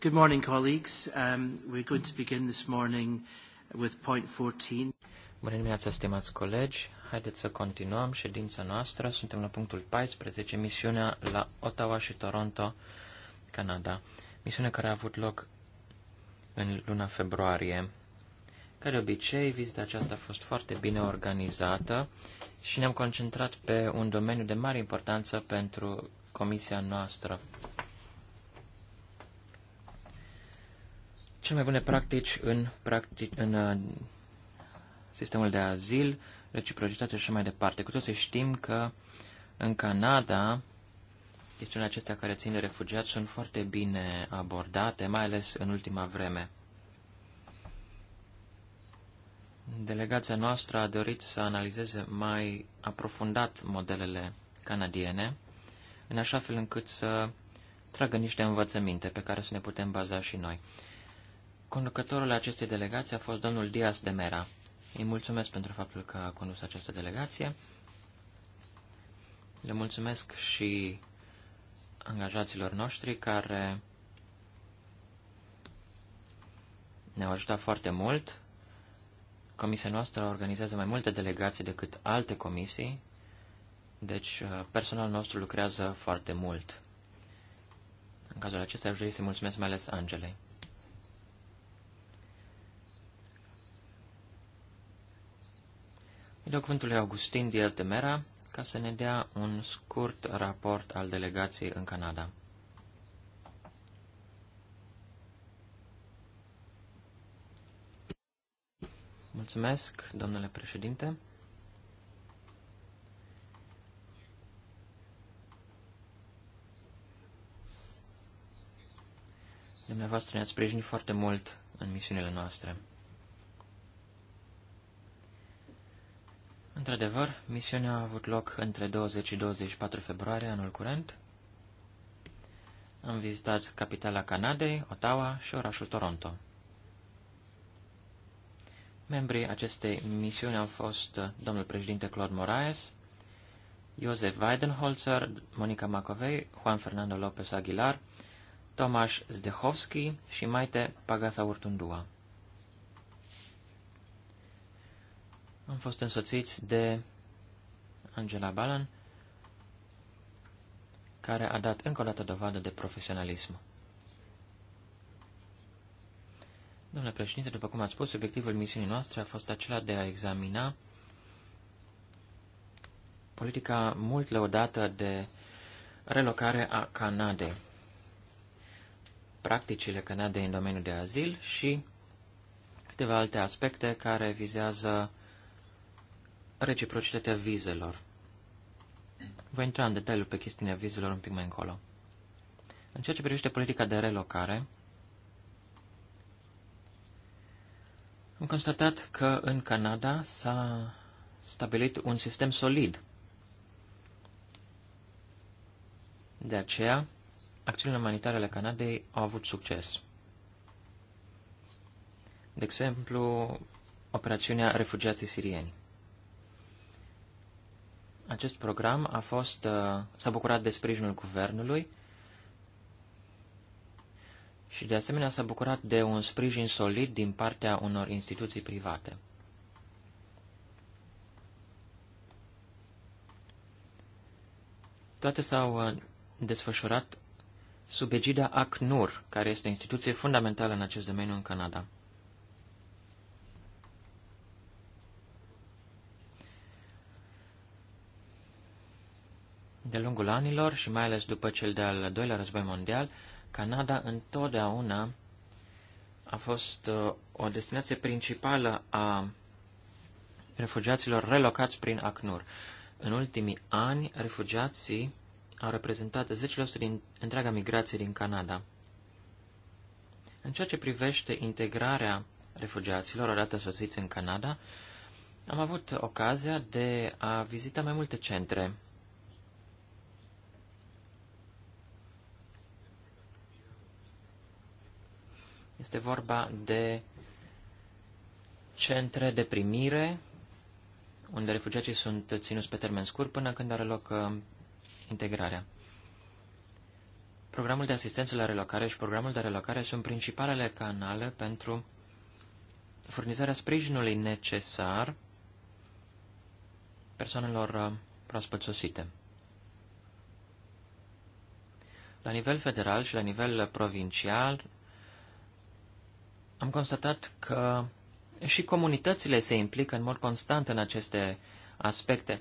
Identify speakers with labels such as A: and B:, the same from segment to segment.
A: Good morning, colleagues. Um, we're going to begin this morning with point 14. Bună dimineața, stimați colegi. Haideți să continuăm ședința noastră. Suntem la punctul 14, misiunea la Ottawa și Toronto, Canada. Misiunea care a avut loc în luna februarie. Ca de obicei, vizita aceasta a fost foarte bine organizată și ne-am concentrat pe un domeniu de mare importanță pentru comisia noastră, cele mai bune practici în, practic, în uh, sistemul de azil, reciprocitate și mai departe. Cu toții știm că în Canada chestiunile acestea care țin de refugiați sunt foarte bine abordate, mai ales în ultima vreme. Delegația noastră a dorit să analizeze mai aprofundat modelele canadiene, în așa fel încât să tragă niște învățăminte pe care să ne putem baza și noi. Conducătorul acestei delegații a fost domnul Dias de Mera. Îi mulțumesc pentru faptul că a condus această delegație. Le mulțumesc și angajaților noștri care ne-au ajutat foarte mult. Comisia noastră organizează mai multe delegații decât alte comisii, deci uh, personalul nostru lucrează foarte mult. În cazul acesta aș dori să mulțumesc mai ales Angelei. Îi dau cuvântul lui Augustin Dieltemera, Temera ca să ne dea un scurt raport al delegației în Canada. Mulțumesc, domnule președinte. Dumneavoastră ne-ați sprijinit foarte mult în misiunile noastre. Într-adevăr, misiunea a avut loc între 20 și 24 februarie anul curent. Am vizitat capitala Canadei, Ottawa și orașul Toronto. Membrii acestei misiuni au fost uh, domnul președinte Claude Moraes, Josef Weidenholzer, Monica Macovei, Juan Fernando López Aguilar, Tomasz Zdechowski și Maite Pagatha Urtundua. Am fost însoțiți de Angela Balan, care a dat încă o dată dovadă de profesionalism. Domnule președinte, după cum ați spus, obiectivul misiunii noastre a fost acela de a examina politica mult lăudată de relocare a Canadei, practicile Canadei în domeniul de azil și câteva alte aspecte care vizează reciprocitatea vizelor. Voi intra în detaliu pe chestiunea vizelor un pic mai încolo. În ceea ce privește politica de relocare, am constatat că în Canada s-a stabilit un sistem solid. De aceea, acțiunile umanitare ale Canadei au avut succes. De exemplu, operațiunea refugiații sirieni. Acest program a fost, uh, s-a bucurat de sprijinul guvernului și de asemenea s-a bucurat de un sprijin solid din partea unor instituții private. Toate s-au uh, desfășurat sub egida ACNUR, care este o instituție fundamentală în acest domeniu în Canada. De lungul anilor și mai ales după cel de-al doilea război mondial, Canada întotdeauna a fost uh, o destinație principală a refugiaților relocați prin ACNUR. În ultimii ani, refugiații au reprezentat 10% din întreaga migrație din Canada. În ceea ce privește integrarea refugiaților odată sosiți în Canada, am avut ocazia de a vizita mai multe centre Este vorba de centre de primire, unde refugiații sunt ținuți pe termen scurt până când are loc uh, integrarea. Programul de asistență la relocare și programul de relocare sunt principalele canale pentru furnizarea sprijinului necesar persoanelor uh, proaspăt sosite. La nivel federal și la nivel provincial, am constatat că și comunitățile se implică în mod constant în aceste aspecte.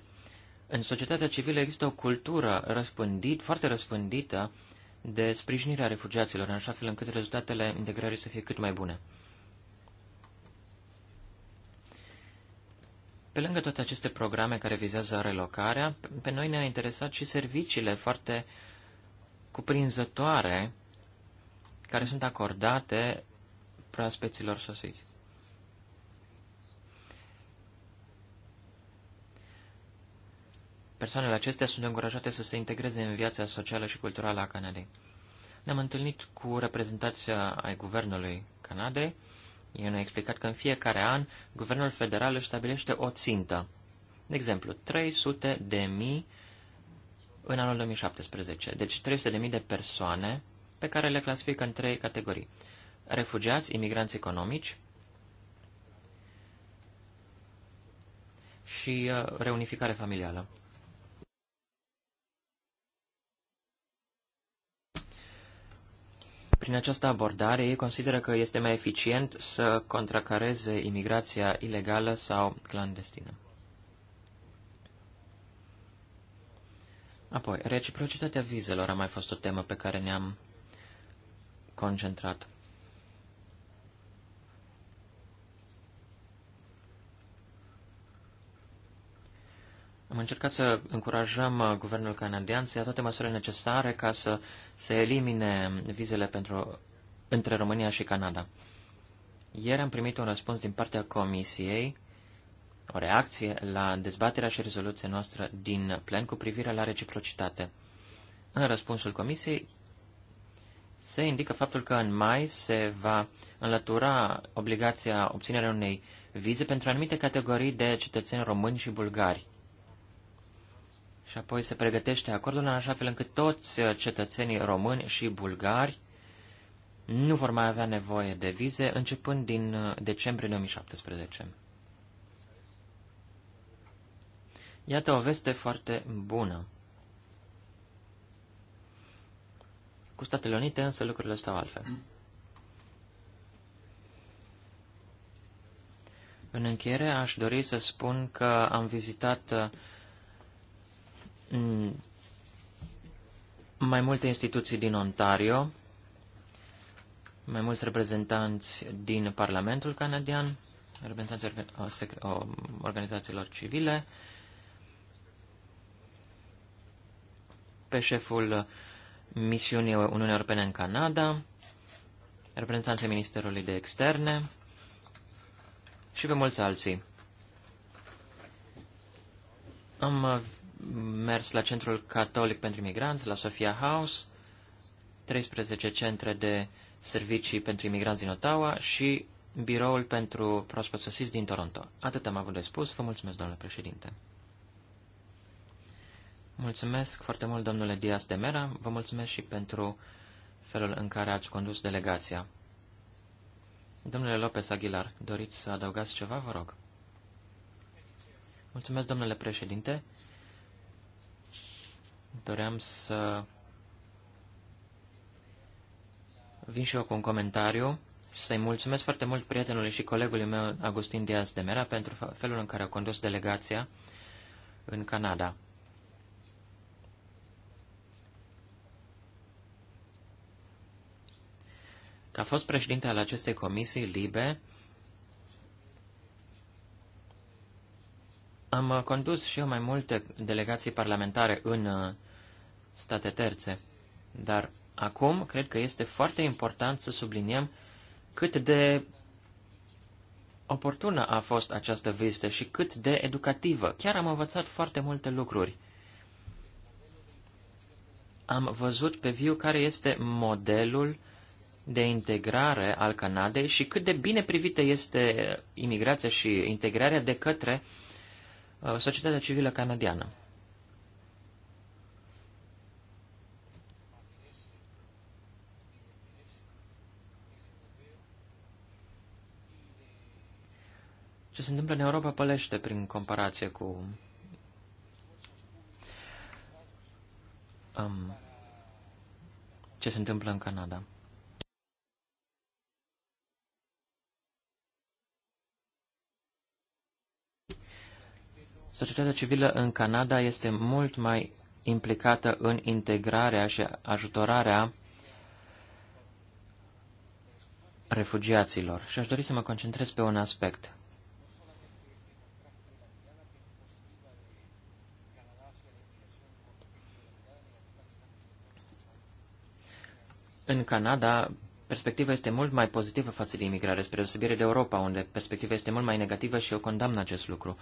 A: În societatea civilă există o cultură răspândit, foarte răspândită de sprijinirea refugiaților, în așa fel încât rezultatele integrării să fie cât mai bune. Pe lângă toate aceste programe care vizează relocarea, pe noi ne a interesat și serviciile foarte cuprinzătoare care sunt acordate proaspeților sosiți. Persoanele acestea sunt încurajate să se integreze în viața socială și culturală a Canadei. Ne-am întâlnit cu reprezentația ai Guvernului Canadei. Ei ne-au explicat că în fiecare an Guvernul Federal își stabilește o țintă. De exemplu, 300 de mii în anul 2017. Deci 300 de mii de persoane pe care le clasifică în trei categorii refugiați, imigranți economici și uh, reunificare familială. Prin această abordare, ei consideră că este mai eficient să contracareze imigrația ilegală sau clandestină. Apoi, reciprocitatea vizelor a mai fost o temă pe care ne-am concentrat. Am încercat să încurajăm uh, guvernul canadian să ia toate măsurile necesare ca să se elimine vizele pentru, între România și Canada. Ieri am primit un răspuns din partea Comisiei, o reacție la dezbaterea și rezoluția noastră din plen cu privire la reciprocitate. În răspunsul Comisiei se indică faptul că în mai se va înlătura obligația obținerea unei vize pentru anumite categorii de cetățeni români și bulgari și apoi se pregătește acordul în așa fel încât toți uh, cetățenii români și bulgari nu vor mai avea nevoie de vize începând din uh, decembrie 2017. Iată o veste foarte bună. Cu Statele Unite însă lucrurile stau altfel. În încheiere aș dori să spun că am vizitat uh, Mm. mai multe instituții din Ontario, mai mulți reprezentanți din Parlamentul canadian, reprezentanți organizațiilor civile, pe șeful misiunii Uniunii Europene în Canada, reprezentanții Ministerului de Externe și pe mulți alții. Am mers la Centrul Catolic pentru Imigranți, la Sofia House, 13 centre de servicii pentru imigranți din Ottawa și biroul pentru proaspăt sosiți din Toronto. Atât am avut de spus. Vă mulțumesc, domnule președinte. Mulțumesc foarte mult, domnule Dias de Mera. Vă mulțumesc și pentru felul în care ați condus delegația. Domnule Lopez Aguilar, doriți să adăugați ceva, vă rog? Mulțumesc, domnule președinte doream să vin și eu cu un comentariu și să-i mulțumesc foarte mult prietenului și colegului meu, Agustin Diaz de Mera, pentru felul în care a condus delegația în Canada. Ca fost președinte al acestei comisii libe, Am uh, condus și eu mai multe delegații parlamentare în uh, state terțe, dar acum cred că este foarte important să subliniem cât de oportună a fost această vizită și cât de educativă. Chiar am învățat foarte multe lucruri. Am văzut pe viu care este modelul de integrare al Canadei și cât de bine privită este imigrația și integrarea de către uh, Uh, societatea civilă canadiană. Ce se întâmplă în Europa pălește prin comparație cu um, ce se întâmplă în Canada. Societatea civilă în Canada este mult mai implicată în integrarea și ajutorarea refugiaților și aș dori să mă concentrez pe un aspect. În Canada, perspectiva este mult mai pozitivă față de imigrare, spre deosebire de Europa, unde perspectiva este mult mai negativă și eu condamn acest lucru.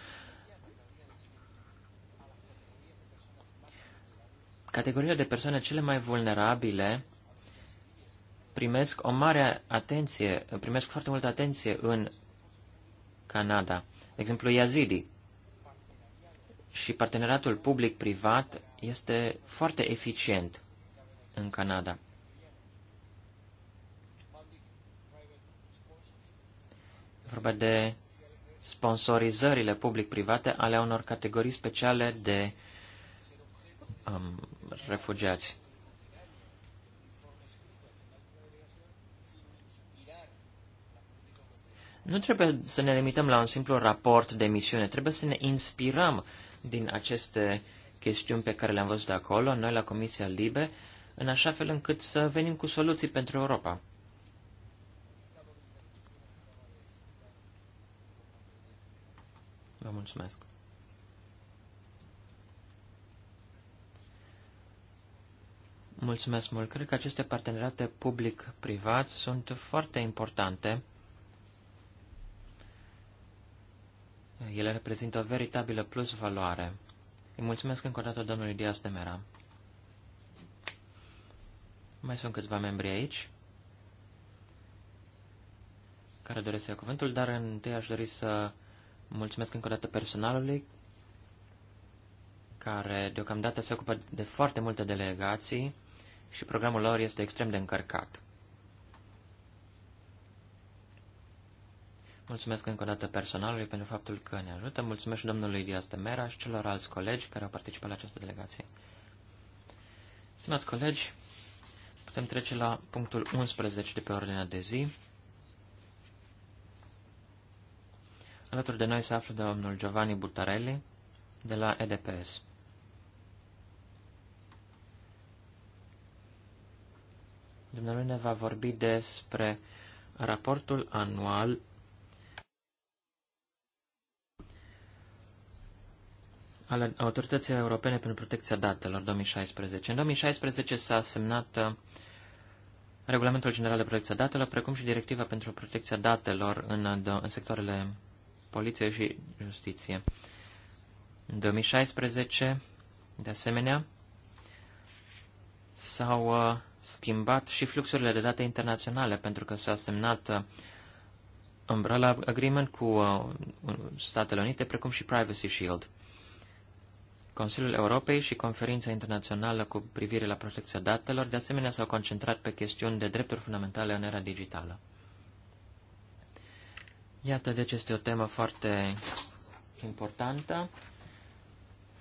A: Categoria de persoane cele mai vulnerabile primesc o mare atenție, primesc foarte multă atenție în Canada. De exemplu, Yazidi. Și parteneriatul public-privat este foarte eficient în Canada. vorba de sponsorizările public-private ale unor categorii speciale de um, refugiați. Nu trebuie să ne limităm la un simplu raport de misiune, trebuie să ne inspirăm din aceste chestiuni pe care le-am văzut de acolo, noi la Comisia Libe, în așa fel încât să venim cu soluții pentru Europa. Vă mulțumesc. Mulțumesc mult. Cred că aceste parteneriate public-privat sunt foarte importante. Ele reprezintă o veritabilă plus valoare. Îi mulțumesc încă o dată domnului Dias de Mera. Mai sunt câțiva membri aici care doresc să ia cuvântul, dar întâi aș dori să mulțumesc încă o dată personalului care deocamdată se ocupă de foarte multe delegații și programul lor este extrem de încărcat. Mulțumesc încă o dată personalului pentru faptul că ne ajută. Mulțumesc și domnului Dias de Mera și alți colegi care au participat la această delegație. Stimați colegi, putem trece la punctul 11 de pe ordinea de zi. Alături de noi se află domnul Giovanni Buttarelli de la EDPS. Dumnezeu ne va vorbi despre raportul anual al Autorității Europene pentru Protecția Datelor 2016. În 2016 s-a semnat uh, Regulamentul General de Protecție a Datelor, precum și Directiva pentru Protecția Datelor în, uh, în sectoarele poliție și justiție. În 2016, de asemenea, s-au uh, schimbat și fluxurile de date internaționale, pentru că s-a semnat uh, Umbrella Agreement cu uh, Statele Unite, precum și Privacy Shield. Consiliul Europei și conferința internațională cu privire la protecția datelor, de asemenea, s-au concentrat pe chestiuni de drepturi fundamentale în era digitală. Iată, deci este o temă foarte importantă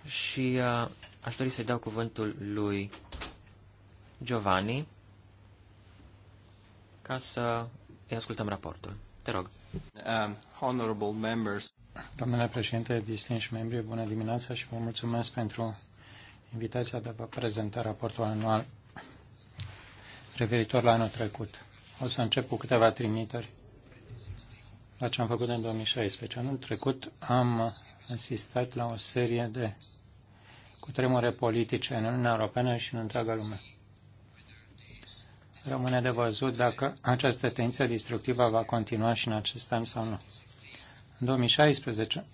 A: și uh, aș dori să-i dau cuvântul lui Giovanni ca să îi ascultăm raportul. Te rog. Uh, honorable members.
B: Domnule președinte, distinși membri, bună dimineața și vă mulțumesc pentru invitația de a vă prezenta raportul anual referitor la anul trecut. O să încep cu câteva trimiteri la ce am făcut în 2016. Anul trecut am asistat la o serie de cutremure politice în Uniunea Europeană și în întreaga lume. Rămâne de văzut dacă această tendință distructivă va continua și în acest an sau nu. În 2016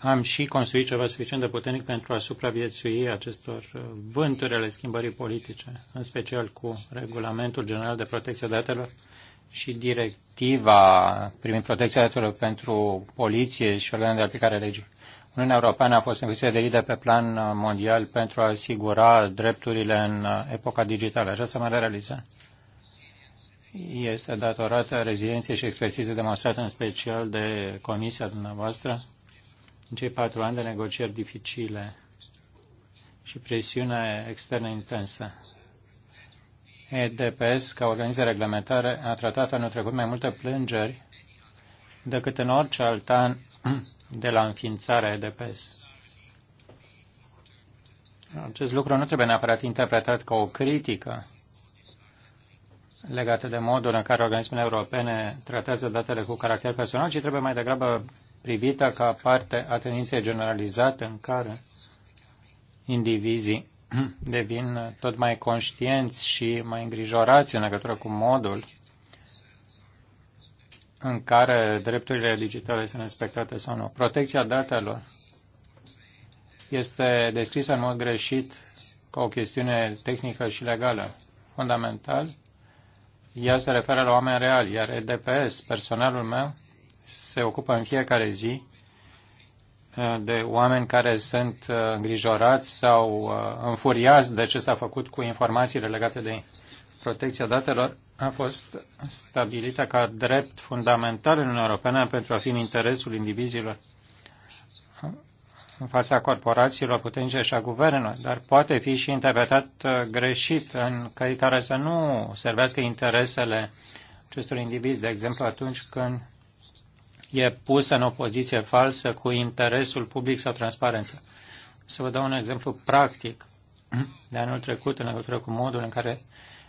B: am și construit ceva suficient de puternic pentru a supraviețui acestor uh, vânturi ale schimbării politice, în special cu Regulamentul General de Protecție a Datelor și directiva privind protecția datelor pentru poliție și organele de aplicare a legii. Uniunea Europeană a fost în funcție de lider pe plan uh, mondial pentru a asigura drepturile în uh, epoca digitală. se mai realizare este datorată rezilienței și expertizei demonstrate în special de comisia dumneavoastră în cei patru ani de negocieri dificile și presiune externă intensă. EDPS, ca organizație reglementară, a tratat anul trecut mai multe plângeri decât în orice alt an de la înființarea EDPS. Acest lucru nu trebuie neapărat interpretat ca o critică legată de modul în care organismele europene tratează datele cu caracter personal, ci trebuie mai degrabă privită ca parte a tendinței generalizate în care indivizii devin tot mai conștienți și mai îngrijorați în legătură cu modul în care drepturile digitale sunt respectate sau nu. Protecția datelor este descrisă în mod greșit ca o chestiune tehnică și legală. Fundamental, ea se referă la oameni reali, iar EDPS, personalul meu, se ocupă în fiecare zi uh, de oameni care sunt uh, îngrijorați sau uh, înfuriați de ce s-a făcut cu informațiile legate de protecția datelor a fost stabilită ca drept fundamental în Uniunea Europeană pentru a fi în interesul indivizilor în fața corporațiilor puternice și a guvernelor, dar poate fi și interpretat uh, greșit în căi care să nu servească interesele acestor indivizi, de exemplu atunci când e pusă în opoziție falsă cu interesul public sau transparență. Să vă dau un exemplu practic de anul trecut în legătură cu modul în care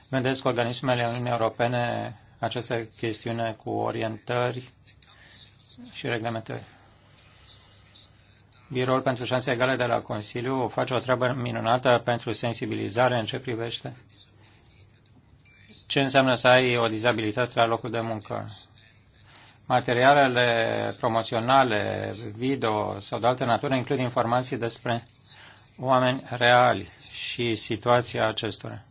B: că organismele Uniunii Europene această chestiune cu orientări și reglementări. Biroul pentru șanse egale de la Consiliu face o treabă minunată pentru sensibilizare în ce privește ce înseamnă să ai o dizabilitate la locul de muncă. Materialele promoționale, video sau de altă natură includ informații despre oameni reali și situația acestora.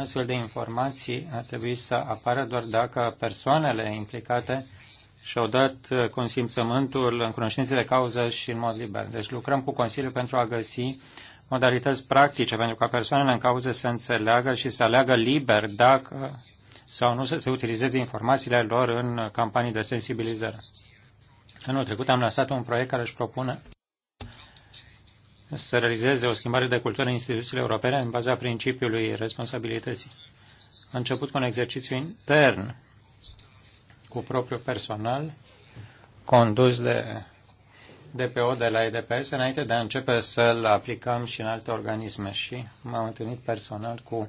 B: Astfel de informații ar trebui să apară doar dacă persoanele implicate și-au dat consimțământul în cunoștință de cauză și în mod liber. Deci lucrăm cu Consiliul pentru a găsi modalități practice pentru ca persoanele în cauză să înțeleagă și să aleagă liber dacă sau nu să se utilizeze informațiile lor în campanii de sensibilizare. Anul trecut am lansat un proiect care își propune să realizeze o schimbare de cultură în instituțiile europene în baza principiului responsabilității. A început cu un exercițiu intern cu propriul personal condus de DPO de la EDPS înainte de a începe să-l aplicăm și în alte organisme și m-am întâlnit personal cu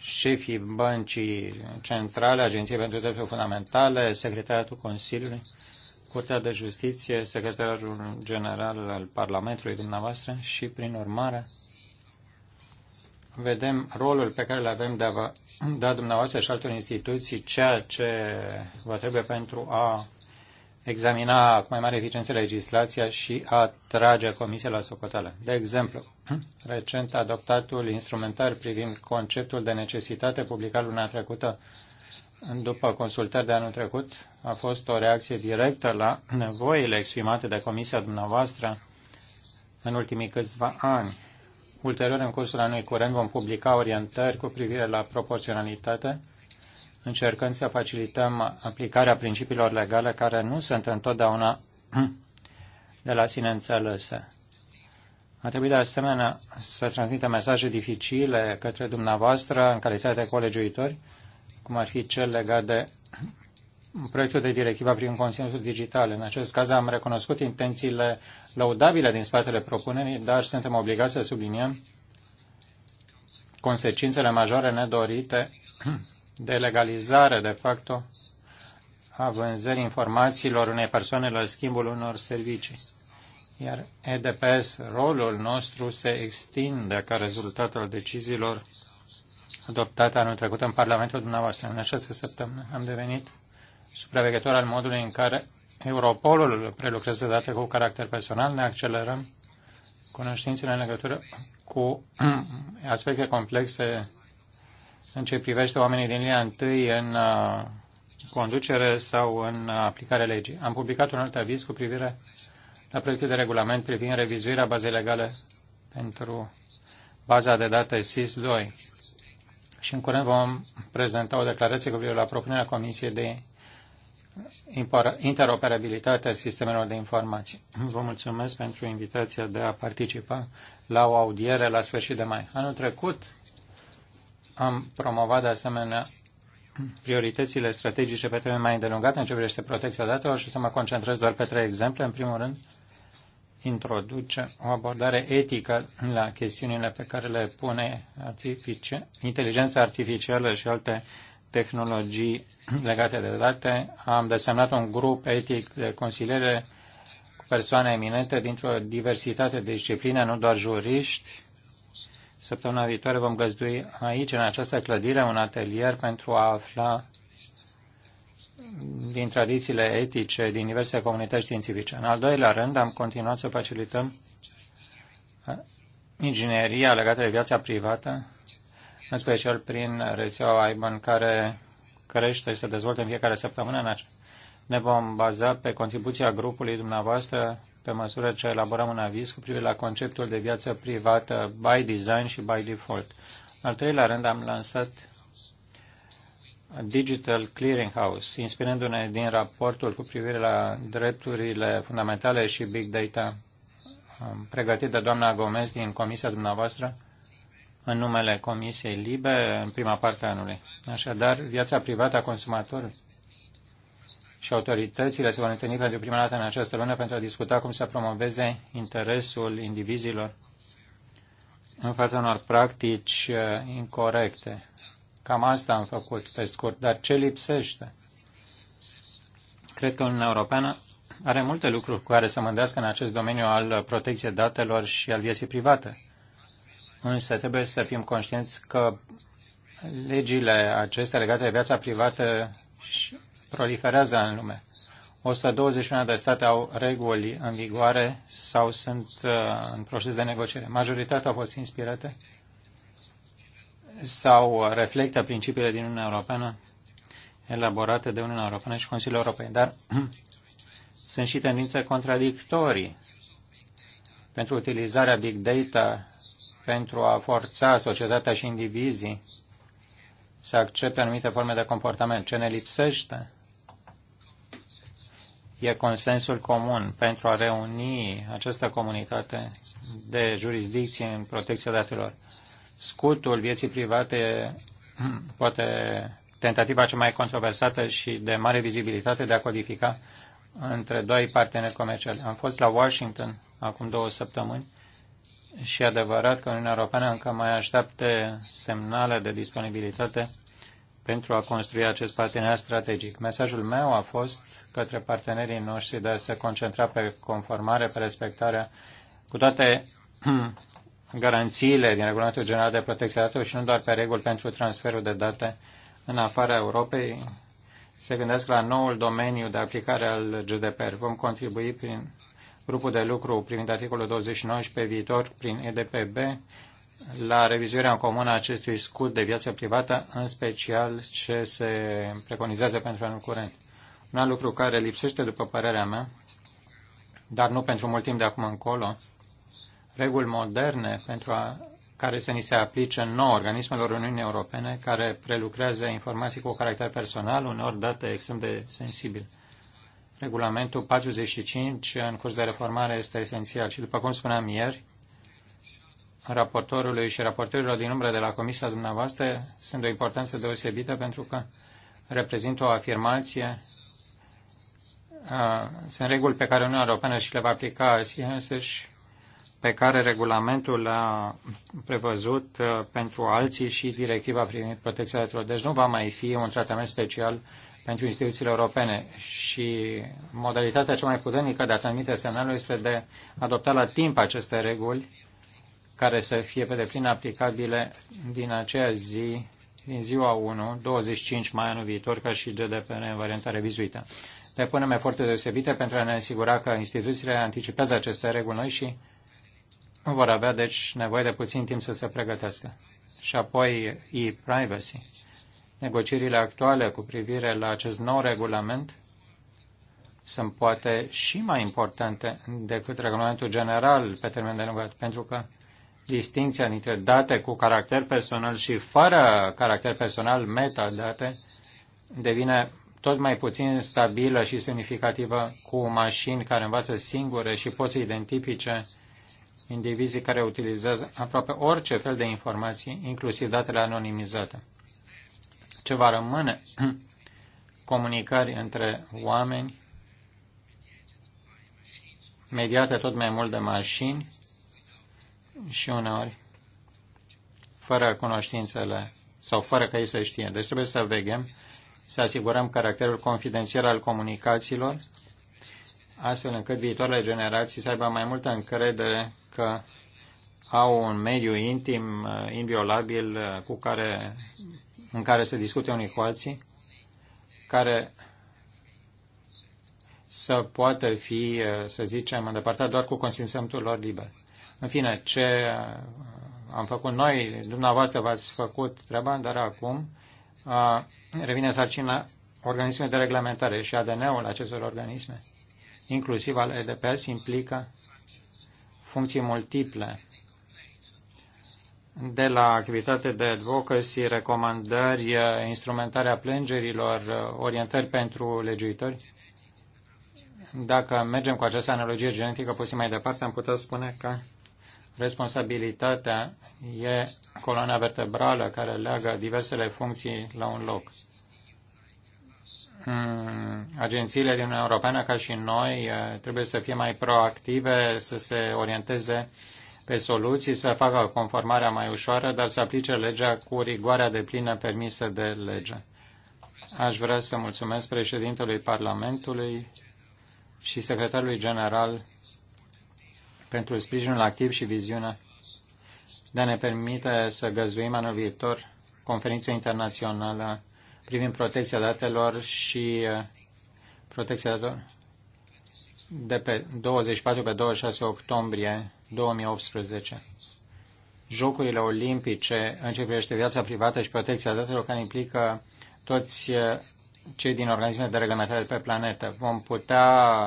B: șefii băncii centrale, Agenției pentru Drepturi Fundamentale, Secretariatul Consiliului Curtea de Justiție, Secretarul General al Parlamentului dumneavoastră și, prin urmare, vedem rolul pe care îl avem de a vă da dumneavoastră și altor instituții ceea ce vă trebuie pentru a examina cu mai mare eficiență legislația și a trage Comisia la socoteală. De exemplu, recent adoptatul instrumentar privind conceptul de necesitate publicat luna trecută după consultări de anul trecut, a fost o reacție directă la nevoile exprimate de comisia dumneavoastră în ultimii câțiva ani. Ulterior, în cursul anului curent, vom publica orientări cu privire la proporționalitate, încercând să facilităm aplicarea principiilor legale care nu sunt întotdeauna de la sine înțelese. A trebuit de asemenea să transmită mesaje dificile către dumneavoastră în calitate de colegiuitori, cum ar fi cel legat de proiectul de directivă prin conținutul digital. În acest caz am recunoscut intențiile laudabile din spatele propunerii, dar suntem obligați să subliniem consecințele majore nedorite de legalizare, de facto, a vânzării informațiilor unei persoane la schimbul unor servicii. Iar EDPS, rolul nostru se extinde ca rezultat al deciziilor adoptată anul trecut în Parlamentul dumneavoastră. În această săptămână am devenit supraveghetor al modului în care Europolul prelucrează date cu caracter personal. Ne accelerăm cunoștințele în legătură cu aspecte complexe în ce privește oamenii din linia întâi în uh, conducere sau în uh, aplicare legii. Am publicat un alt aviz cu privire la proiectul de regulament privind revizuirea bazei legale pentru baza de date SIS-2 și în curând vom prezenta o declarație cu privire la propunerea Comisiei de interoperabilitate a sistemelor de informații. Vă mulțumesc pentru invitația de a participa la o audiere la sfârșit de mai. Anul trecut am promovat de asemenea prioritățile strategice pe termen mai îndelungat în ce privește protecția datelor și să mă concentrez doar pe trei exemple. În primul rând, introduce o abordare etică la chestiunile pe care le pune artifici- inteligența artificială și alte tehnologii legate de date. Am desemnat un grup etic de consiliere cu persoane eminente dintr-o diversitate de discipline, nu doar juriști. Săptămâna viitoare vom găzdui aici, în această clădire, un atelier pentru a afla din tradițiile etice din diverse comunități științifice. În al doilea rând, am continuat să facilităm ingineria legată de viața privată, în special prin rețeaua IBAN care crește și se dezvoltă în fiecare săptămână. Ne vom baza pe contribuția grupului dumneavoastră pe măsură ce elaborăm un aviz cu privire la conceptul de viață privată by design și by default. În al treilea rând, am lansat Digital Clearing House, inspirându-ne din raportul cu privire la drepturile fundamentale și big data pregătit de doamna Gomez din comisia dumneavoastră în numele Comisiei Libe în prima parte a anului. Așadar, viața privată a consumatorului și autoritățile se vor întâlni pentru prima dată în această lună pentru a discuta cum să promoveze interesul indivizilor în fața unor practici uh, incorrecte Cam asta am făcut pe scurt. Dar ce lipsește? Cred că Uniunea Europeană are multe lucruri cu care să mândească în acest domeniu al protecției datelor și al vieții private. Însă trebuie să fim conștienți că legile acestea legate de viața privată și proliferează în lume. 121 de state au reguli în vigoare sau sunt uh, în proces de negociere. Majoritatea au fost inspirate sau reflectă principiile din Uniunea Europeană elaborate de Uniunea Europeană și Consiliul Europei. Dar sunt și tendințe contradictorii pentru utilizarea big data pentru a forța societatea și indivizii să accepte anumite forme de comportament. Ce ne lipsește e consensul comun pentru a reuni această comunitate de jurisdicție în protecția datelor scutul vieții private, poate tentativa cea mai controversată și de mare vizibilitate de a codifica între doi parteneri comerciali. Am fost la Washington acum două săptămâni și e adevărat că Uniunea Europeană încă mai așteaptă semnale de disponibilitate pentru a construi acest parteneriat strategic. Mesajul meu a fost către partenerii noștri de a se concentra pe conformare, pe respectarea, cu toate garanțiile din Regulamentul General de Protecție a Datelor și nu doar pe reguli pentru transferul de date în afara Europei, se gândesc la noul domeniu de aplicare al GDPR. Vom contribui prin grupul de lucru privind articolul 29 și pe viitor prin EDPB la revizuirea în comună a acestui scut de viață privată, în special ce se preconizează pentru anul curent. Un alt lucru care lipsește, după părerea mea, dar nu pentru mult timp de acum încolo, reguli moderne pentru a, care să ni se aplice nouă organismelor Uniunii Europene care prelucrează informații cu caracter personal, uneori date extrem de sensibile. Regulamentul 45 în curs de reformare este esențial și, după cum spuneam ieri, raportorului și raportorilor din umbră de la Comisia dumneavoastră sunt de o importanță deosebită pentru că reprezintă o afirmație sunt reguli pe care Uniunea Europeană și le va aplica și pe care regulamentul l-a prevăzut uh, pentru alții și directiva privind protecția datelor. Deci nu va mai fi un tratament special pentru instituțiile europene și modalitatea cea mai puternică de a transmite semnalul este de a adopta la timp aceste reguli care să fie pe deplin aplicabile din aceea zi, din ziua 1, 25 mai anul viitor, ca și GDPR în varianta revizuită. Depunem eforturi deosebite pentru a ne asigura că instituțiile anticipează aceste reguli noi și vor avea, deci, nevoie de puțin timp să se pregătească. Și apoi e-privacy. Negocierile actuale cu privire la acest nou regulament sunt poate și mai importante decât regulamentul general pe termen de lungă, pentru că distinția dintre date cu caracter personal și fără caracter personal, metadate, devine tot mai puțin stabilă și semnificativă cu mașini care învață singure și pot să identifice indivizii care utilizează aproape orice fel de informații, inclusiv datele anonimizate. Ce va rămâne? Comunicări între oameni mediate tot mai mult de mașini și uneori fără cunoștințele sau fără ca ei să știe. Deci trebuie să veghem, să asigurăm caracterul confidențial al comunicațiilor astfel încât viitoarele generații să aibă mai multă încredere că au un mediu intim, uh, inviolabil, uh, cu care, în care se discute unii cu alții, care să poată fi, uh, să zicem, îndepărtat doar cu consimțământul lor liber. În fine, ce am făcut noi, dumneavoastră v-ați făcut treaba, dar acum revine sarcina organismului de reglementare și ADN-ul acestor organisme inclusiv al EDPS, implică funcții multiple, de la activitate de advocacy, recomandări, instrumentarea plângerilor, orientări pentru legiuitori. Dacă mergem cu această analogie genetică puțin mai departe, am putea spune că responsabilitatea e coloana vertebrală care leagă diversele funcții la un loc. Mm, agențiile din Uniunea Europeană, ca și noi, eh, trebuie să fie mai proactive, să se orienteze pe soluții, să facă conformarea mai ușoară, dar să aplice legea cu rigoarea de plină permisă de lege. Aș vrea să mulțumesc președintelui Parlamentului și secretarului general pentru sprijinul activ și viziunea de a ne permite să găzduim anul viitor conferința internațională privind protecția datelor și uh, protecția datelor de pe 24 pe 26 octombrie 2018. Jocurile olimpice în ce privește viața privată și protecția datelor care implică toți uh, cei din organisme de reglementare pe planetă. Vom putea,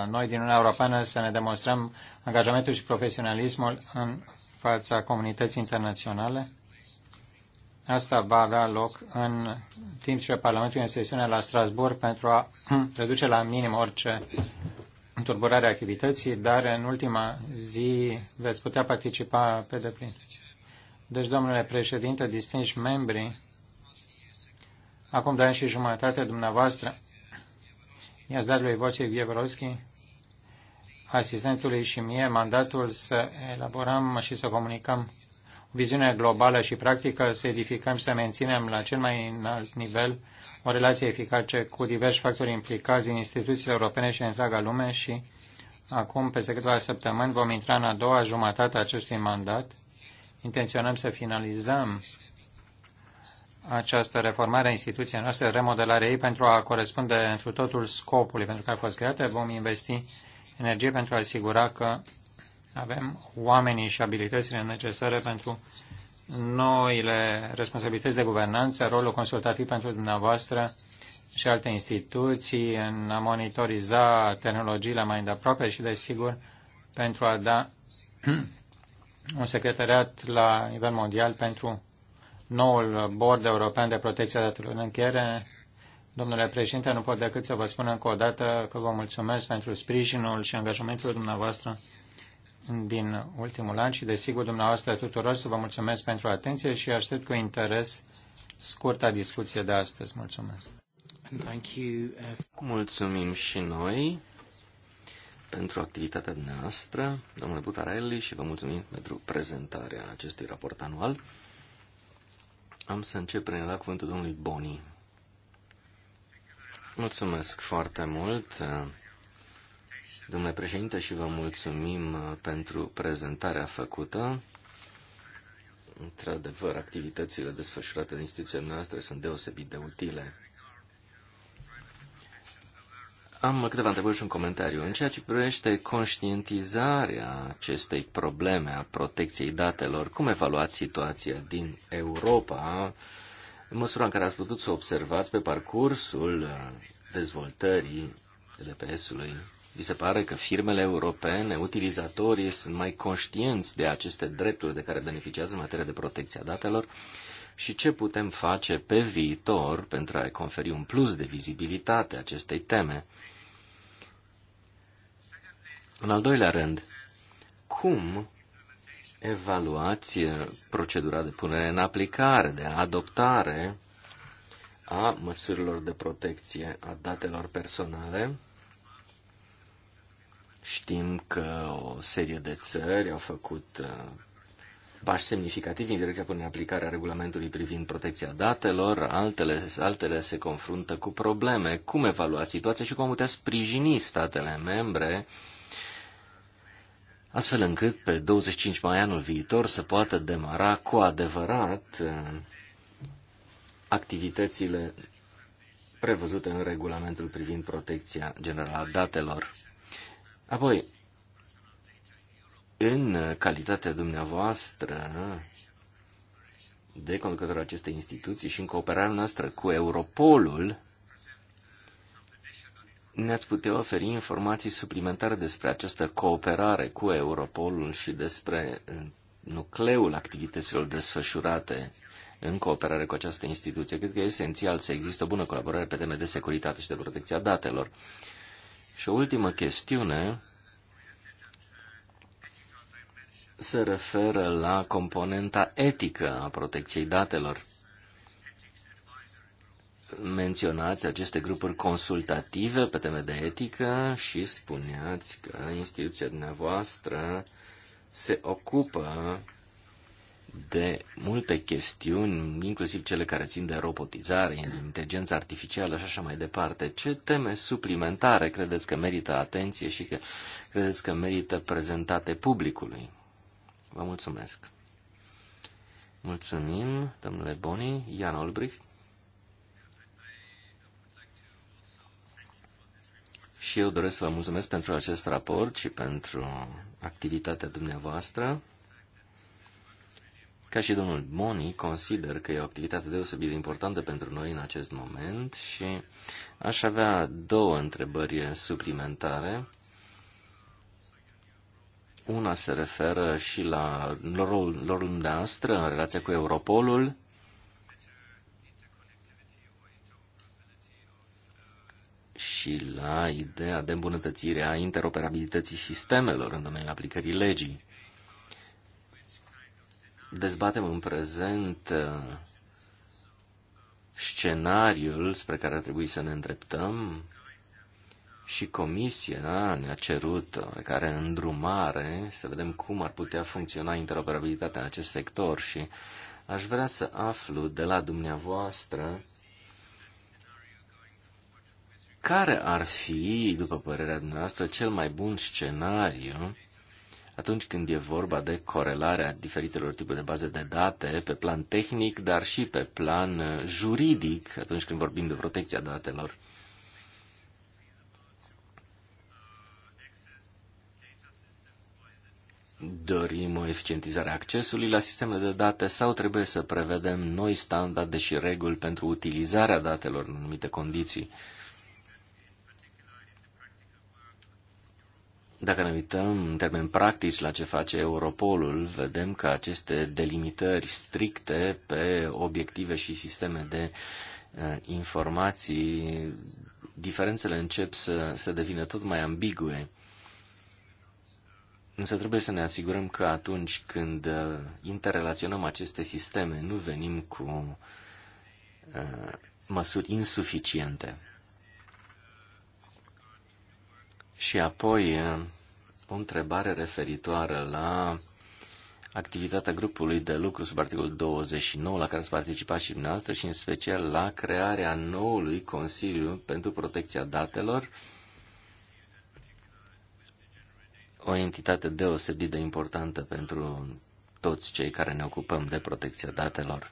B: noi din Uniunea Europeană, să ne demonstrăm angajamentul și profesionalismul în fața comunității internaționale Asta va avea loc în timp ce Parlamentul în sesiune la Strasbourg pentru a reduce la minim orice turburare a activității, dar în ultima zi veți putea participa pe deplin. Deci, domnule președinte, distinși membri, acum doi ani și jumătate dumneavoastră i-ați dat lui Voce Vievrovski, asistentului și mie, mandatul să elaborăm și să comunicăm viziunea globală și practică, să edificăm și să menținem la cel mai înalt nivel o relație eficace cu diversi factori implicați din instituțiile europene și în întreaga lume și acum, peste câteva săptămâni, vom intra în a doua jumătate a acestui mandat. Intenționăm să finalizăm această reformare a instituției noastre, remodelarea ei pentru a corespunde întru totul scopului pentru care a fost creată. Vom investi energie pentru a asigura că avem oamenii și abilitățile necesare pentru noile responsabilități de guvernanță, rolul consultativ pentru dumneavoastră și alte instituții în a monitoriza tehnologiile mai îndeaproape și, desigur, pentru a da un secretariat la nivel mondial pentru noul Bord European de Protecție a Datelor. În încheiere, domnule președinte, nu pot decât să vă spun încă o dată că vă mulțumesc pentru sprijinul și angajamentul dumneavoastră din ultimul an și, desigur, dumneavoastră tuturor să vă mulțumesc pentru atenție și aștept cu interes scurta discuție de astăzi. Mulțumesc!
A: Uh,
C: mulțumim și noi pentru activitatea noastră, domnule Butarelli, și vă mulțumim pentru prezentarea acestui raport anual. Am să încep prin a da cuvântul domnului Boni. Mulțumesc foarte mult. Uh, domnule președinte, și vă mulțumim uh, pentru prezentarea făcută. Într-adevăr, activitățile desfășurate în instituția noastră sunt deosebit de utile. Am câteva întrebări și un comentariu. În ceea ce privește conștientizarea acestei probleme a protecției datelor, cum evaluați situația din Europa, în măsura în care ați putut să observați pe parcursul uh, dezvoltării DPS-ului vi se pare că firmele europene, utilizatorii, sunt mai conștienți de aceste drepturi de care beneficiază în materie de protecție a datelor și ce putem face pe viitor pentru a conferi un plus de vizibilitate acestei teme? În al doilea rând, cum evaluați procedura de punere în aplicare, de adoptare a măsurilor de protecție a datelor personale Știm că o serie de țări au făcut uh, pași semnificativi în direcția până în aplicarea regulamentului privind protecția datelor, altele, altele se confruntă cu probleme. Cum evalua situația și cum putea sprijini statele membre astfel încât pe 25 mai anul viitor să poată demara cu adevărat uh, activitățile prevăzute în regulamentul privind protecția generală a datelor. Apoi, în calitatea dumneavoastră de conducătorul acestei instituții și în cooperarea noastră cu Europolul, ne-ați putea oferi informații suplimentare despre această cooperare cu Europolul și despre nucleul activităților desfășurate în cooperare cu această instituție. Cred că e esențial să există o bună colaborare pe teme de securitate și de protecția datelor. Și o ultimă chestiune se referă la componenta etică a protecției datelor. Menționați aceste grupuri consultative pe teme de etică și spuneați că instituția dumneavoastră se ocupă de multe chestiuni, inclusiv cele care țin de robotizare, inteligență artificială și așa mai departe. Ce teme suplimentare credeți că merită atenție și că credeți că merită prezentate publicului? Vă mulțumesc. Mulțumim, domnule Boni, Ian Olbricht. Și eu doresc să vă mulțumesc pentru acest raport și pentru activitatea dumneavoastră. Ca și domnul Moni consider că e o activitate deosebit de importantă pentru noi în acest moment și aș avea două întrebări suplimentare. Una se referă și la rolul, rolul noastră în relația cu Europolul. și la ideea de îmbunătățire a interoperabilității sistemelor în domeniul aplicării legii dezbatem în prezent uh, scenariul spre care ar trebui să ne îndreptăm și Comisia ne-a cerut care îndrumare să vedem cum ar putea funcționa interoperabilitatea în acest sector și aș vrea să aflu de la dumneavoastră care ar fi, după părerea dumneavoastră, cel mai bun scenariu atunci când e vorba de corelarea diferitelor tipuri de baze de date pe plan tehnic, dar și pe plan uh, juridic, atunci când vorbim de protecția datelor. Dorim o eficientizare a accesului la sistemele de date sau trebuie să prevedem noi standarde și reguli pentru utilizarea datelor în anumite condiții? Uh, Dacă ne uităm în termeni practici la ce face Europolul, vedem că aceste delimitări stricte pe obiective și sisteme de uh, informații, diferențele încep să, să devină tot mai ambigue. Însă trebuie să ne asigurăm că atunci când eh, interrelaționăm aceste sisteme, nu venim cu eh, măsuri insuficiente. Și apoi, o întrebare referitoare la activitatea grupului de lucru sub articolul 29 la care ați participat și dumneavoastră și în special la crearea noului Consiliu pentru protecția datelor, o entitate deosebit de importantă pentru toți cei care ne ocupăm de protecția datelor.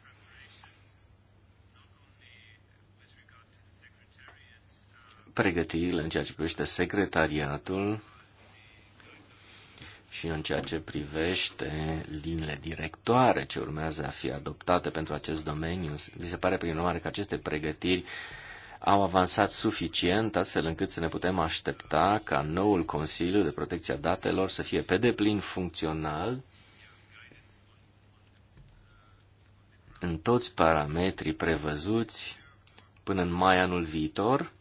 C: Pregătirile în ceea ce privește secretariatul și în ceea ce privește linile directoare ce urmează a fi adoptate pentru acest domeniu. Vi se pare, prin urmare, că aceste pregătiri au avansat suficient astfel încât să ne putem aștepta ca noul Consiliu de Protecție a Datelor să fie pe deplin funcțional în toți parametrii prevăzuți până în mai anul viitor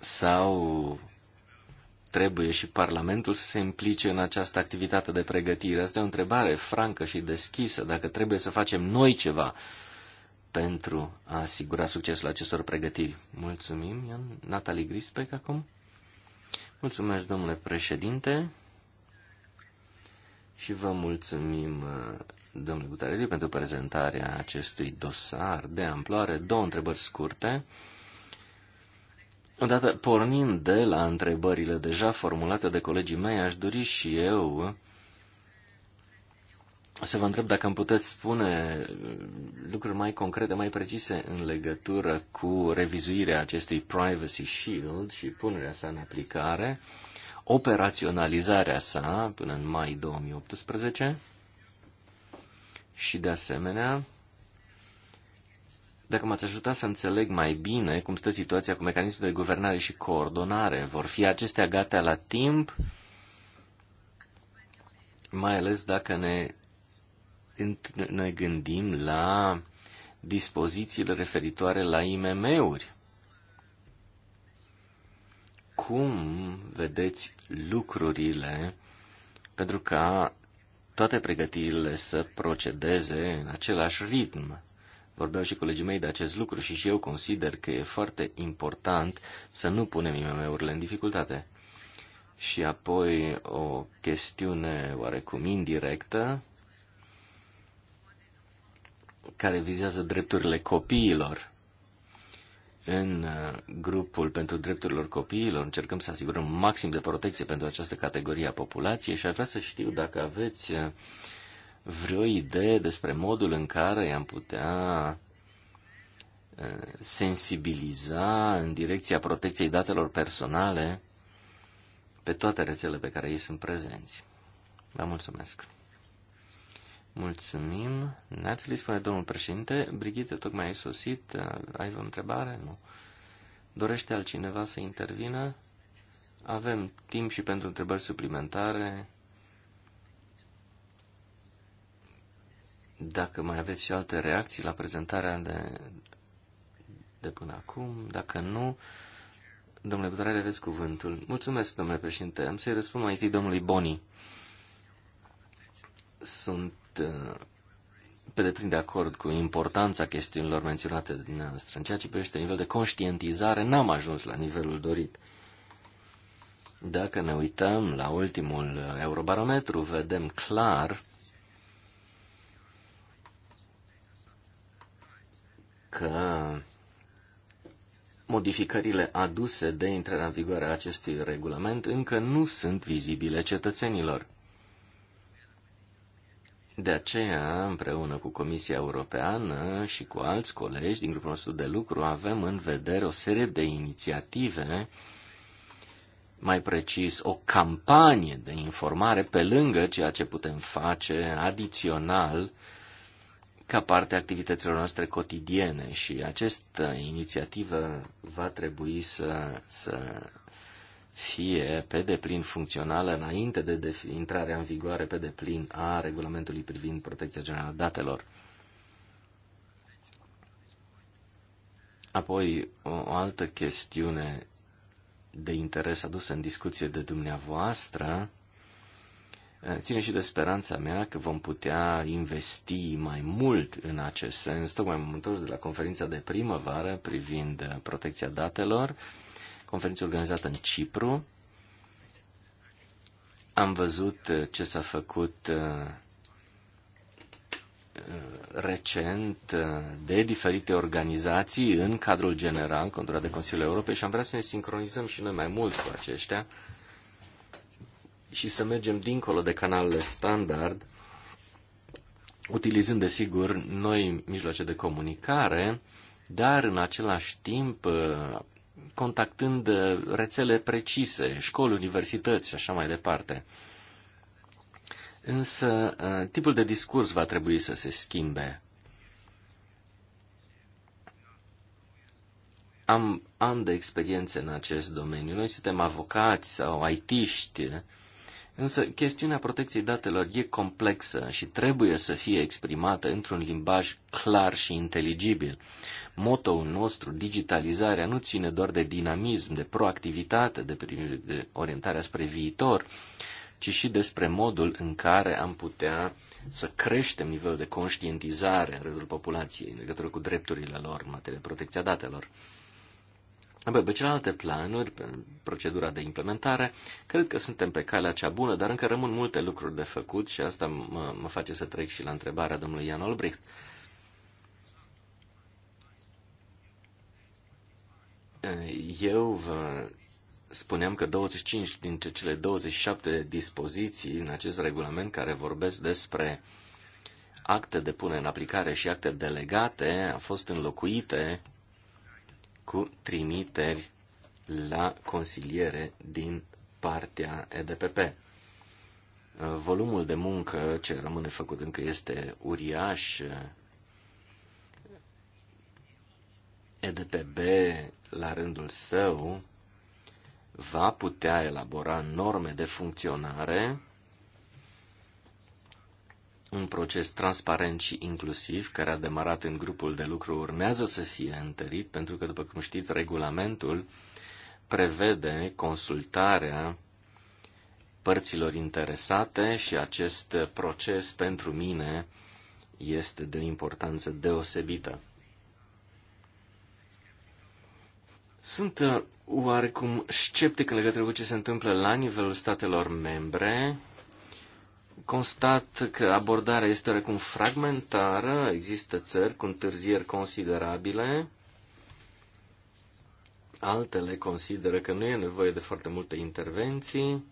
C: sau trebuie și Parlamentul să se implice în această activitate de pregătire. Asta e o întrebare francă și deschisă, dacă trebuie să facem noi ceva pentru a asigura succesul acestor pregătiri. Mulțumim, Ian. Natalie Grispec acum. Mulțumesc, domnule președinte, și vă mulțumim, domnule Butareliu, pentru prezentarea acestui dosar de amploare. Două întrebări scurte. Odată, pornind de la întrebările deja formulate de colegii mei, aș dori și eu să vă întreb dacă îmi puteți spune lucruri mai concrete, mai precise în legătură cu revizuirea acestui Privacy Shield și punerea sa în aplicare, operaționalizarea sa până în mai 2018 și, de asemenea, dacă m-ați ajuta să înțeleg mai bine cum stă situația cu mecanismul de guvernare și coordonare, vor fi acestea gata la timp, mai ales dacă ne, ne gândim la dispozițiile referitoare la IMM-uri. Cum vedeți lucrurile pentru ca toate pregătirile să procedeze în același ritm? Vorbeau și colegii mei de acest lucru și și eu consider că e foarte important să nu punem IMM-urile în dificultate. Și apoi o chestiune oarecum indirectă care vizează drepturile copiilor. În uh, grupul pentru drepturilor copiilor încercăm să asigurăm maxim de protecție pentru această categorie a populației și aș vrea să știu dacă aveți uh, vreo idee despre modul în care i-am putea eh, sensibiliza în direcția protecției datelor personale pe toate rețelele pe care ei sunt prezenți. Vă mulțumesc! Mulțumim. Netflix, spune domnul președinte. Brigitte, tocmai ai sosit. Eh, ai o întrebare? Nu. Dorește altcineva să intervină? Avem timp și pentru întrebări suplimentare. Dacă mai aveți și alte reacții la prezentarea de, de până acum, dacă nu, domnule Butrare, aveți cuvântul. Mulțumesc, domnule președinte. Am să-i răspund mai întâi domnului Boni. Sunt uh, pe deplin de acord cu importanța chestiunilor menționate de dumneavoastră. În ceea ce privește nivel de conștientizare, n-am ajuns la nivelul dorit. Dacă ne uităm la ultimul uh, eurobarometru, vedem clar că modificările aduse de intrarea în vigoare a acestui regulament încă nu sunt vizibile cetățenilor. De aceea, împreună cu Comisia Europeană și cu alți colegi din grupul nostru de lucru, avem în vedere o serie de inițiative, mai precis o campanie de informare pe lângă ceea ce putem face adițional ca parte a activităților noastre cotidiene și această inițiativă va trebui să, să fie pe deplin funcțională înainte de intrarea în vigoare pe deplin a regulamentului privind protecția generală a datelor. Apoi, o altă chestiune de interes adusă în discuție de dumneavoastră Eh, ține și de speranța mea că vom putea investi mai mult în acest sens. Tocmai am întors de la conferința de primăvară privind eh, protecția datelor, conferință organizată în Cipru. Am văzut eh, ce s-a făcut recent de diferite organizații în cadrul general, controlat de Consiliul Europei și am vrea să ne sincronizăm și noi mai mult cu aceștia și să mergem dincolo de canalele standard, utilizând, desigur, noi mijloace de comunicare, dar în același timp uh, contactând uh, rețele precise, școli, universități și așa mai departe. Însă, uh, tipul de discurs va trebui să se schimbe. Am ani de experiență în acest domeniu. Noi suntem avocați sau aitiști, Însă chestiunea protecției datelor e complexă și trebuie să fie exprimată într-un limbaj clar și inteligibil. Motoul nostru, digitalizarea, nu ține doar de dinamism, de proactivitate, de, de orientarea spre viitor, ci și despre modul în care am putea să creștem nivelul de conștientizare în rândul populației în legătură cu drepturile lor în materie de protecția datelor. Apoi, pe celelalte planuri, pe procedura de implementare, cred că suntem pe calea cea bună, dar încă rămân multe lucruri de făcut și asta mă, mă face să trec și la întrebarea domnului Ian Olbricht. Eu vă spuneam că 25 dintre cele 27 dispoziții în acest regulament care vorbesc despre acte de pune în aplicare și acte delegate au fost înlocuite cu trimiteri la consiliere din partea EDPP. Volumul de muncă ce rămâne făcut încă este uriaș. EDPB, la rândul său, va putea elabora norme de funcționare un proces transparent și inclusiv, care a demarat în grupul de lucru, urmează să fie întărit, pentru că, după cum știți, regulamentul prevede consultarea părților interesate și acest proces pentru mine este de importanță deosebită. Sunt uh, oarecum sceptic în legătură cu ce se întâmplă la nivelul statelor membre constat că abordarea este oarecum fragmentară, există țări cu întârzieri considerabile, altele consideră că nu e nevoie de foarte multe intervenții,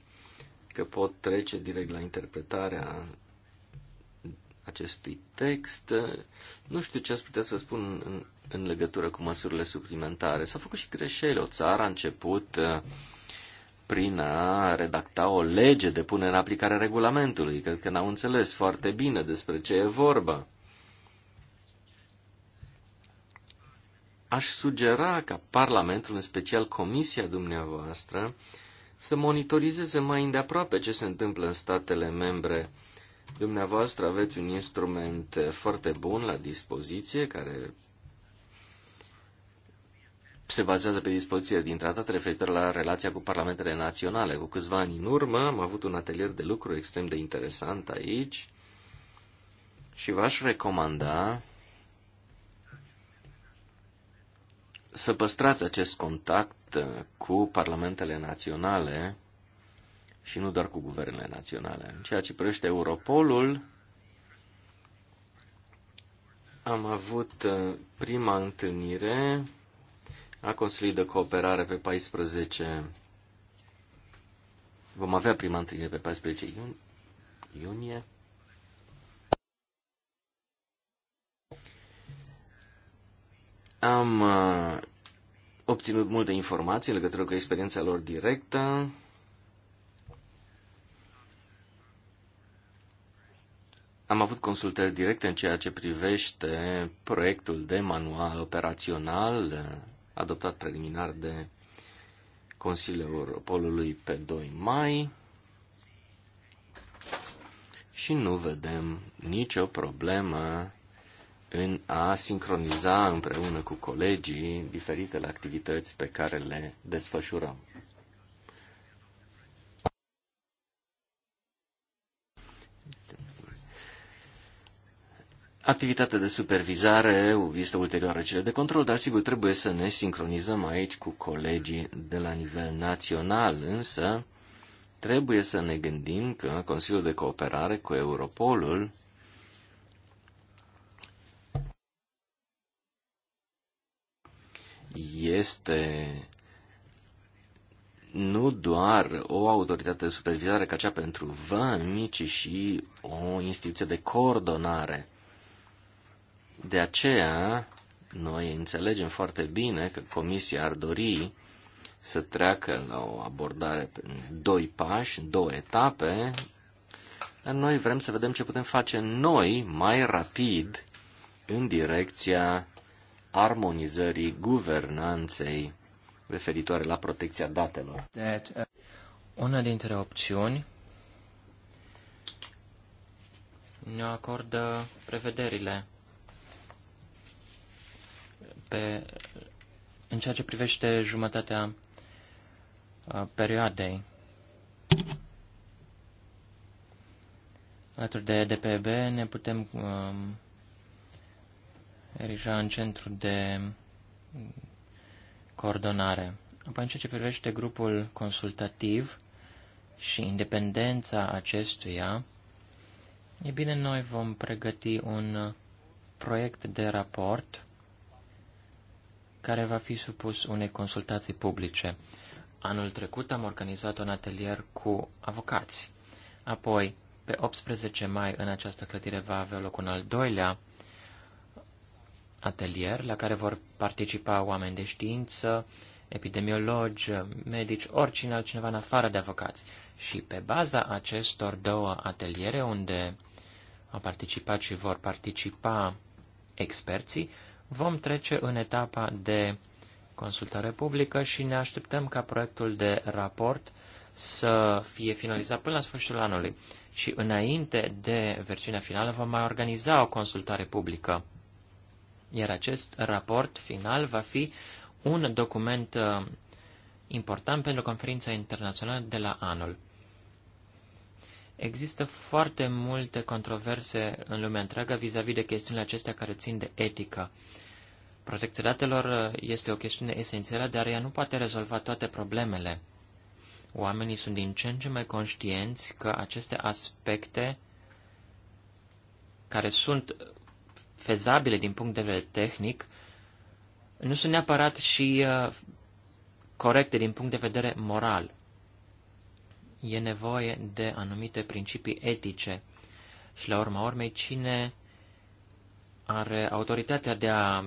C: că pot trece direct la interpretarea acestui text. Nu știu ce aș putea să spun în, în legătură cu măsurile suplimentare. S-au făcut și greșeli. O țară a început uh, prin a redacta o lege de punere în aplicare a regulamentului. Cred că n-au înțeles foarte bine despre ce e vorba. Aș sugera ca Parlamentul, în special Comisia dumneavoastră, să monitorizeze mai îndeaproape ce se întâmplă în statele membre. Dumneavoastră aveți un instrument foarte bun la dispoziție care se bazează pe dispoziția din tratat referitor la relația cu parlamentele naționale. Cu câțiva ani în urmă am avut un atelier de lucru extrem de interesant aici și v-aș recomanda să păstrați acest contact cu parlamentele naționale și nu doar cu guvernele naționale. În ceea ce privește Europolul, am avut uh, prima întâlnire a de cooperare pe 14. Vom avea prima întâlnire pe 14 iunie. Am uh, obținut multe informații în legătură cu experiența lor directă. Am avut consultări directe în ceea ce privește proiectul de manual operațional uh, adoptat preliminar de Consiliul Europolului pe 2 mai și nu vedem nicio problemă în a sincroniza împreună cu colegii diferitele activități pe care le desfășurăm. Activitatea de supervizare este ulterioară cele de control, dar sigur trebuie să ne sincronizăm aici cu colegii de la nivel național, însă trebuie să ne gândim că Consiliul de Cooperare cu Europolul este nu doar o autoritate de supervizare ca cea pentru vămi, ci și o instituție de coordonare de aceea, noi înțelegem foarte bine că Comisia ar dori să treacă la o abordare în doi pași, în două etape, noi vrem să vedem ce putem face noi mai rapid în direcția armonizării guvernanței referitoare la
A: protecția datelor. Uh, Una dintre opțiuni ne acordă prevederile pe, în ceea ce privește jumătatea perioadei. Alături de DPB ne putem um, erija în centru de coordonare. Apoi, în ceea ce privește grupul consultativ și independența acestuia, e bine, noi vom pregăti un proiect de raport care va fi supus unei consultații publice. Anul trecut am organizat un atelier cu avocați. Apoi, pe 18 mai, în această clădire va avea loc un al doilea atelier la care vor participa oameni de știință, epidemiologi, medici, oricine altcineva în afară de avocați. Și pe baza acestor două ateliere unde au participat și vor participa experții, vom trece în etapa de consultare publică și ne așteptăm ca proiectul de raport să fie finalizat până la sfârșitul anului. Și înainte de versiunea finală vom mai organiza o consultare publică. Iar acest raport final va fi un document uh, important pentru conferința internațională de la anul. Există foarte multe controverse în lumea întreagă vis-a-vis -vis de chestiunile acestea care țin de etică. Protecția datelor uh, este o chestiune esențială, dar ea nu poate rezolva toate problemele. Oamenii sunt din ce în ce mai conștienți că aceste aspecte care sunt fezabile din punct de vedere tehnic, nu sunt neapărat și uh, corecte din punct de vedere moral e nevoie de anumite principii etice. Și la urma urmei, cine are autoritatea de a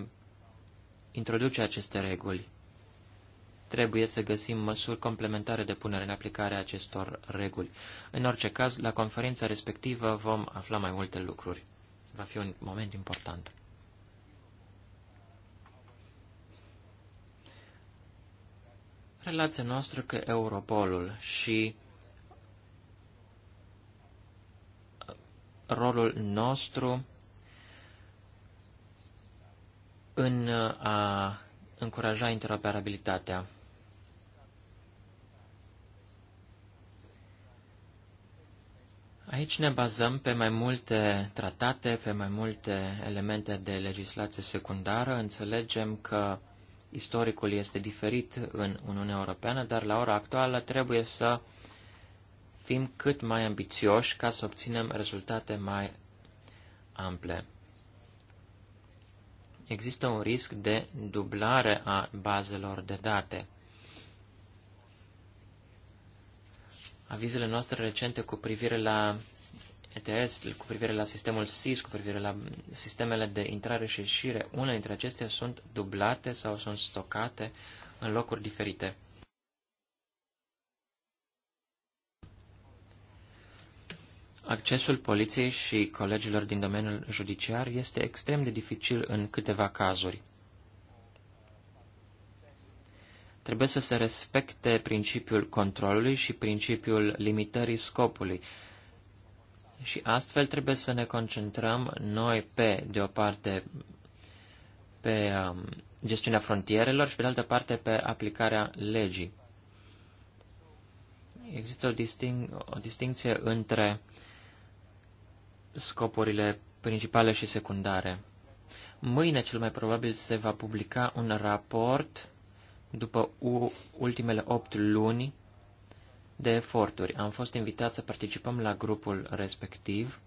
A: introduce aceste reguli? Trebuie să găsim măsuri complementare de punere în aplicare a acestor reguli. În orice caz, la conferința respectivă vom afla mai multe lucruri. Va fi un moment important. relația noastră cu Europolul și rolul nostru în a încuraja interoperabilitatea. Aici ne bazăm pe mai multe tratate, pe mai multe elemente de legislație secundară. Înțelegem că istoricul este diferit în Uniunea Europeană, dar la ora actuală trebuie să uh, fim cât mai ambițioși ca să obținem rezultate mai ample. Există un risc de dublare a bazelor de date. Avizele noastre recente cu privire la ETS, cu privire la sistemul SIS, cu privire la sistemele de intrare și ieșire, unele dintre acestea sunt dublate sau sunt stocate în locuri diferite. Accesul poliției și colegilor din domeniul judiciar este extrem de dificil în câteva cazuri. Trebuie să se respecte principiul controlului și principiul limitării scopului. Și astfel trebuie să ne concentrăm noi pe, de o parte, pe um, gestiunea frontierelor și, pe de altă parte, pe aplicarea legii. Există o, disting- o distinție între uh, scopurile principale și secundare. Mâine, cel mai probabil, se va publica un raport după ultimele opt luni de eforturi. Am fost invitat să participăm la grupul respectiv.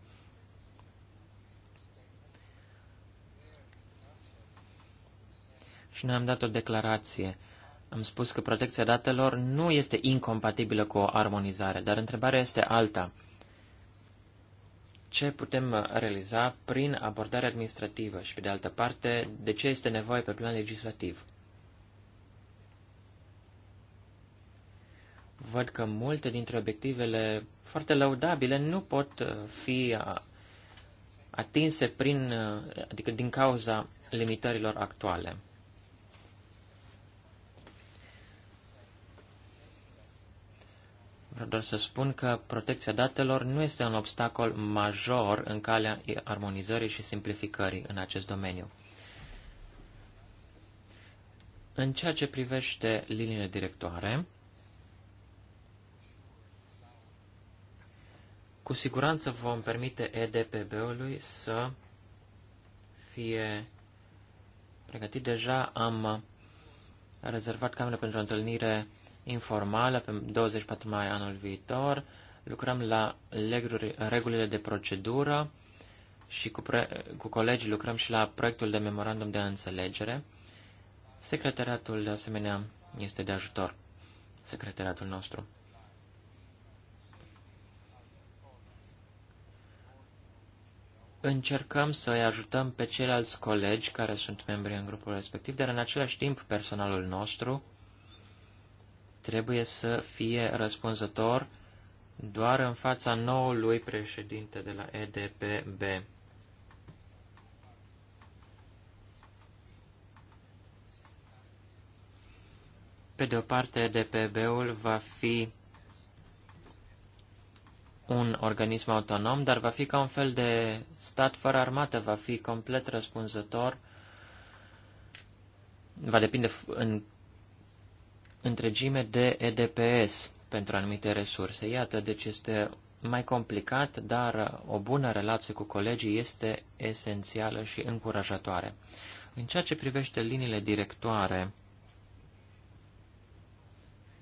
A: Și noi am dat o declarație. Am spus că protecția datelor nu este incompatibilă cu o armonizare, dar întrebarea este alta ce putem uh, realiza prin abordare administrativă și, pe de altă parte, de ce este nevoie pe plan legislativ. Văd că multe dintre obiectivele foarte laudabile nu pot uh, fi uh, atinse prin, adică din cauza limitărilor actuale. doar să spun că protecția datelor nu este un obstacol major în calea armonizării și simplificării în acest domeniu. În ceea ce privește liniile directoare, cu siguranță vom permite EDPB-ului să fie pregătit. Deja am rezervat camera pentru o întâlnire informală pe 24 mai anul viitor. Lucrăm la regulile de procedură și cu, pre- cu colegii lucrăm și la proiectul de memorandum de înțelegere. Secretariatul, de asemenea, este de ajutor. Secretariatul nostru. Încercăm să îi ajutăm pe ceilalți colegi care sunt membri în grupul respectiv, dar în același timp personalul nostru trebuie să fie răspunzător doar în fața noului președinte de la EDPB. Pe de o parte, EDPB-ul va fi un organism autonom, dar va fi ca un fel de stat fără armată, va fi complet răspunzător, va depinde în întregime de EDPS pentru anumite resurse. Iată, deci este mai complicat, dar o bună relație cu colegii este esențială și încurajatoare. În ceea ce privește liniile directoare,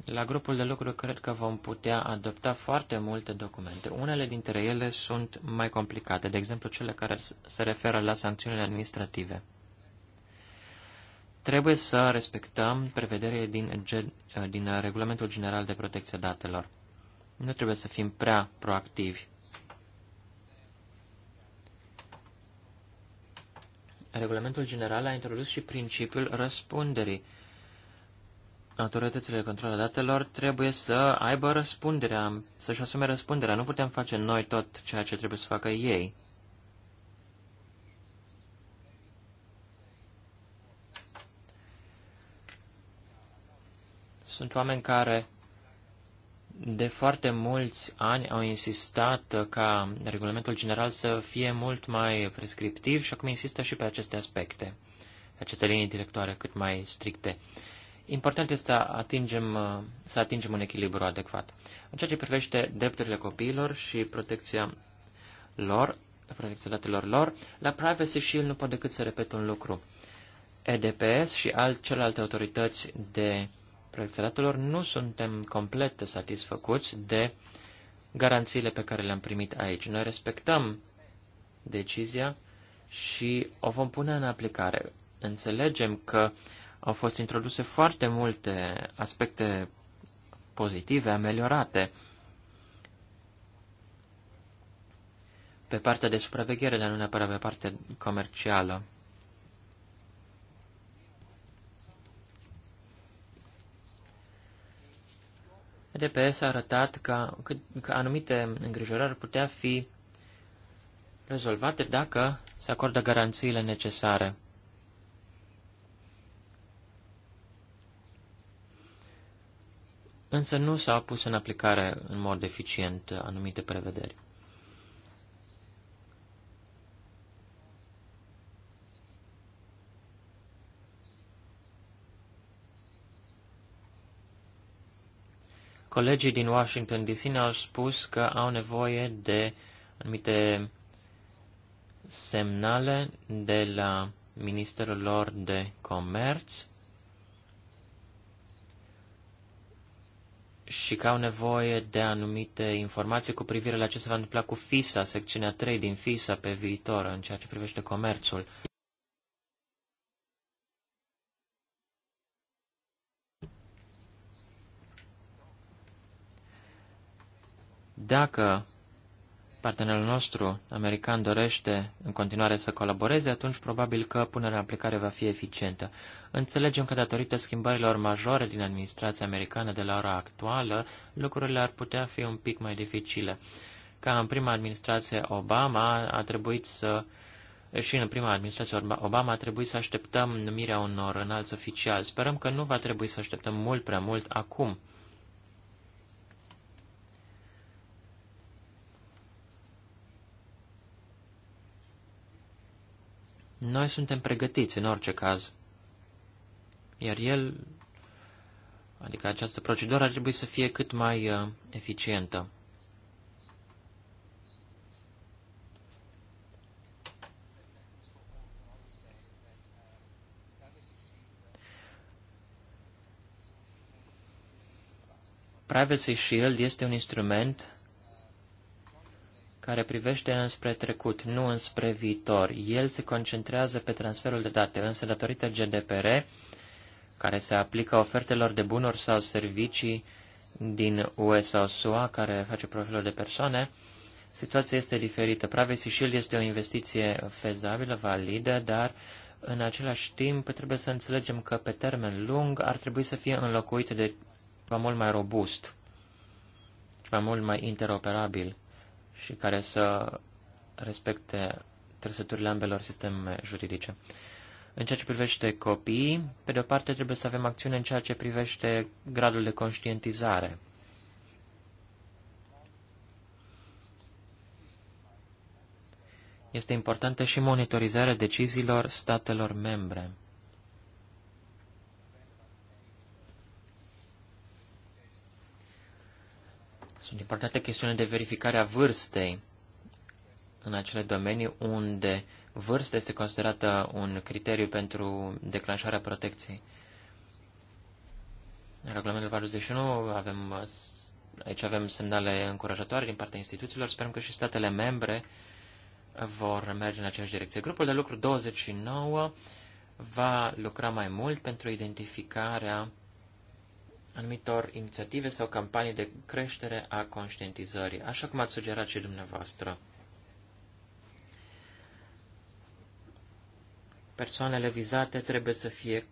A: la grupul de lucru cred că vom putea adopta foarte multe documente. Unele dintre ele sunt mai complicate, de exemplu cele care se referă la sancțiunile administrative. Trebuie să respectăm prevederile din, uh, din uh, Regulamentul General de Protecție a Datelor. Nu trebuie să fim prea proactivi. Regulamentul General a introdus și principiul răspunderii. Autoritățile de control a datelor trebuie să aibă răspunderea, să-și asume răspunderea. Nu putem face noi tot ceea ce trebuie să facă ei. Sunt oameni care de foarte mulți ani au insistat ca regulamentul general să fie mult mai prescriptiv și acum insistă și pe aceste aspecte, aceste linii directoare cât mai stricte. Important este să atingem, să atingem un echilibru adecvat. În ceea ce privește drepturile copiilor și protecția lor, protecția datelor lor, la Privacy Shield nu pot decât să repet un lucru. EDPS și alt, celelalte autorități de proiecția nu suntem complet satisfăcuți de garanțiile pe care le-am primit aici. Noi respectăm decizia și o vom pune în aplicare. Înțelegem că au fost introduse foarte multe aspecte pozitive, ameliorate. Pe partea de supraveghere, dar nu neapărat pe partea comercială. EDPS a arătat că, că, că anumite îngrijorări putea fi rezolvate dacă se acordă garanțiile necesare. Însă nu s-au pus în aplicare în mod eficient anumite prevederi. Colegii din Washington DC ne-au spus că au nevoie de anumite semnale de la Ministerul lor de Comerț și că au nevoie de anumite informații cu privire la ce se va întâmpla cu FISA, secțiunea 3 din FISA pe viitor, în ceea ce privește comerțul. Dacă partenerul nostru american dorește în continuare să colaboreze, atunci probabil că punerea în aplicare va fi eficientă. Înțelegem că datorită schimbărilor majore din administrația americană de la ora actuală, lucrurile ar putea fi un pic mai dificile. Ca în prima administrație Obama a trebuit să și în prima administrație Obama a trebuit să așteptăm numirea unor înalți oficiali. Sperăm că nu va trebui să așteptăm mult prea mult acum. Noi suntem pregătiți în orice caz. Iar el, adică această procedură, ar trebui să fie cât mai uh, eficientă. Privacy Shield este un instrument care privește înspre trecut, nu înspre viitor. El se concentrează pe transferul de date, însă datorită GDPR, care se aplică ofertelor de bunuri sau servicii din UE sau SUA, care face profilul de persoane, situația este diferită. Privacy Shield este o investiție fezabilă, validă, dar în același timp trebuie să înțelegem că pe termen lung ar trebui să fie înlocuită de ceva mult mai robust, ceva mult mai interoperabil și care să respecte trăsăturile ambelor sisteme juridice. În ceea ce privește copiii, pe de o parte trebuie să avem acțiune în ceea ce privește gradul de conștientizare. Este importantă și monitorizarea deciziilor statelor membre. Sunt importante chestiunea de verificare a vârstei în acele domenii unde vârsta este considerată un criteriu pentru declanșarea protecției. În regulamentul 41 avem, aici avem semnale încurajatoare din partea instituțiilor. Sperăm că și statele membre vor merge în aceeași direcție. Grupul de lucru 29 va lucra mai mult pentru identificarea anumitor inițiative sau campanii de creștere a conștientizării, așa cum ați sugerat și dumneavoastră. Persoanele vizate trebuie să fie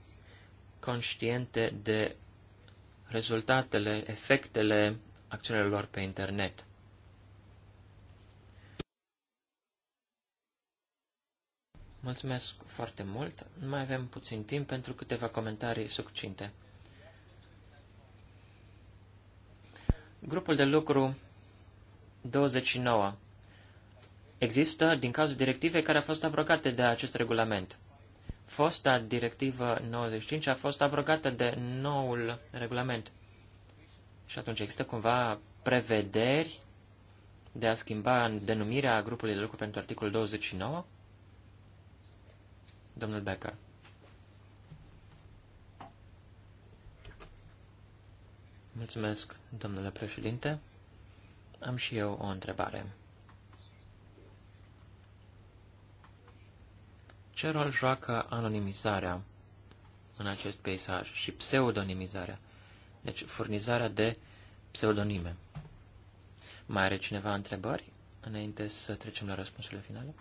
A: conștiente de rezultatele, efectele acțiunilor lor pe internet. Mulțumesc foarte mult. Mai avem puțin timp pentru câteva comentarii succinte. Grupul de lucru 29 există din cauza directivei care a fost abrogată de acest regulament. Fosta directivă 95 a fost abrogată de noul regulament. Și atunci există cumva prevederi de a schimba denumirea grupului de lucru pentru articolul 29? Domnul Becker. Mulțumesc, domnule președinte. Am și eu o întrebare. Ce rol joacă anonimizarea în acest peisaj și pseudonimizarea? Deci furnizarea de pseudonime. Mai are cineva întrebări înainte să trecem la răspunsurile finale?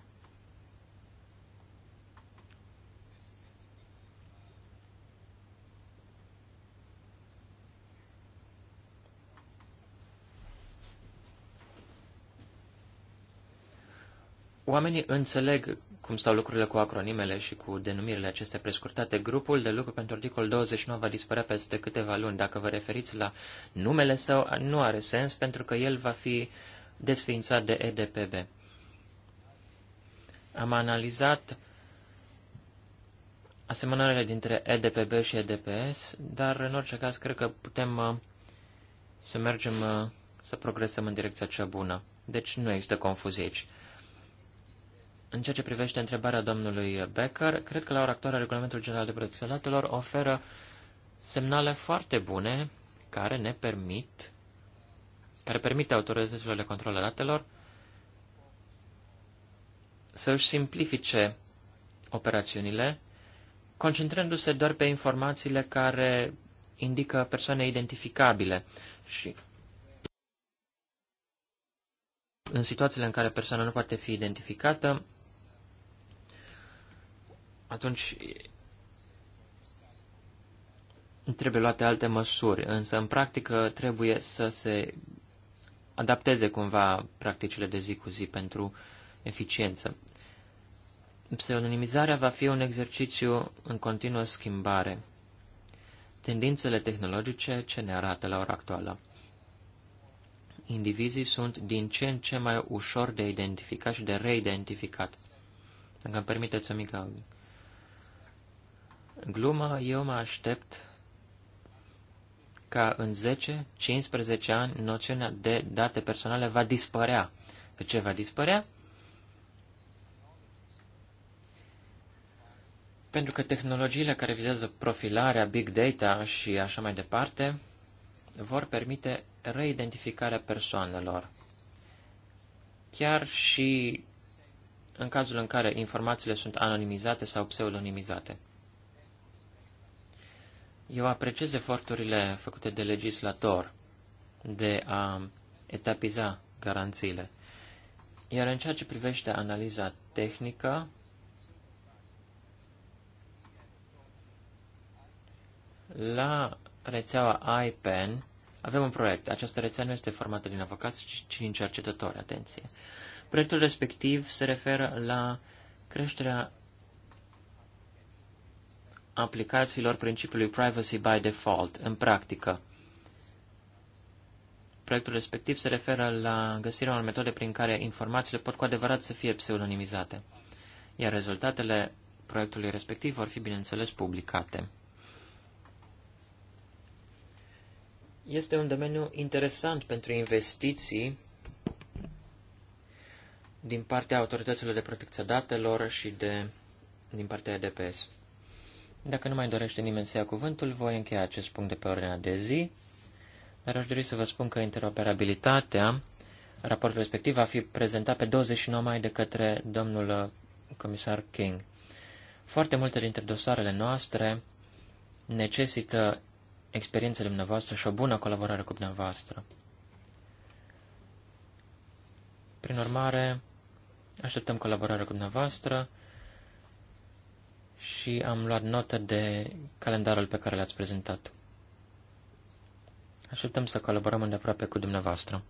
A: Oamenii înțeleg cum stau lucrurile cu acronimele și cu denumirile acestea prescurtate. Grupul de lucru pentru articol 29 va dispărea peste câteva luni. Dacă vă referiți la numele său, nu are sens pentru că el va fi desființat de EDPB. Am analizat asemănările dintre EDPB și EDPS, dar în orice caz cred că putem uh, să mergem, uh, să progresăm în direcția cea bună. Deci nu există confuzie aici. În ceea ce privește întrebarea domnului Becker, cred că la ora actuală Regulamentul General de Protecție Datelor oferă semnale foarte bune care ne permit, care permite autorităților de control a datelor să își simplifice operațiunile, concentrându-se doar pe informațiile care indică persoane identificabile și în situațiile în care persoana nu poate fi identificată, atunci trebuie luate alte măsuri, însă în practică trebuie să se adapteze cumva practicile de zi cu zi pentru eficiență. Pseudonimizarea va fi un exercițiu în continuă schimbare. Tendințele tehnologice ce ne arată la ora actuală. Indivizii sunt din ce în ce mai ușor de identificat și de reidentificat. Dacă îmi permiteți o mică glumă, eu mă aștept ca în 10-15 ani noțiunea de date personale va dispărea. De ce va dispărea? Pentru că tehnologiile care vizează profilarea, big data și așa mai departe vor permite reidentificarea persoanelor. Chiar și în cazul în care informațiile sunt anonimizate sau pseudonimizate. Eu apreciez eforturile făcute de legislator de a etapiza garanțiile. Iar în ceea ce privește analiza tehnică, la rețeaua IPEN avem un proiect. Această rețea nu este formată din avocați, ci din cercetători, atenție. Proiectul respectiv se referă la creșterea aplicațiilor principiului privacy by default în practică. Proiectul respectiv se referă la găsirea unor metode prin care informațiile pot cu adevărat să fie pseudonimizate, iar rezultatele proiectului respectiv vor fi, bineînțeles, publicate. Este un domeniu interesant pentru investiții din partea autorităților de protecție datelor și de, din partea EDPS. Dacă nu mai dorește nimeni să ia cuvântul, voi încheia acest punct de pe ordinea de zi, dar aș dori să vă spun că interoperabilitatea, raportul respectiv, va fi prezentat pe 29 mai de către domnul comisar King. Foarte multe dintre dosarele noastre necesită experiența dumneavoastră și o bună colaborare cu dumneavoastră. Prin urmare, așteptăm colaborarea cu dumneavoastră și am luat notă de calendarul pe care l-ați prezentat. Așteptăm
B: să colaborăm îndeaproape cu dumneavoastră.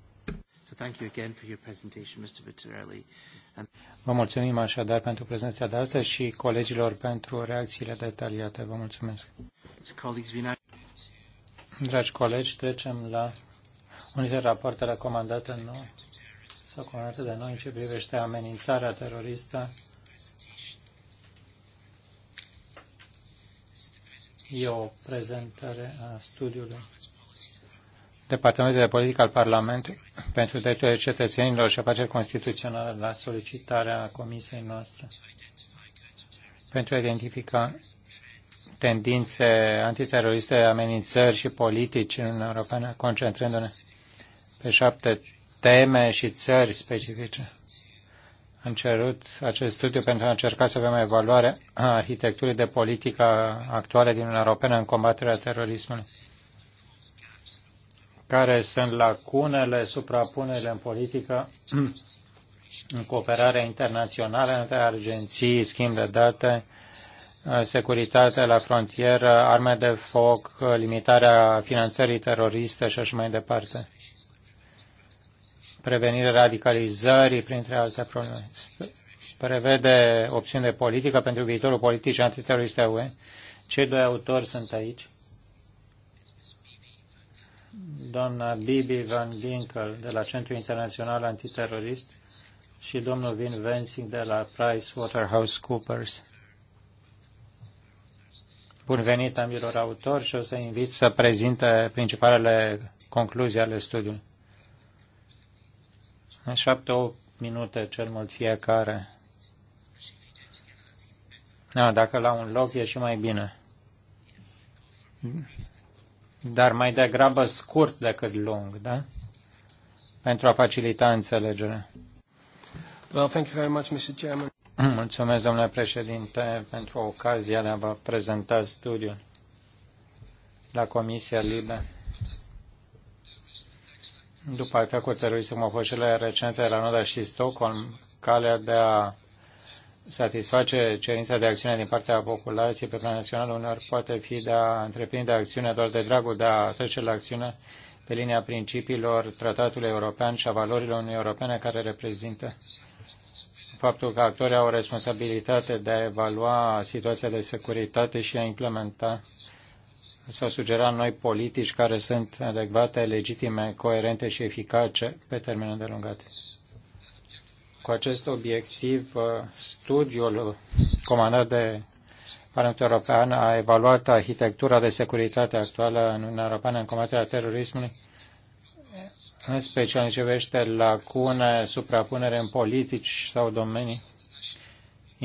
B: Vă mulțumim așadar pentru prezența de astăzi și colegilor pentru reacțiile detaliate. Vă mulțumesc. Dragi colegi, trecem la unul rapoarte rapoartele comandate noi sau comandate de noi în ce privește amenințarea teroristă E o prezentare a studiului Departamentul de Politică al Parlamentului pentru Drepturile Cetățenilor și Afaceri Constituționale la solicitarea comisiei noastre pentru a identifica tendințe antiteroriste, amenințări și politici în Uniunea Europeană, concentrându-ne pe șapte teme și țări specifice am cerut acest studiu pentru a încerca să avem o evaluare a arhitecturii de politică actuală din Uniunea Europeană în combaterea terorismului. Care sunt lacunele, suprapunerile în politică, în cooperarea internațională între agenții, schimb de date, securitate la frontieră, arme de foc, limitarea finanțării teroriste și așa mai departe prevenirea radicalizării, printre alte probleme. Prevede opțiune politică pentru viitorul politic antiteroriste UE. Cei doi autori sunt aici. Doamna Bibi Van Dinkel, de la Centrul Internațional Antiterorist și domnul Vin Vensing de la PricewaterhouseCoopers. Bun venit ambilor autori și o să invit să prezinte principalele concluzii ale studiului în șapte, opt minute cel mult fiecare. Da, dacă la un loc e și mai bine. Dar mai degrabă scurt decât lung, da? Pentru a facilita înțelegerea.
C: Well, thank you very much, Mr. Chairman.
B: Mulțumesc, domnule președinte, pentru ocazia de a vă prezenta studiul la Comisia Liberă după atacul terorist, cum au fost cele recente la Noda și Stockholm, calea de a satisface cerința de acțiune din partea populației pe plan național, uneori poate fi de a întreprinde acțiune doar de dragul de a trece la acțiune pe linia principiilor tratatului european și a valorilor Uniunii Europene care reprezintă faptul că actorii au o responsabilitate de a evalua situația de securitate și a implementa sau sugera noi politici care sunt adecvate, legitime, coerente și eficace pe termen îndelungat. Cu acest obiectiv, uh, studiul comandat de Parlamentul European a evaluat arhitectura de securitate actuală în Uniunea Europeană în combaterea terorismului, în special în ce privește lacune, suprapunere în politici sau domenii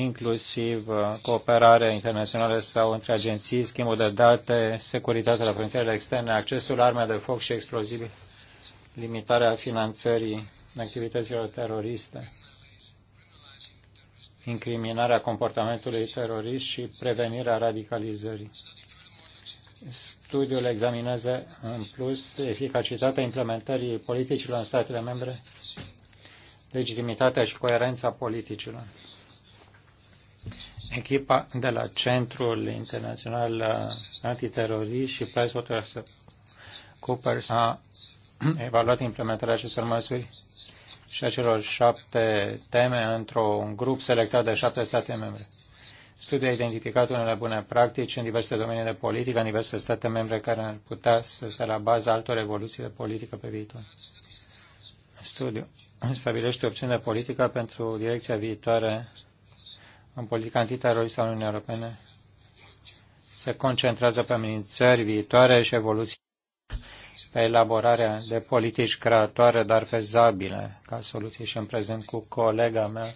B: inclusiv uh, cooperarea internațională sau între agenții, schimbul de date, securitatea la frontierele externe, accesul la arme de foc și explozibili, limitarea finanțării activităților teroriste, incriminarea comportamentului terorist și prevenirea radicalizării. Studiul examinează în plus eficacitatea implementării politicilor în statele membre, legitimitatea și coerența politicilor. Echipa de la Centrul Internațional Antiterorist și PricewaterhouseCoopers a evaluat implementarea acestor măsuri și acelor celor șapte teme într-un grup selectat de șapte state membre. Studiul a identificat unele bune practici în diverse domenii de politică, în diverse state membre care ar putea să stea la baza altor evoluții de politică pe viitor. Studiul stabilește opțiune politică pentru direcția viitoare în politica antiteroristă a Uniunii Europene se concentrează pe amenințări viitoare și evoluții pe elaborarea de politici creatoare, dar fezabile, ca soluții și în prezent cu colega mea,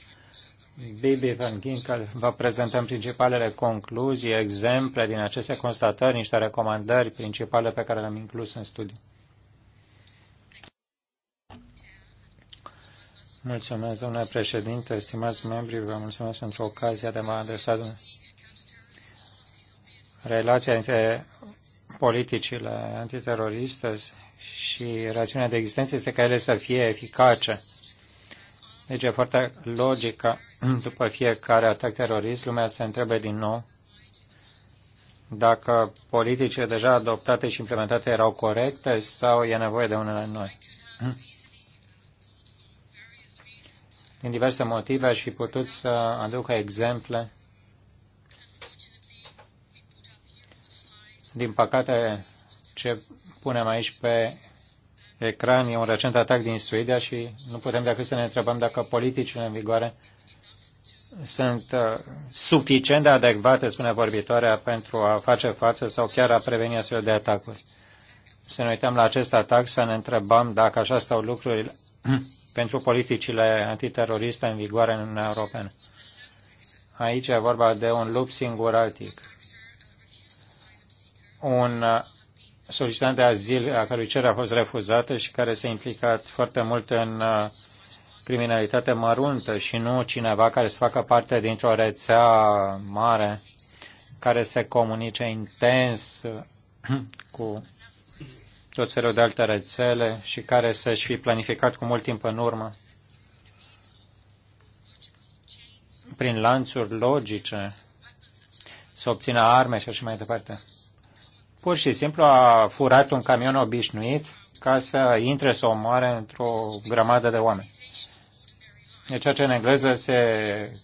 B: Bibi Van Ginkel, vă prezentăm principalele concluzii, exemple din aceste constatări, niște recomandări principale pe care le-am inclus în studiu. Mulțumesc, domnule președinte, estimați membri, vă mulțumesc pentru ocazia de a mă adresa relația între politicile antiteroriste și rațiunea de existență este ca ele să fie eficace. Deci e foarte logică, după fiecare atac terorist, lumea se întrebe din nou dacă politicile deja adoptate și implementate erau corecte sau e nevoie de unele noi. Din diverse motive aș fi putut să aduc exemple. Din păcate, ce punem aici pe ecran e un recent atac din Suedia și nu putem decât să ne întrebăm dacă politicile în vigoare sunt uh, suficient de adecvate, spune vorbitoarea, pentru a face față sau chiar a preveni astfel de atacuri. Să ne uităm la acest atac, să ne întrebăm dacă așa stau lucrurile, Hmm. pentru politicile antiteroriste în vigoare în Uniunea Europeană. Aici e vorba de un lup singuratic. Un uh, solicitant de azil a cărui cerere a fost refuzată și care s-a implicat foarte mult în uh, criminalitate măruntă și nu cineva care să facă parte dintr-o rețea mare care se comunice intens uh, cu tot felul de alte rețele și care să-și fi planificat cu mult timp în urmă prin lanțuri logice să obțină arme și așa mai departe. Pur și simplu a furat un camion obișnuit ca să intre să omoare într-o grămadă de oameni. E deci ceea ce în engleză se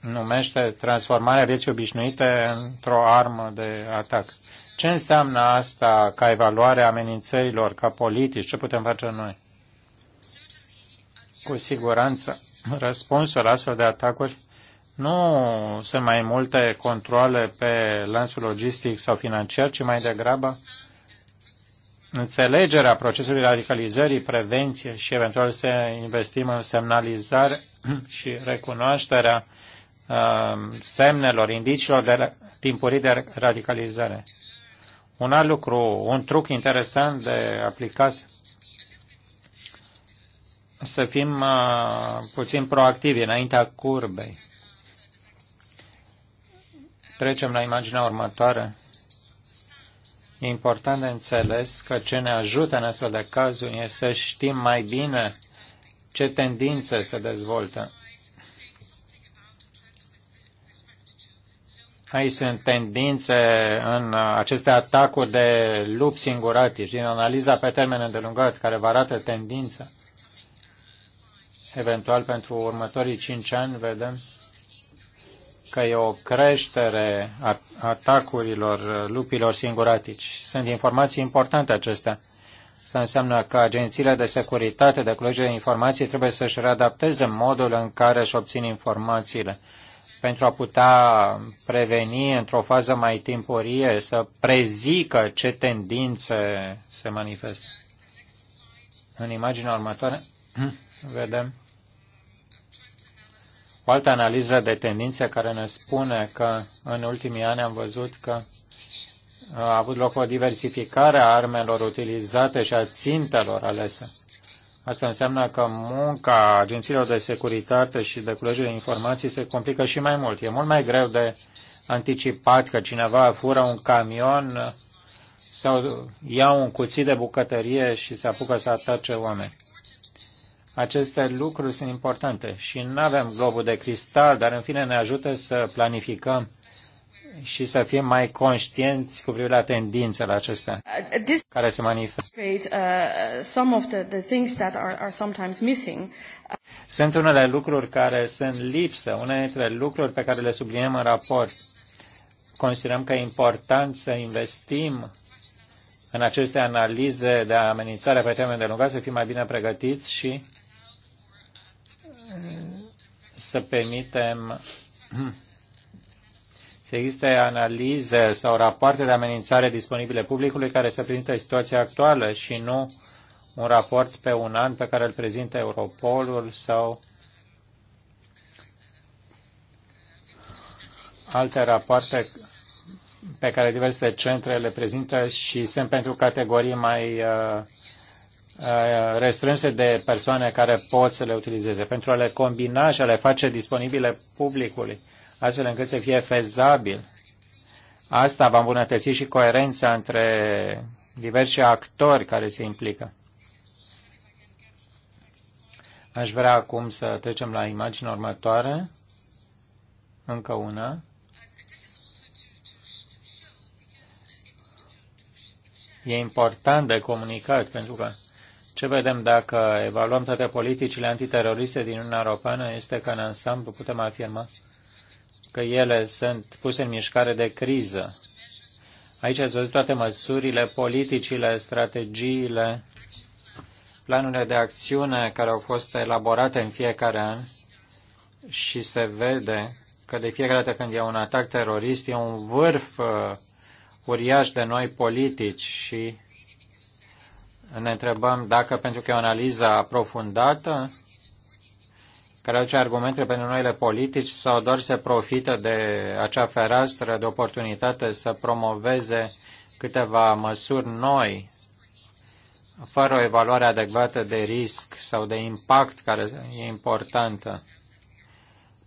B: numește transformarea vieții obișnuite într-o armă de atac. Ce înseamnă asta ca evaluare a amenințărilor, ca politici? Ce putem face noi? Cu siguranță, răspunsul la astfel de atacuri nu sunt mai multe controle pe lanțul logistic sau financiar, ci mai degrabă înțelegerea procesului radicalizării, prevenție și eventual să investim în semnalizare și recunoașterea uh, semnelor, indiciilor de timpurii de radicalizare. Un alt lucru, un truc interesant de aplicat, să fim uh, puțin proactivi înaintea curbei. Trecem la imaginea următoare. E important de înțeles că ce ne ajută în astfel de cazuri este să știm mai bine ce tendințe se dezvoltă. Aici sunt tendințe în uh, aceste atacuri de lup singuratici, din analiza pe termen îndelungat, care vă arată tendința. Eventual, pentru următorii cinci ani, vedem că e o creștere a atacurilor uh, lupilor singuratici. Sunt informații importante acestea. Asta înseamnă că agențiile de securitate de colegii de informații trebuie să-și readapteze modul în care își obțin informațiile pentru a putea preveni într-o fază mai timpurie, să prezică ce tendințe se manifestă. În imaginea următoare vedem o altă analiză de tendințe care ne spune că în ultimii ani am văzut că a avut loc o diversificare a armelor utilizate și a țintelor alese. Asta înseamnă că munca agențiilor de securitate și de culegere de informații se complică și mai mult. E mult mai greu de anticipat că cineva fură un camion sau ia un cuțit de bucătărie și se apucă să atace oameni. Aceste lucruri sunt importante și nu avem globul de cristal, dar în fine ne ajută să planificăm și să fim mai conștienți cu privire la tendințele acestea uh, care se manifestă. Sunt unele lucruri care sunt lipsă, unele dintre lucruri pe care le subliniem în raport. Considerăm că e important să investim în aceste analize de amenințare pe termen de lungă, să fim mai bine pregătiți și uh, să permitem să existe analize sau rapoarte de amenințare disponibile publicului care să prezinte situația actuală și nu un raport pe un an pe care îl prezintă Europolul sau alte rapoarte pe care diverse centre le prezintă și sunt pentru categorii mai uh, uh, restrânse de persoane care pot să le utilizeze, pentru a le combina și a le face disponibile publicului astfel încât să fie fezabil. Asta va îmbunătăți și coerența între diversi actori care se implică. Aș vrea acum să trecem la imaginea următoare. Încă una. E important de comunicat, pentru că ce vedem dacă evaluăm toate politicile antiteroriste din Uniunea Europeană este că în ansamblu putem afirma că ele sunt puse în mișcare de criză. Aici ați văzut toate măsurile, politicile, strategiile, planurile de acțiune care au fost elaborate în fiecare an și se vede că de fiecare dată când e un atac terorist e un vârf uh, uriaș de noi politici și ne întrebăm dacă pentru că e o analiză aprofundată care aduce argumente pentru noile politici sau doar se profită de acea fereastră de oportunitate să promoveze câteva măsuri noi fără o evaluare adecvată de risc sau de impact care e importantă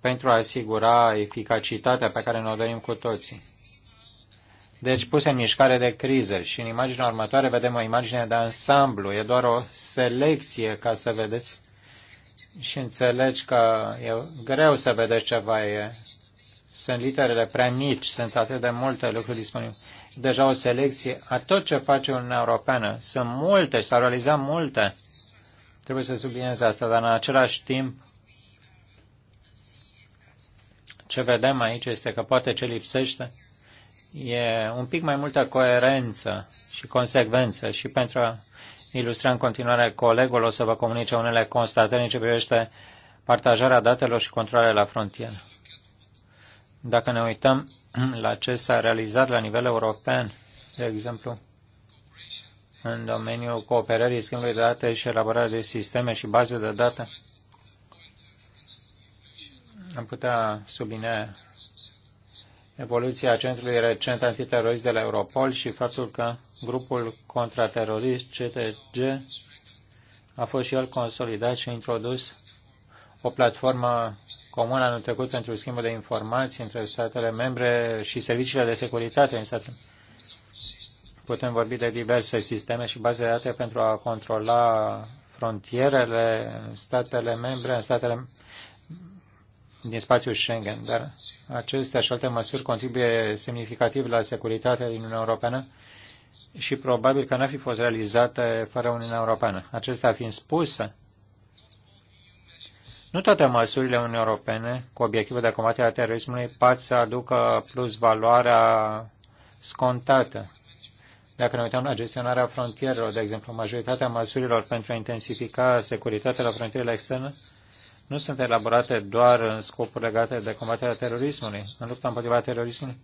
B: pentru a asigura eficacitatea pe care ne-o dorim cu toții. Deci puse în mișcare de criză și în imaginea următoare vedem o imagine de ansamblu, e doar o selecție ca să vedeți și înțelegi că e greu să vedeți ceva e. Sunt literele prea mici, sunt atât de multe lucruri disponibile. Deja o selecție a tot ce face Uniunea Europeană. Sunt multe și s-au realizat multe. Trebuie să subliniez asta, dar în același timp ce vedem aici este că poate ce lipsește e un pic mai multă coerență și consecvență și pentru a ilustra în continuare colegul, o să vă comunice unele constatări în ce privește partajarea datelor și controlele la frontieră. Dacă ne uităm la ce s-a realizat la nivel european, de exemplu, în domeniul cooperării, schimbului de date și elaborarea de sisteme și baze de date, am putea sublinea evoluția centrului recent antiterorist de la Europol și faptul că grupul contraterorist CTG a fost și el consolidat și introdus o platformă comună anul trecut pentru schimbul de informații între statele membre și serviciile de securitate în statele Putem vorbi de diverse sisteme și baze de date pentru a controla frontierele statele membre, în statele din spațiul Schengen, dar acestea și alte măsuri contribuie semnificativ la securitatea din Uniunea Europeană și probabil că n-ar fi fost realizată fără Uniunea Europeană. Acestea fiind spusă, nu toate măsurile Uniunii Europene cu obiectivul de combatere a terorismului pot să aducă plus valoarea scontată. Dacă ne uităm la gestionarea frontierelor, de exemplu, majoritatea măsurilor pentru a intensifica securitatea la frontierele externe nu sunt elaborate doar în scopuri legate de combaterea terorismului, în lupta împotriva terorismului.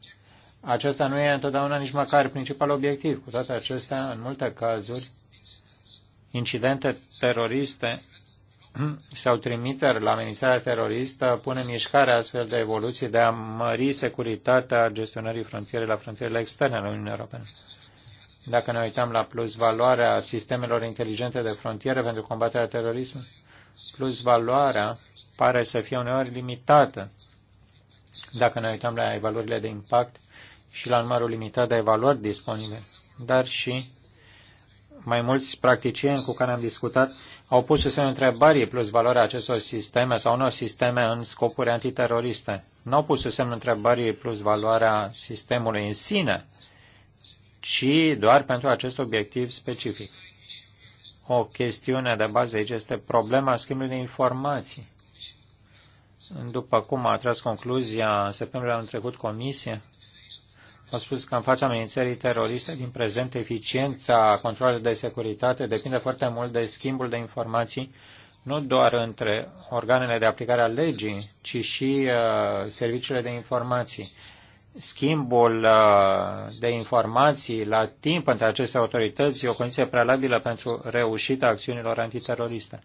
B: Acesta nu e întotdeauna nici măcar principal obiectiv. Cu toate acestea, în multe cazuri, incidente teroriste sau trimiteri la amenințarea teroristă pun în mișcare astfel de evoluții de a mări securitatea gestionării frontierei la frontierele externe ale Uniunii Europene. Dacă ne uităm la plus valoarea sistemelor inteligente de frontiere pentru combaterea terorismului, plus valoarea pare să fie uneori limitată. Dacă ne uităm la evaluările de impact și la numărul limitat de evaluări disponibile, dar și mai mulți practicieni cu care am discutat au pus să se întrebării plus valoarea acestor sisteme sau unor sisteme în scopuri antiteroriste. Nu au pus să semn întrebării plus valoarea sistemului în sine, ci doar pentru acest obiectiv specific o chestiune de bază aici este problema schimbului de informații. După cum a tras concluzia în septembrie anul trecut Comisia, a spus că în fața amenințării teroriste din prezent, eficiența controlului de securitate depinde foarte mult de schimbul de informații, nu doar între organele de aplicare a legii, ci și uh, serviciile de informații schimbul uh, de informații la timp între aceste autorități e o condiție prealabilă pentru reușita acțiunilor antiteroriste.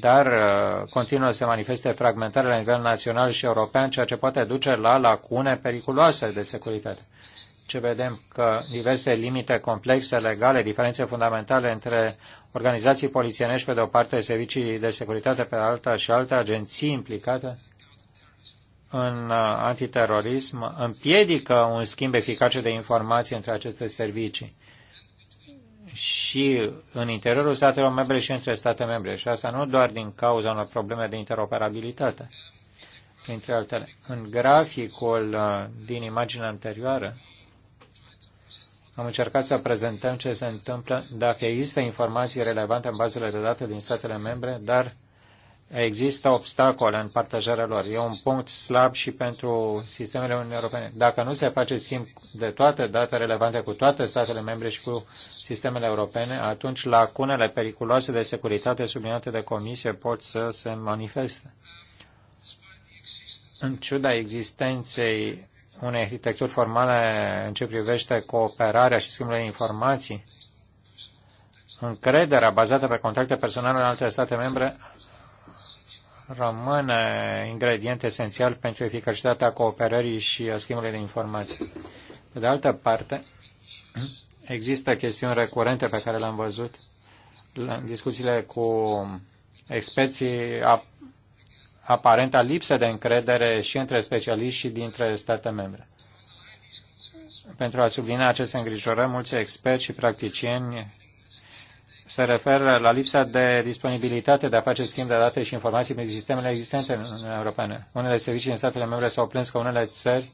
B: Dar uh, continuă să se manifeste fragmentare la nivel național și european, ceea ce poate duce la lacune periculoase de securitate. Ce vedem că diverse limite complexe legale, diferențe fundamentale între organizații polițienești pe de o parte, servicii de securitate pe alta și alte agenții implicate, în uh, antiterorism împiedică un schimb eficace de informații între aceste servicii și în interiorul statelor membre și între state membre. Și asta nu doar din cauza unor probleme de interoperabilitate, printre altele. În graficul uh, din imaginea anterioară, am încercat să prezentăm ce se întâmplă dacă există informații relevante în bazele de date din statele membre, dar există obstacole în partajarea lor. E un punct slab și pentru sistemele Uniunii Europene. Dacă nu se face schimb de toate date relevante cu toate statele membre și cu sistemele europene, atunci lacunele periculoase de securitate subliniate de comisie pot să se manifeste. În ciuda existenței unei arhitecturi formale în ce privește cooperarea și schimbul de informații, încrederea bazată pe contacte personale în alte state membre rămâne ingredient esențial pentru eficacitatea cooperării și a schimbului de informații. Pe de altă parte, există chestiuni recurente pe care le-am văzut în discuțiile cu experții aparenta lipsă de încredere și între specialiști și dintre state membre. Pentru a sublinia aceste îngrijorări, mulți experți și practicieni se referă la lipsa de disponibilitate de a face schimb de date și informații prin sistemele existente în Uniunea Europeană. Unele servicii în statele membre s-au plâns că unele țări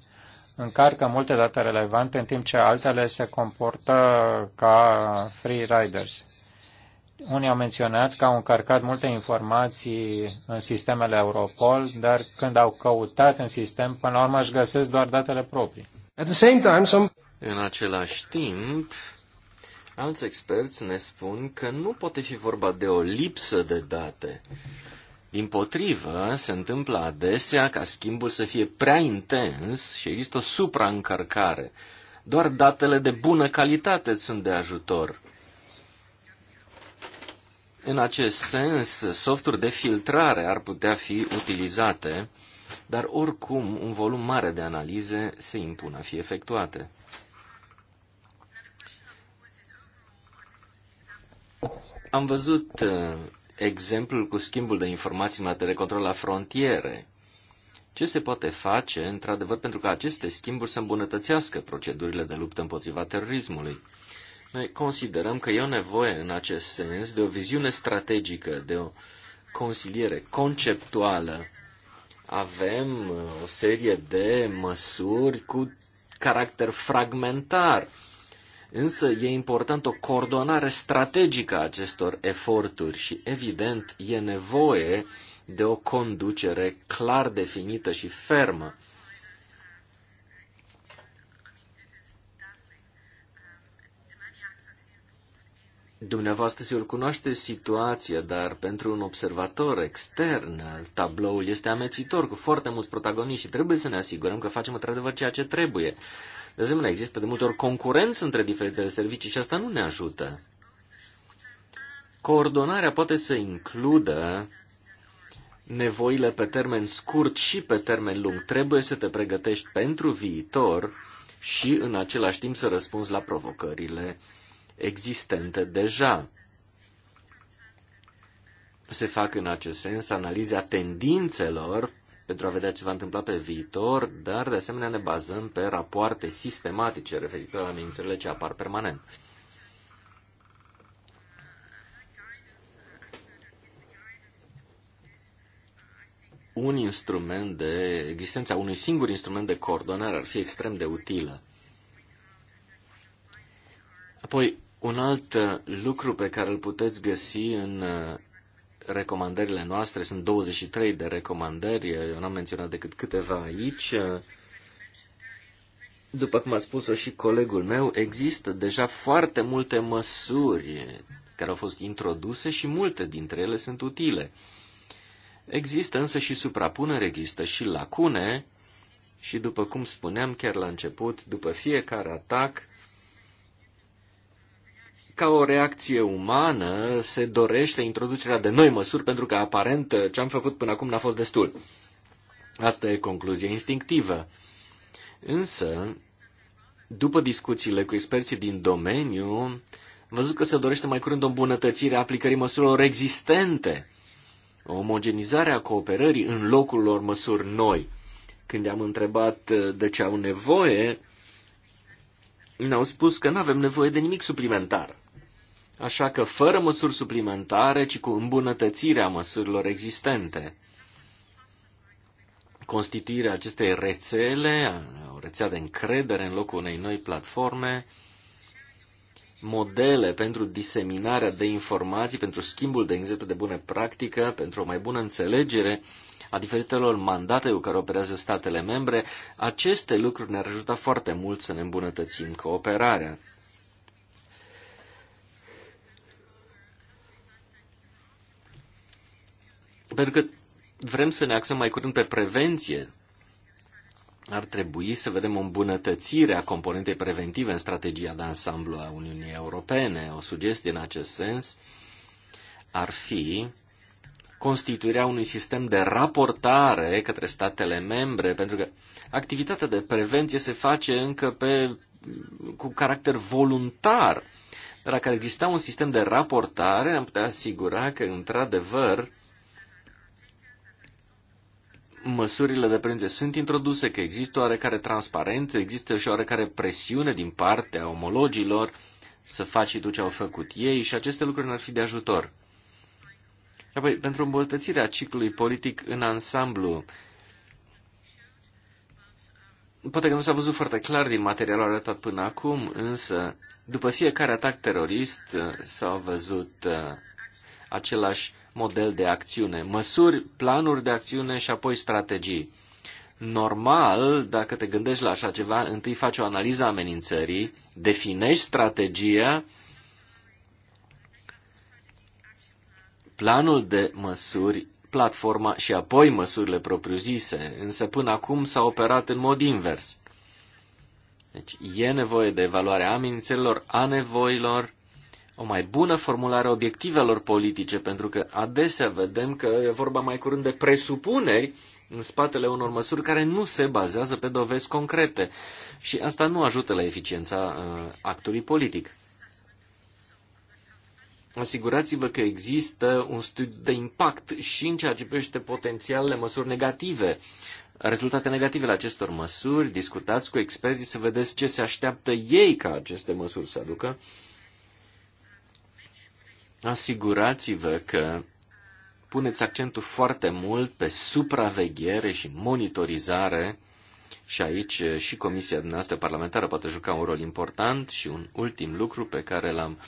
B: încarcă multe date relevante, în timp ce altele se comportă ca free riders. Unii au menționat că au încărcat multe informații în sistemele Europol, dar când au căutat în sistem, până la urmă își găsesc doar datele proprii. În același timp, Alți experți ne
C: spun că nu poate fi vorba de o lipsă de date. Din potrivă, se întâmplă adesea ca schimbul să fie prea intens și există o supraîncărcare. Doar datele de bună calitate sunt de ajutor. În acest sens, softuri de filtrare ar putea fi utilizate, dar oricum un volum mare de analize se impune a fi efectuate. Am văzut uh, exemplul cu schimbul de informații în materie de control la frontiere. Ce se poate face, într-adevăr, pentru ca aceste schimburi să îmbunătățească procedurile de luptă împotriva terorismului? Noi considerăm că e o nevoie în acest sens de o viziune strategică, de o consiliere conceptuală. Avem uh, o serie de măsuri cu caracter fragmentar Însă e important o coordonare strategică a acestor eforturi și, evident, e nevoie de o conducere clar definită și fermă. Dumneavoastră sigur cunoaște situația, dar pentru un observator extern, tabloul este amețitor cu foarte mulți protagoniști și trebuie să ne asigurăm că facem într-adevăr ceea ce trebuie. De asemenea, există de multe ori concurență între diferitele servicii și asta nu ne ajută. Coordonarea poate să includă nevoile pe termen scurt și pe termen lung. Trebuie să te pregătești pentru viitor și în același timp să răspunzi la provocările existente deja. Se fac în acest sens analiza tendințelor pentru a vedea ce va întâmpla pe viitor, dar de asemenea ne bazăm pe rapoarte sistematice referitoare la amenințările ce apar permanent. Un instrument de, existența unui singur instrument de coordonare ar fi extrem de utilă. Apoi, un alt lucru pe care îl puteți găsi în recomandările noastre. Sunt 23 de recomandări, eu n-am menționat decât câteva aici. După cum a spus-o și colegul meu, există deja foarte multe măsuri care au fost introduse și multe dintre ele sunt utile. Există însă și suprapuneri, există și lacune și, după cum spuneam chiar la început, după fiecare atac ca o reacție umană, se dorește introducerea de noi măsuri, pentru că aparent ce am făcut până acum n-a fost destul. Asta e concluzia instinctivă. Însă, după discuțiile cu experții din domeniu, am văzut că se dorește mai curând o îmbunătățire a aplicării măsurilor existente, o omogenizare a cooperării în locul lor măsuri noi. Când am întrebat uh, de ce au nevoie, ne-au spus că nu avem nevoie de nimic suplimentar. Așa că fără măsuri suplimentare, ci cu îmbunătățirea măsurilor existente. Constituirea acestei rețele, o rețea de încredere în locul unei noi platforme, modele pentru diseminarea de informații, pentru schimbul, de exemplu, de bună practică, pentru o mai bună înțelegere a diferitelor mandate cu care operează statele membre, aceste lucruri ne-ar ajuta foarte mult să ne îmbunătățim cooperarea. Pentru că vrem să ne axăm mai curând pe prevenție, ar trebui să vedem o îmbunătățire a componentei preventive în strategia de ansamblu a Uniunii Europene. O sugestie în acest sens ar fi constituirea unui sistem de raportare către statele membre, pentru că activitatea de prevenție se face încă pe, cu caracter voluntar. Dar dacă ar exista un sistem de raportare, am putea asigura că, într-adevăr, măsurile de prevenție sunt introduse, că există oarecare transparență, există și oarecare presiune din partea omologilor să faci și tu ce au făcut ei și aceste lucruri ne-ar fi de ajutor. Apoi, pentru îmbunătățirea ciclului politic în ansamblu, poate că nu s-a văzut foarte clar din materialul arătat până acum, însă după fiecare atac terorist s-au văzut uh, același model de acțiune. Măsuri, planuri de acțiune și apoi strategii. Normal, dacă te gândești la așa ceva, întâi faci o analiză a amenințării, definești strategia, planul de măsuri, platforma și apoi măsurile propriu-zise, însă până acum s-a operat în mod invers. Deci e nevoie de evaluarea amenințărilor, a nevoilor o mai bună formulare a obiectivelor politice, pentru că adesea vedem că e vorba mai curând de presupuneri în spatele unor măsuri care nu se bazează pe dovezi concrete. Și asta nu ajută la eficiența uh, actului politic. Asigurați-vă că există un studiu de impact și în ceea ce privește potențialele măsuri negative, rezultate negative la acestor măsuri, discutați cu experții să vedeți ce se așteaptă ei ca aceste măsuri să aducă asigurați-vă că puneți accentul foarte mult pe supraveghere și monitorizare și aici eh, și Comisia noastră parlamentară poate juca un rol important și un ultim lucru pe care l-am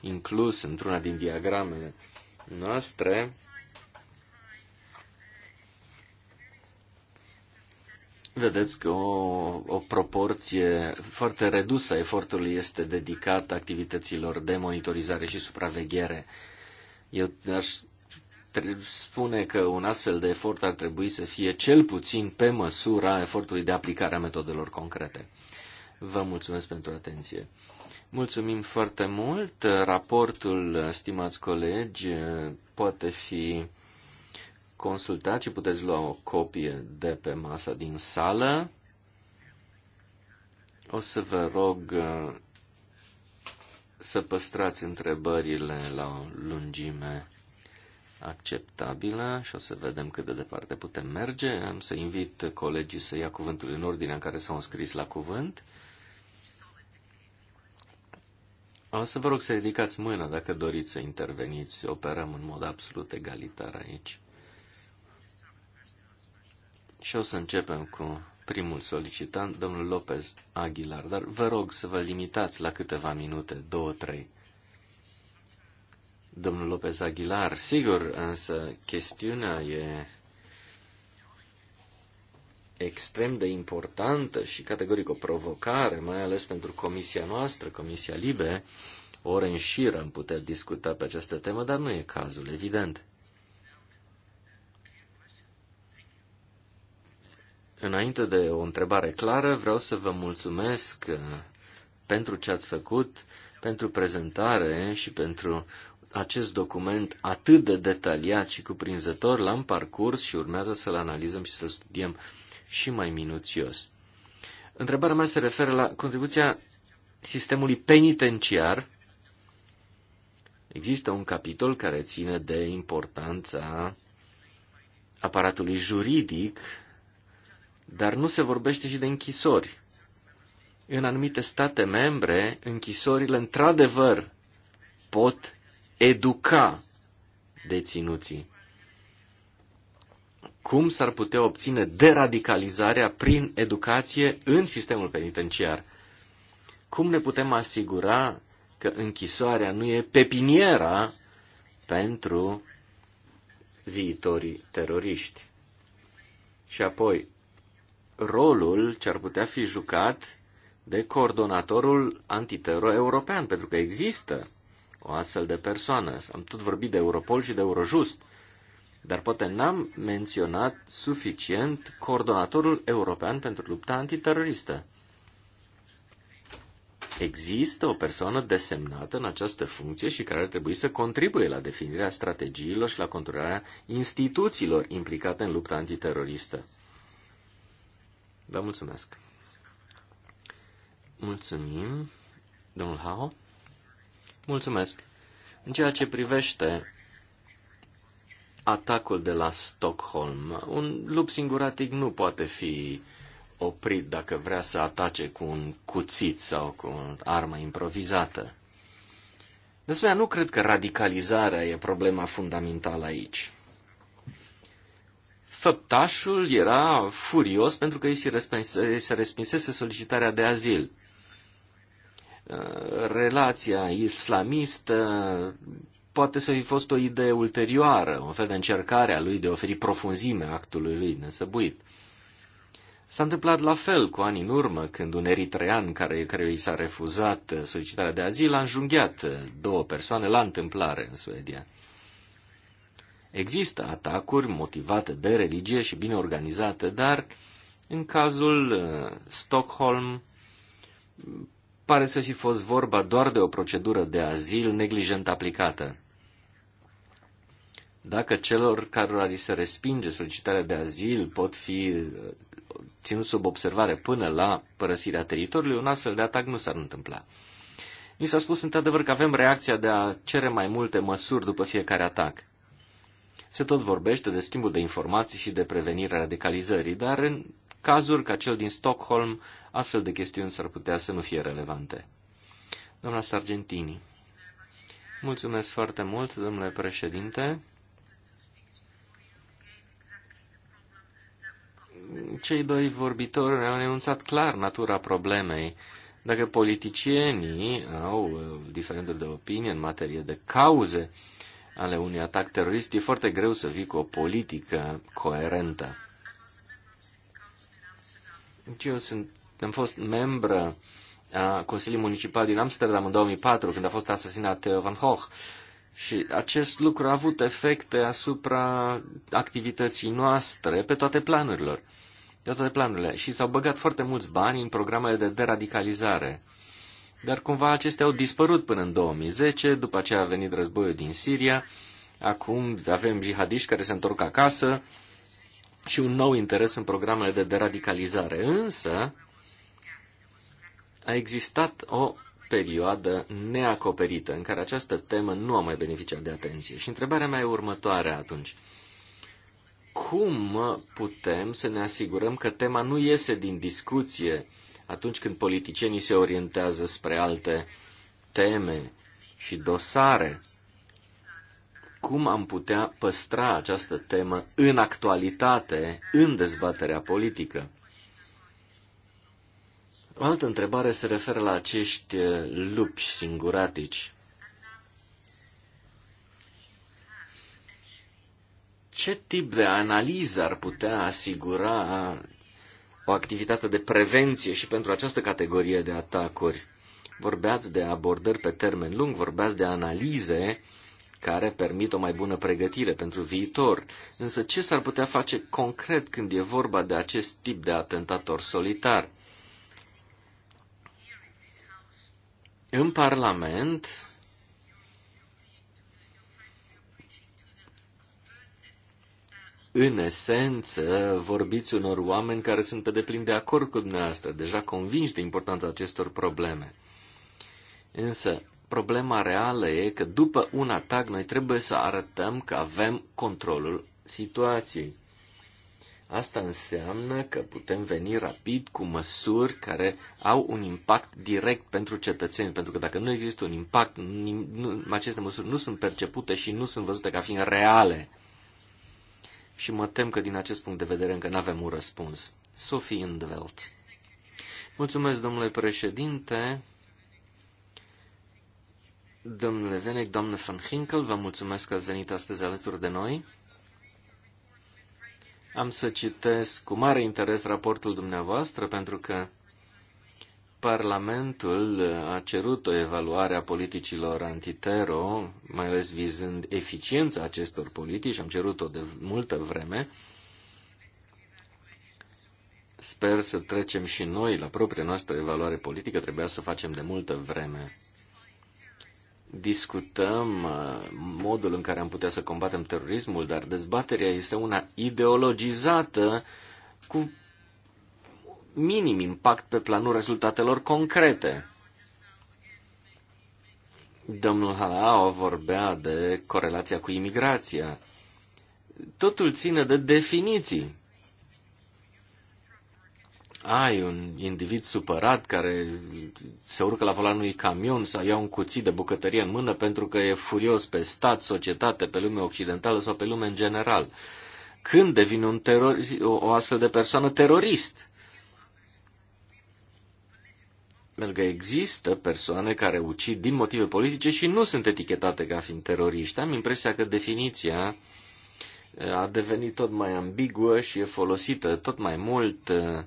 C: inclus într-una din diagramele noastre vedeți că o, o proporție foarte redusă a efortului este dedicată activităților de monitorizare și supraveghere. Eu aș spune că un astfel de efort ar trebui să fie cel puțin pe măsura efortului de aplicare a metodelor concrete. Vă mulțumesc pentru atenție. Mulțumim foarte mult. Raportul, stimați colegi, poate fi consultat și puteți lua o copie de pe masa din sală. O să vă rog uh, să păstrați întrebările la o lungime acceptabilă și o să vedem cât de departe putem merge. Am să invit colegii să ia cuvântul în ordinea în care s-au înscris la cuvânt. O să vă rog să ridicați mâna dacă doriți să interveniți. Operăm în mod absolut egalitar aici. Și o să începem cu primul solicitant, domnul Lopez Aguilar, dar vă rog să vă limitați la câteva minute, două, trei. Domnul Lopez Aguilar, sigur, însă chestiunea e extrem de importantă și categoric o provocare, mai ales pentru comisia noastră, Comisia Libe. ori în șir am putea discuta pe această temă, dar nu e cazul, evident. Înainte de o întrebare clară, vreau să vă mulțumesc uh, pentru ce ați făcut, pentru prezentare și pentru acest document atât de detaliat și cuprinzător. L-am parcurs și urmează să-l analizăm și să-l studiem și mai minuțios. Întrebarea mea se referă la contribuția sistemului penitenciar. Există un capitol care ține de importanța aparatului juridic dar nu se vorbește și de închisori. În anumite state membre, închisorile într-adevăr pot educa deținuții. Cum s-ar putea obține deradicalizarea prin educație în sistemul penitenciar? Cum ne putem asigura că închisoarea nu e pepiniera pentru viitorii teroriști? Și apoi, rolul ce ar putea fi jucat de coordonatorul antiteror european, pentru că există o astfel de persoană. Am tot vorbit de Europol și de Eurojust, dar poate n-am menționat suficient coordonatorul european pentru lupta antiteroristă. Există o persoană desemnată în această funcție și care ar trebui să contribuie la definirea strategiilor și la controlarea instituțiilor implicate în lupta antiteroristă. Vă mulțumesc. Mulțumim, domnul Hao. Mulțumesc. În ceea ce privește atacul de la Stockholm, un lup singuratic nu poate fi oprit dacă vrea să atace cu un cuțit sau cu o armă improvizată. De asemenea, nu cred că radicalizarea e problema fundamentală aici. Făptașul era furios pentru că îi se respinsese solicitarea de azil. Uh, relația islamistă poate să fi fost o idee ulterioară, un fel de încercare a lui de a oferi profunzime actului lui nesăbuit. S-a întâmplat la fel cu ani în urmă, când un eritrean care, care i s-a refuzat solicitarea de azil a înjunghiat două persoane la întâmplare în Suedia. Există atacuri motivate de religie și bine organizate, dar în cazul uh, Stockholm pare să fi fost vorba doar de o procedură de azil neglijent aplicată. Dacă celor care li se respinge solicitarea de azil pot fi uh, ținut sub observare până la părăsirea teritoriului, un astfel de atac nu s-ar întâmpla. Mi s-a spus într-adevăr că avem reacția de a cere mai multe măsuri după fiecare atac se tot vorbește de schimbul de informații și de prevenirea radicalizării, dar în cazuri ca cel din Stockholm, astfel de chestiuni s-ar putea să nu fie relevante. Doamna Sargentini. Mulțumesc foarte mult, domnule președinte. Cei doi vorbitori au enunțat clar natura problemei. Dacă politicienii au uh, diferențe de opinie în materie de cauze, ale unui atac terorist, e foarte greu să vii cu o politică coerentă. Deci eu sunt, am fost membră a Consiliului Municipal din Amsterdam în 2004, când a fost asasinat Theo van Gogh. Și acest lucru a avut efecte asupra activității noastre pe toate planurile, Pe toate planurile. Și s-au băgat foarte mulți bani în programele de deradicalizare dar cumva acestea au dispărut până în 2010, după aceea a venit războiul din Siria, acum avem jihadiști care se întorc acasă și un nou interes în programele de deradicalizare. Însă a existat o perioadă neacoperită în care această temă nu a mai beneficiat de atenție. Și întrebarea mea e următoarea atunci. Cum putem să ne asigurăm că tema nu iese din discuție atunci când politicienii se orientează spre alte teme și dosare, cum am putea păstra această temă în actualitate, în dezbaterea politică. O altă întrebare se referă la acești eh, lupi singuratici. Ce tip de analiză ar putea asigura o activitate de prevenție și pentru această categorie de atacuri. Vorbeați de abordări pe termen lung, vorbeați de analize care permit o mai bună pregătire pentru viitor. Însă ce s-ar putea face concret când e vorba de acest tip de atentator solitar? În Parlament, în esență, vorbiți unor oameni care sunt pe deplin de acord cu dumneavoastră, deja convinși de importanța acestor probleme. Însă, problema reală e că după un atac noi trebuie să arătăm că avem controlul situației. Asta înseamnă că putem veni rapid cu măsuri care au un impact direct pentru cetățeni, pentru că dacă nu există un impact, nu, aceste măsuri nu sunt percepute și nu sunt văzute ca fiind reale și mă tem că din acest punct de vedere încă nu avem un răspuns. Sophie Indveld. Mulțumesc, domnule președinte. Domnule Venec, doamnă Van Hinkel, vă mulțumesc că ați venit astăzi alături de noi. Am să citesc cu mare interes raportul dumneavoastră, pentru că Parlamentul uh, a cerut o evaluare a politicilor antitero, mai ales vizând eficiența acestor politici, am cerut-o de multă vreme. Sper să trecem și noi la propria noastră evaluare politică, trebuia să facem de multă vreme. Discutăm uh, modul în care am putea să combatem terorismul, dar dezbaterea este una ideologizată cu minim impact pe planul rezultatelor concrete. Domnul Halao vorbea de corelația cu imigrația. Totul ține de definiții. Ai un individ supărat care se urcă la volanul unui camion sau ia un cuțit de bucătărie în mână pentru că e furios pe stat, societate, pe lume occidentală sau pe lume în general. Când devine un teror- o astfel de persoană terorist? Pentru că există persoane care ucid din motive politice și nu sunt etichetate ca fiind teroriști. Am impresia că definiția uh, a devenit tot mai ambiguă și e folosită tot mai mult uh,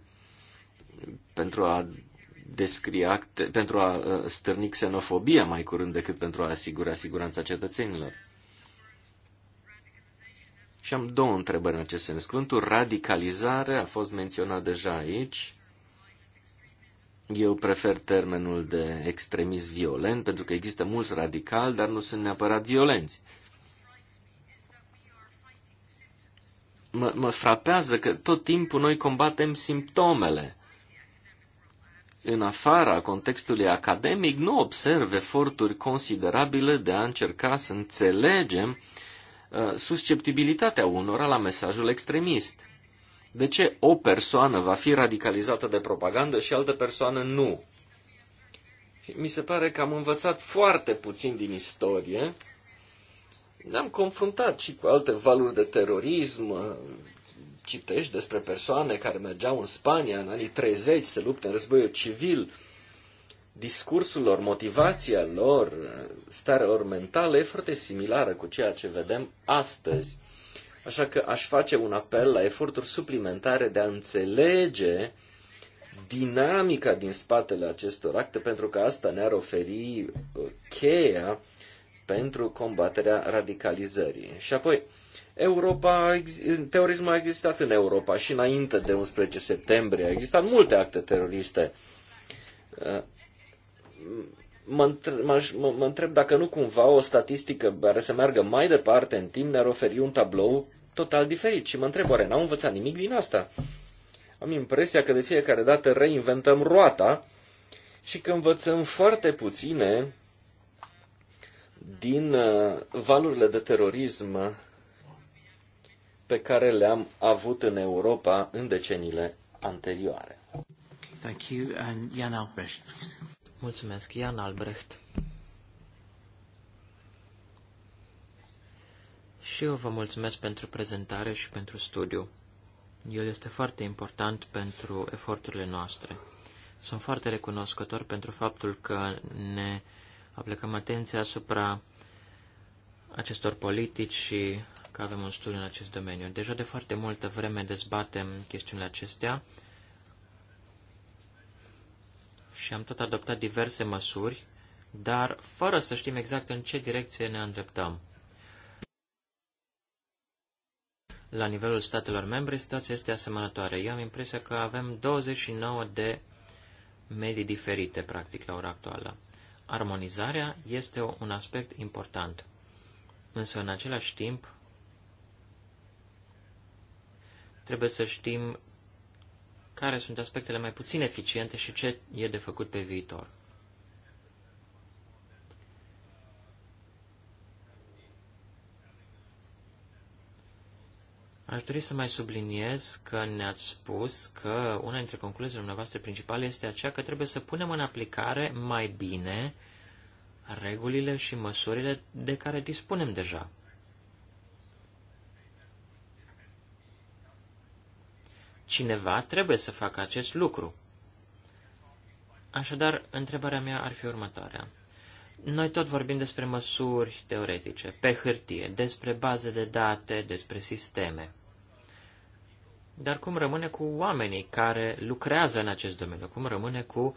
C: pentru a descrie acte, pentru a uh, stârni xenofobia mai curând decât pentru a asigura siguranța cetățenilor. Și am două întrebări în acest sens. Cuvântul radicalizare a fost menționat deja aici. Eu prefer termenul de extremist violent, pentru că există mulți radicali, dar nu sunt neapărat violenți. Mă, mă frapează că tot timpul noi combatem simptomele. În afara contextului academic, nu observ eforturi considerabile de a încerca să înțelegem uh, susceptibilitatea unora la mesajul extremist. De ce o persoană va fi radicalizată de propagandă și altă persoană nu? mi se pare că am învățat foarte puțin din istorie. Ne-am confruntat și cu alte valuri de terorism. Citești despre persoane care mergeau în Spania în anii 30 să lupte în războiul civil. Discursul lor, motivația lor, starea lor mentală e foarte similară cu ceea ce vedem astăzi. Așa că aș face un apel la eforturi suplimentare de a înțelege dinamica din spatele acestor acte, pentru că asta ne-ar oferi uh, cheia pentru combaterea radicalizării. Și apoi, Europa, terorismul a existat în Europa și înainte de 11 septembrie. Au existat multe acte teroriste. Uh, mă, mă întreb dacă nu cumva o statistică care să meargă mai departe în timp ne-ar oferi un tablou total diferit. Și mă întreb, oare n-au învățat nimic din asta? Am impresia că de fiecare dată reinventăm roata și că învățăm foarte puține din uh, valurile de terorism pe care le-am avut în Europa în deceniile anterioare.
A: Thank you. And Jan Albrecht, please. Mulțumesc, Jan Albrecht. Și eu vă mulțumesc pentru prezentare și pentru studiu. El este foarte important pentru eforturile noastre. Sunt foarte recunoscător pentru faptul că ne aplicăm atenția asupra acestor politici și că avem un studiu în acest domeniu. Deja de foarte multă vreme dezbatem chestiunile acestea și am tot adoptat diverse măsuri, dar fără să știm exact în ce direcție ne îndreptăm. la nivelul statelor membre, situația este asemănătoare. Eu am impresia că avem 29 de medii diferite, practic, la ora actuală. Armonizarea este un aspect important. Însă, în același timp, trebuie să știm care sunt aspectele mai puțin eficiente și ce e de făcut pe viitor. Aș dori să mai subliniez că ne-ați spus că una dintre concluziile dumneavoastră principale este aceea că trebuie să punem în aplicare mai bine regulile și măsurile de care dispunem deja. Cineva trebuie să facă acest lucru. Așadar, întrebarea mea ar fi următoarea. Noi tot vorbim despre măsuri teoretice, pe hârtie, despre baze de date, despre sisteme. Dar cum rămâne cu oamenii care lucrează în acest domeniu? Cum rămâne cu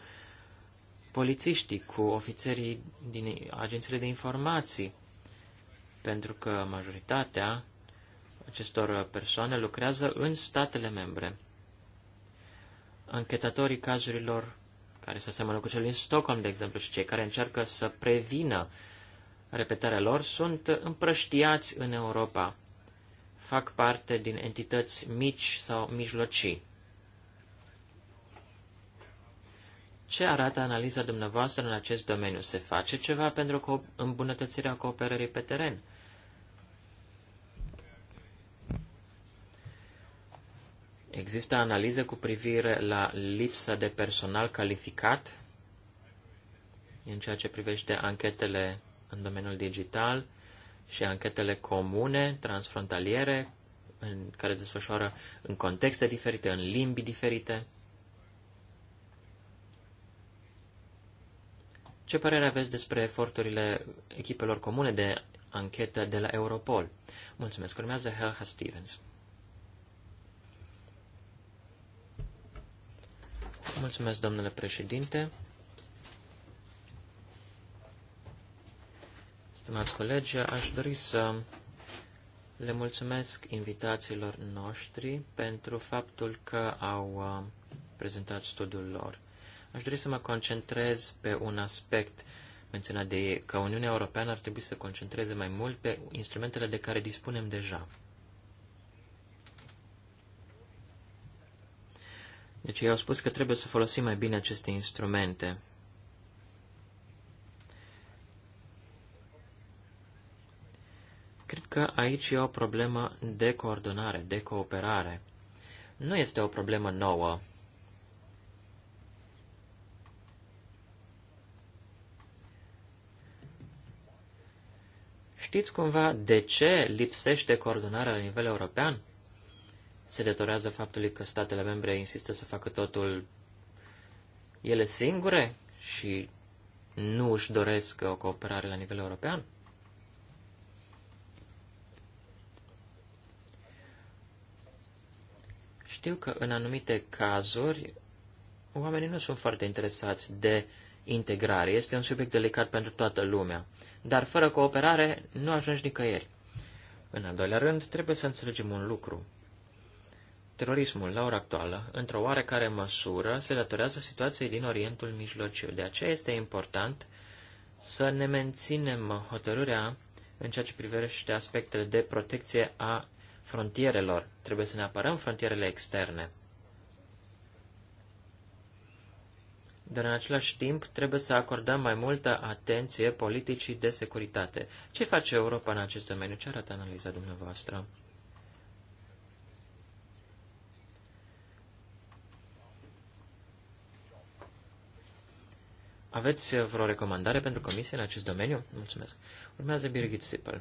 A: polițiștii, cu ofițerii din agențiile de informații? Pentru că majoritatea acestor persoane lucrează în statele membre. Anchetatorii cazurilor care se asemănă cu cel din Stockholm, de exemplu, și cei care încearcă să prevină repetarea lor sunt împrăștiați în Europa, fac parte din entități mici sau mijlocii. Ce arată analiza dumneavoastră în acest domeniu? Se face ceva pentru co- îmbunătățirea cooperării pe teren? Există analize cu privire la lipsa de personal calificat în ceea ce privește anchetele în domeniul digital și anchetele comune, transfrontaliere, în care se desfășoară în contexte diferite, în limbi diferite. Ce părere aveți despre eforturile echipelor comune de anchetă de la Europol? Mulțumesc. Urmează Helha Stevens. Mulțumesc, domnule președinte. Stimați colegi, aș dori să le mulțumesc invitațiilor noștri pentru faptul că au uh, prezentat studiul lor. Aș dori să mă concentrez pe un aspect menționat de ei, că Uniunea Europeană ar trebui să se concentreze mai mult pe instrumentele de care dispunem deja. Deci ei au spus că trebuie să folosim mai bine aceste instrumente. Cred că aici e o problemă de coordonare, de cooperare. Nu este o problemă nouă. Știți cumva de ce lipsește coordonarea la nivel european? se datorează faptului că statele membre insistă să facă totul ele singure și nu își doresc o cooperare la nivel european? Știu că în anumite cazuri oamenii nu sunt foarte interesați de integrare. Este un subiect delicat pentru toată lumea. Dar fără cooperare nu ajungi nicăieri. În al doilea rând, trebuie să înțelegem un lucru. Terorismul, la ora actuală, într-o oarecare măsură, se datorează situației din Orientul Mijlociu. De aceea este important să ne menținem hotărârea în ceea ce privește aspectele de protecție a frontierelor. Trebuie să ne apărăm frontierele externe. Dar în același timp trebuie să acordăm mai multă atenție politicii de securitate. Ce face Europa în acest domeniu? Ce arată analiza dumneavoastră? Aveți uh, vreo recomandare pentru comisie în acest domeniu? Mulțumesc. Urmează Birgit Sipel.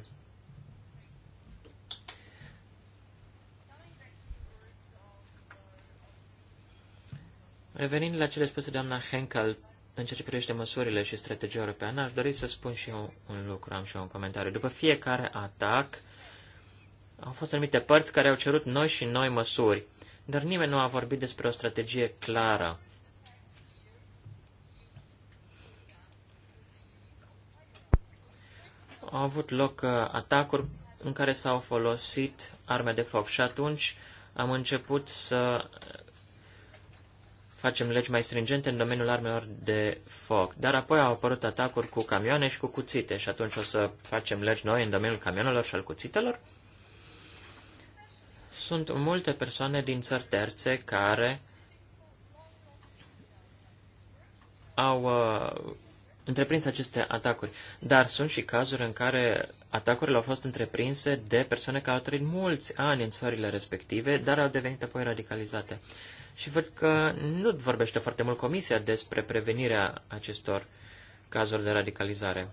A: Revenind la cele spuse doamna Henkel, în ceea ce privește măsurile și strategia europeană, aș dori să spun și eu un lucru, am și eu un comentariu. După fiecare atac, au fost anumite părți care au cerut noi și noi măsuri, dar nimeni nu a vorbit despre o strategie clară au avut loc uh, atacuri în care s-au folosit arme de foc și atunci am început să facem legi mai stringente în domeniul armelor de foc. Dar apoi au apărut atacuri cu camioane și cu cuțite și atunci o să facem legi noi în domeniul camionelor și al cuțitelor? Sunt multe persoane din țări terțe care au uh, întreprins aceste atacuri. Dar sunt și cazuri în care atacurile au fost întreprinse de persoane care au trăit mulți ani în țările respective, dar au devenit apoi radicalizate. Și văd că nu vorbește foarte mult Comisia despre prevenirea acestor cazuri de radicalizare.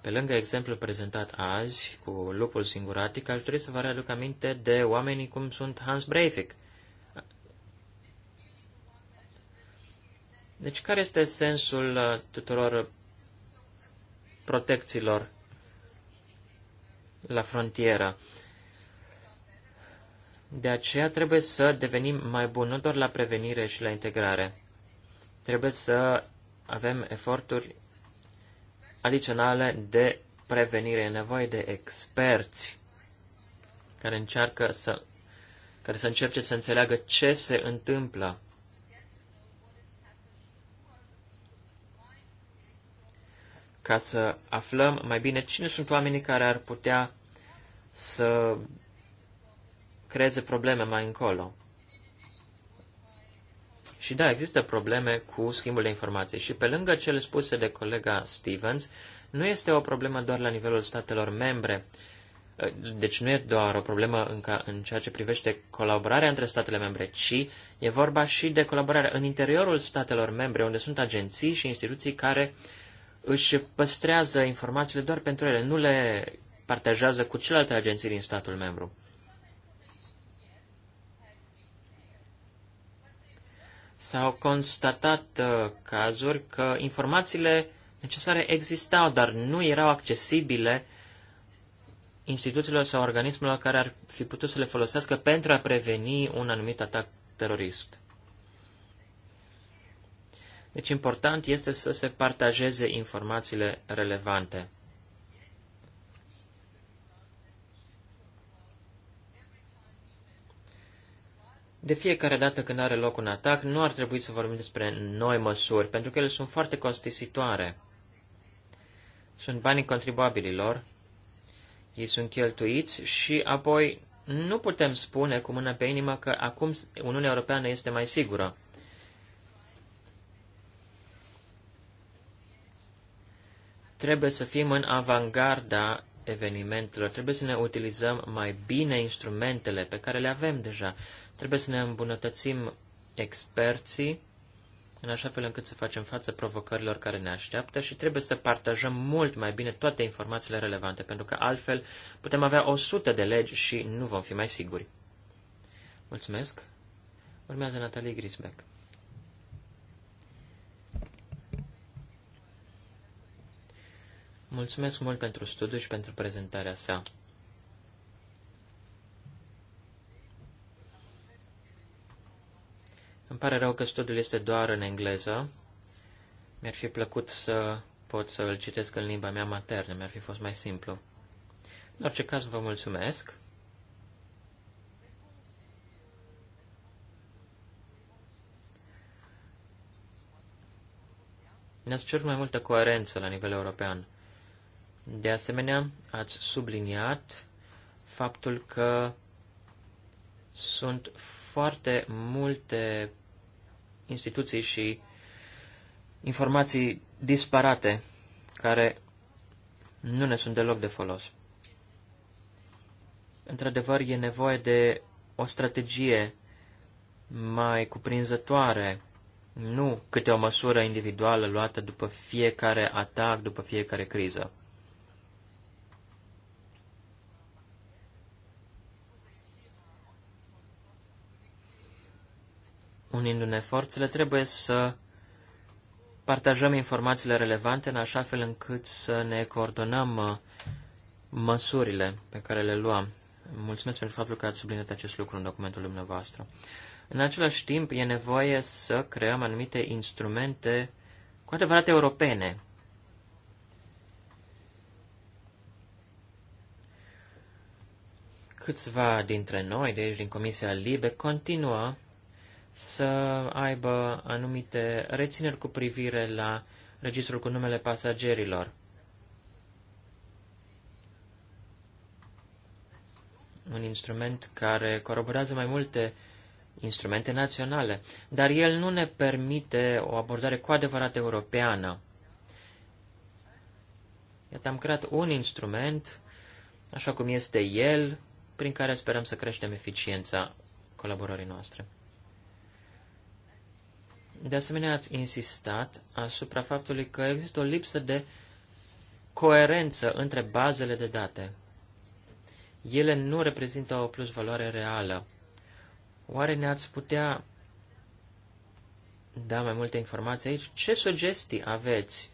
A: Pe lângă exemplul prezentat azi cu lupul singuratic, aș dori să vă readuc aminte de oamenii cum sunt Hans Breivik, Deci care este sensul uh, tuturor protecțiilor la frontieră? De aceea trebuie să devenim mai buni, nu doar la prevenire și la integrare. Trebuie să avem eforturi adiționale de prevenire. E nevoie de experți care încearcă să, care să încerce să înțeleagă ce se întâmplă ca să aflăm mai bine cine sunt oamenii care ar putea să creeze probleme mai încolo. Și da, există probleme cu schimbul de informații. Și pe lângă cele spuse de colega Stevens, nu este o problemă doar la nivelul statelor membre. Deci nu e doar o problemă în, ca, în ceea ce privește colaborarea între statele membre, ci e vorba și de colaborarea în interiorul statelor membre, unde sunt agenții și instituții care uh, își păstrează informațiile doar pentru ele, nu le partajează cu celelalte agenții din statul membru. S-au constatat uh, cazuri că informațiile necesare existau, dar nu erau accesibile instituțiilor sau organismelor care ar fi putut să le folosească pentru a preveni un anumit atac terorist. Deci important este să se partajeze informațiile relevante. De fiecare dată când are loc un atac, nu ar trebui să vorbim despre noi măsuri, pentru că ele sunt foarte costisitoare. Sunt banii contribuabililor, ei sunt cheltuiți și apoi nu putem spune cu mâna pe inimă că acum Uniunea Europeană este mai sigură. Trebuie să fim în avangarda evenimentelor, trebuie să ne utilizăm mai bine instrumentele pe care le avem deja, trebuie să ne îmbunătățim experții, în așa fel încât să facem față provocărilor care ne așteaptă și trebuie să partajăm mult mai bine toate informațiile relevante, pentru că altfel putem avea 100 de legi și nu vom fi mai siguri. Mulțumesc! Urmează Natalie Grisbeck. Mulțumesc mult pentru studiu și pentru prezentarea sa. Îmi pare rău că studiul este doar în engleză. Mi-ar fi plăcut să pot să îl citesc în limba mea maternă, mi-ar fi fost mai simplu. În orice caz, vă mulțumesc. Ne-ați cerut mai multă coerență la nivel european. De asemenea, ați subliniat faptul că sunt foarte multe instituții și informații disparate care nu ne sunt deloc de folos. Într-adevăr, e nevoie de o strategie mai cuprinzătoare, nu câte o măsură individuală luată după fiecare atac, după fiecare criză. Unindu-ne forțele, trebuie să partajăm informațiile relevante în așa fel încât să ne coordonăm uh, măsurile pe care le luăm. Mulțumesc pentru faptul că ați subliniat acest lucru în documentul dumneavoastră. În același timp, e nevoie să creăm anumite instrumente cu adevărat europene. Câțiva dintre noi, de aici din Comisia Libe, continuă să aibă anumite rețineri cu privire la registrul cu numele pasagerilor. Un instrument care coroborează mai multe instrumente naționale, dar el nu ne permite o abordare cu adevărat europeană. Iată, am creat un instrument, așa cum este el, prin care sperăm să creștem eficiența colaborării noastre. De asemenea, ați insistat asupra faptului că există o lipsă de coerență între bazele de date. Ele nu reprezintă o plusvaloare reală. Oare ne-ați putea da mai multe informații aici? Ce sugestii aveți?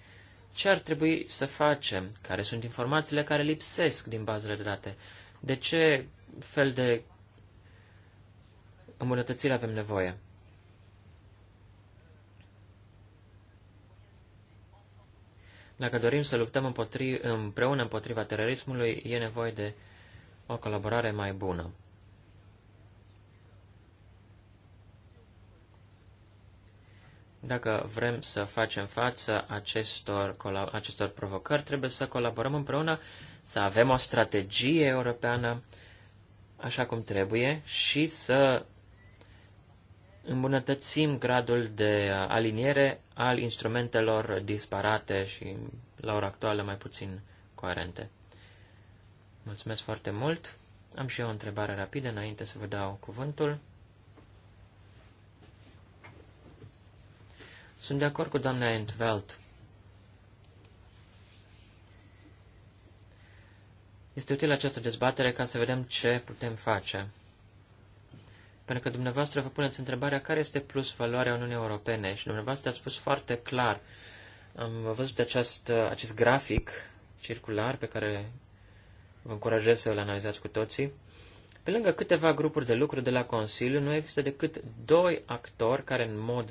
A: Ce ar trebui să facem? Care sunt informațiile care lipsesc din bazele de date? De ce fel de îmbunătățire avem nevoie? Dacă dorim să luptăm împotri, împreună împotriva terorismului, e nevoie de o colaborare mai bună. Dacă vrem să facem față acestor, acestor provocări, trebuie să colaborăm împreună, să avem o strategie europeană așa cum trebuie și să îmbunătățim gradul de aliniere al instrumentelor disparate și, la ora actuală, mai puțin coerente. Mulțumesc foarte mult. Am și eu o întrebare rapidă înainte să vă dau cuvântul. Sunt de acord cu doamna Entveld. Este util această dezbatere ca să vedem ce putem face. Pentru că dumneavoastră vă puneți întrebarea care este plus valoarea Uniunii Europene și dumneavoastră ați spus foarte clar. Am văzut acest, acest grafic circular pe care vă încurajez să îl analizați cu toții. Pe lângă câteva grupuri de lucru de la Consiliu, nu există decât doi actori care în mod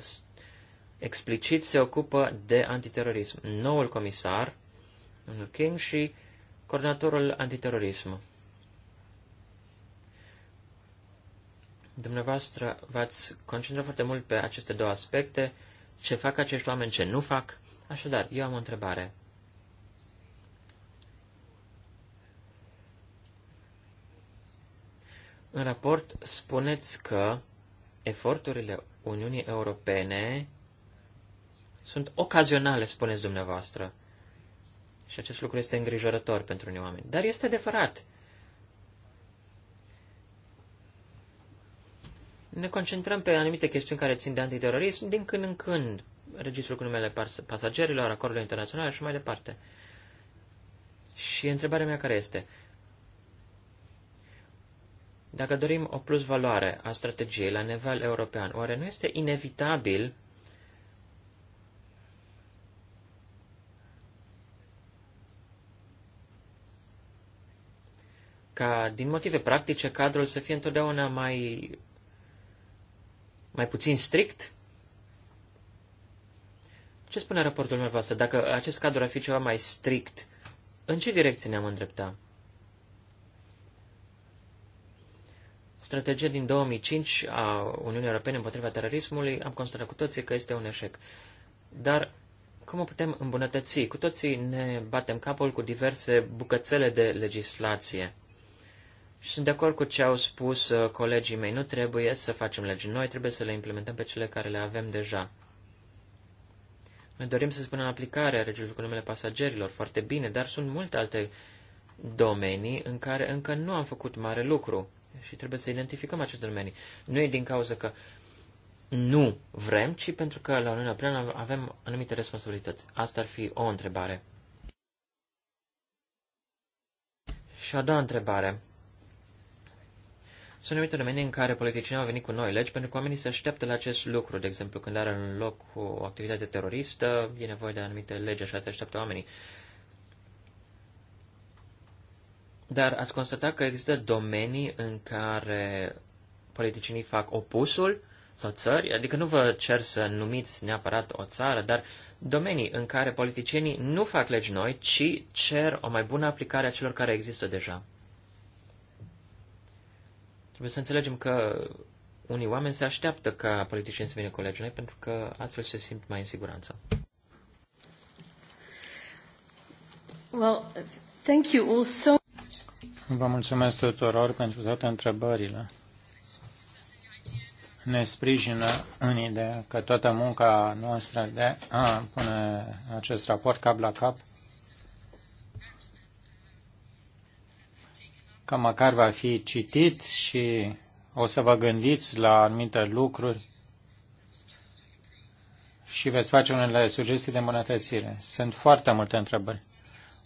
A: explicit se ocupă de antiterorism. Noul comisar, King, și coordonatorul antiterorism, Dumneavoastră v-ați concentrat foarte mult pe aceste două aspecte, ce fac acești oameni, ce nu fac. Așadar, eu am o întrebare. În raport spuneți că eforturile Uniunii Europene sunt ocazionale, spuneți dumneavoastră. Și acest lucru este îngrijorător pentru unii oameni. Dar este adevărat. ne concentrăm pe anumite chestiuni care țin de antiterorism din când în când, registrul cu numele pasagerilor, acordurile internaționale și mai departe. Și întrebarea mea care este? Dacă dorim o plus valoare a strategiei la nivel european, oare nu este inevitabil ca, din motive practice, cadrul să fie întotdeauna mai mai puțin strict? Ce spune raportul meu dumneavoastră? Dacă acest cadru ar fi ceva mai strict, în ce direcție ne-am îndrepta? Strategia din 2005 a Uniunii Europene împotriva terorismului am constatat cu toții că este un eșec. Dar cum o putem îmbunătăți? Cu toții ne batem capul cu diverse bucățele de legislație. Și sunt de acord cu ce au spus uh, colegii mei. Nu trebuie să facem legi noi, trebuie să le implementăm pe cele care le avem deja. Noi dorim să spunem aplicarea regilor cu numele pasagerilor, foarte bine, dar sunt multe alte domenii în care încă nu am făcut mare lucru și trebuie să identificăm aceste domenii. Nu e din cauza că nu vrem, ci pentru că la Uniunea Plenă avem anumite responsabilități. Asta ar fi o întrebare. Și a doua întrebare. Sunt anumite domenii în care politicienii au venit cu noi legi pentru că oamenii se așteaptă la acest lucru. De exemplu, când are în loc o activitate teroristă, e nevoie de anumite legi, așa se așteaptă oamenii. Dar ați constatat că există domenii în care politicienii fac opusul sau țări? Adică nu vă cer să numiți neapărat o țară, dar domenii în care politicienii nu fac legi noi, ci cer o mai bună aplicare a celor care există deja. Trebuie să înțelegem că unii oameni se așteaptă ca politicieni să vină colegii noi pentru că astfel se simt mai în siguranță.
D: Well, thank you also.
B: Vă mulțumesc tuturor pentru toate întrebările. Ne sprijină în ideea că toată munca noastră de a pune acest raport cap la cap că măcar va fi citit și o să vă gândiți la anumite lucruri și veți face unele sugestii de îmbunătățire. Sunt foarte multe întrebări.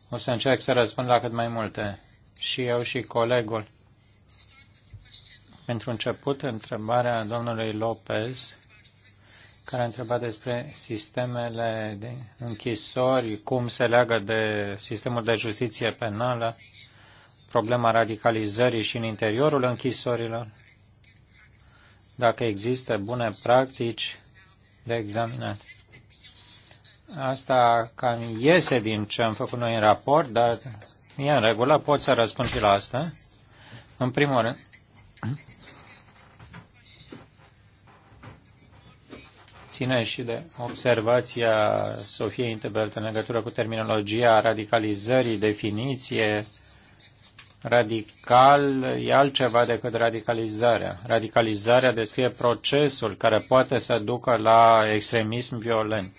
B: O să încerc să răspund la cât mai multe. Și eu și colegul. Pentru început, întrebarea domnului Lopez, care a întrebat despre sistemele de închisori, cum se leagă de sistemul de justiție penală problema radicalizării și în interiorul închisorilor, dacă există bune practici de examinat. Asta cam iese din ce am făcut noi în raport, dar e în regulă, pot să răspund și la asta. În primul rând, ține și de observația Sofiei Intebelt în legătură cu terminologia radicalizării, definiție, uh, Radical e altceva decât radicalizarea. Radicalizarea descrie procesul care poate să ducă la extremism violent.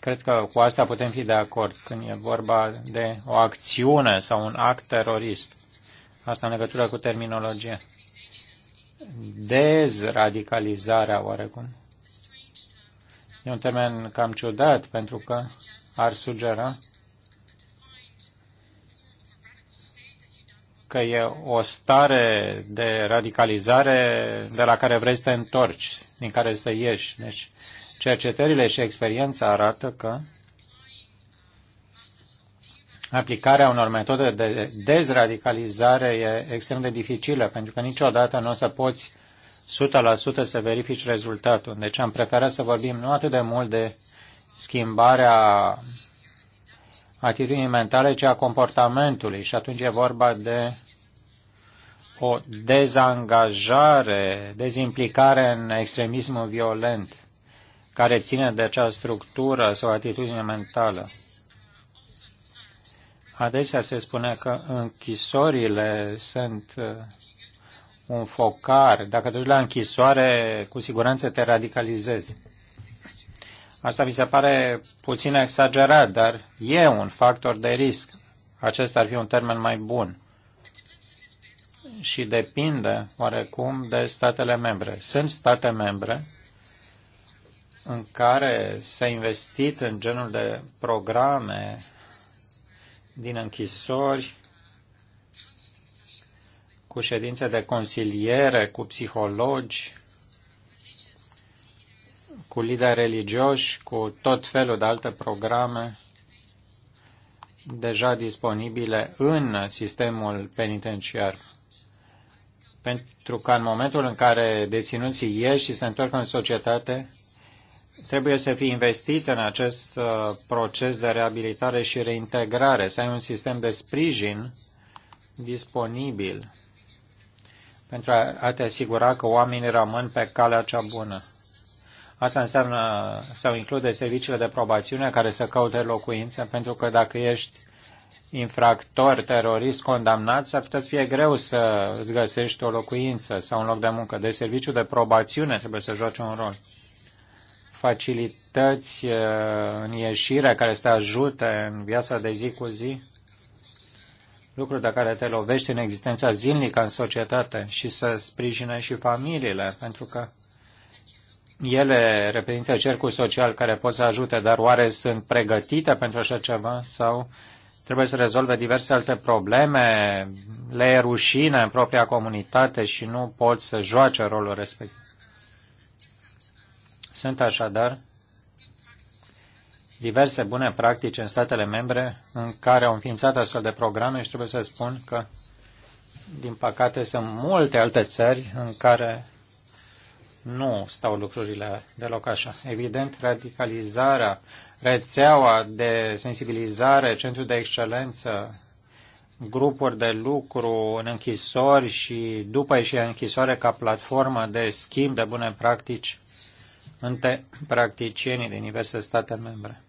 B: Cred că cu asta putem fi de acord când e vorba de o acțiune sau un act terorist. Asta în legătură cu terminologia. Dezradicalizarea oarecum. E un termen cam ciudat pentru că ar sugera că e o stare de radicalizare de la care vrei să te întorci, din care să ieși. Deci, cercetările și experiența arată că aplicarea unor metode de dezradicalizare e extrem de dificilă, pentru că niciodată nu o să poți 100% să verifici rezultatul. Deci am preferat să vorbim nu atât de mult de schimbarea atitudinii mentale, ci a comportamentului. Și atunci e vorba de o dezangajare, dezimplicare în extremismul violent care ține de acea structură sau atitudine mentală. Adesea se spune că închisorile sunt uh, un focar. Dacă duci la închisoare, cu siguranță te radicalizezi. Asta mi se pare puțin exagerat, dar e un factor de risc. Acesta ar fi un termen mai bun și depinde oarecum de statele membre. Sunt state membre în care s-a investit în genul de programe din închisori, cu ședințe de consiliere, cu psihologi, cu lideri religioși, cu tot felul de alte programe deja disponibile în sistemul penitenciar. Pentru că în momentul în care deținuții ieși și se întorc în societate, trebuie să fie investit în acest uh, proces de reabilitare și reintegrare, să ai un sistem de sprijin disponibil pentru a te asigura că oamenii rămân pe calea cea bună. Asta înseamnă sau include serviciile de probațiune care să caute locuințe, pentru că dacă ești infractor terorist condamnat, s-ar putea să fie greu să îți găsești o locuință sau un loc de muncă. Deci serviciul de probațiune trebuie să joace un rol. Facilități uh, în ieșire care să te ajute în viața de zi cu zi, lucruri de care te lovești în existența zilnică în societate și să sprijine și familiile, pentru că ele reprezintă cercul social care pot să ajute, dar oare sunt pregătite pentru așa ceva sau trebuie să rezolve diverse alte probleme, le e rușine în propria comunitate și nu pot să joace rolul respectiv. Sunt așadar diverse bune practici în statele membre în care au înființat astfel de programe și trebuie să spun că, din păcate, sunt multe alte țări în care nu stau lucrurile deloc așa. Evident, radicalizarea, rețeaua de sensibilizare, centru de excelență, grupuri de lucru în închisori și după ieșirea în închisoare ca platformă de schimb de bune practici între practicienii din diverse state membre.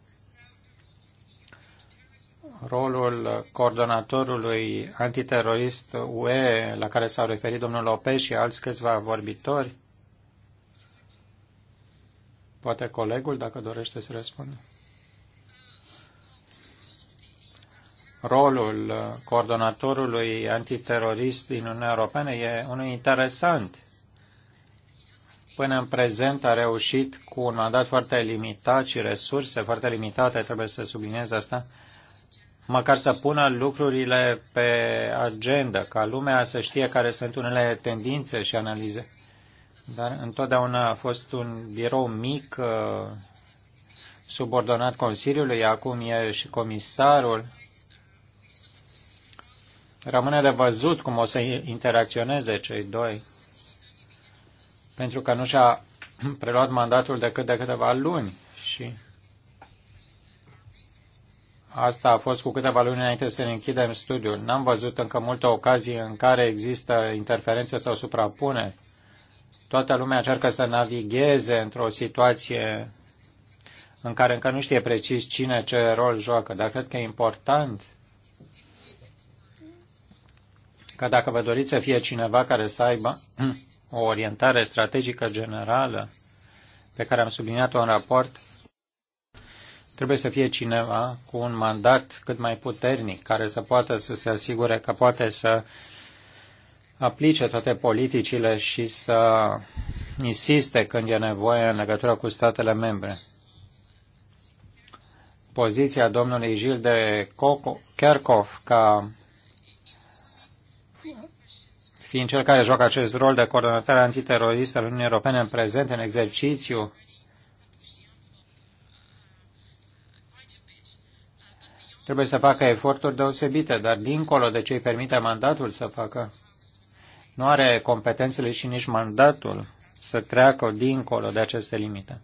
B: Rolul coordonatorului antiterorist UE, la care s-au referit domnul Lopez și alți câțiva vorbitori, Poate colegul, dacă dorește să răspundă. Rolul coordonatorului antiterorist din Uniunea Europeană e unul interesant. Până în prezent a reușit cu un mandat foarte limitat și resurse foarte limitate, trebuie să subliniez asta, măcar să pună lucrurile pe agenda, ca lumea să știe care sunt unele tendințe și analize dar întotdeauna a fost un birou mic uh, subordonat Consiliului, acum e și comisarul. Rămâne de văzut cum o să interacționeze cei doi, pentru că nu și-a preluat mandatul decât de câteva luni și asta a fost cu câteva luni înainte să ne închidem studiul. N-am văzut încă multe ocazii în care există interferențe sau suprapuneri Toată lumea încearcă să navigheze într-o situație în care încă nu știe precis cine ce rol joacă, dar cred că e important că dacă vă doriți să fie cineva care să aibă o orientare strategică generală pe care am subliniat-o în raport, trebuie să fie cineva cu un mandat cât mai puternic, care să poată să se asigure că poate să aplice toate politicile și să insiste când e nevoie în legătură cu statele membre. Poziția domnului Gilles Kerkov ca fiind cel care joacă acest rol de coordonatare antiteroristă al Uniunii Europene în prezent, în exercițiu, trebuie să facă eforturi deosebite, dar dincolo de ce îi permite mandatul să facă, nu are competențele și nici mandatul să treacă dincolo de aceste limite.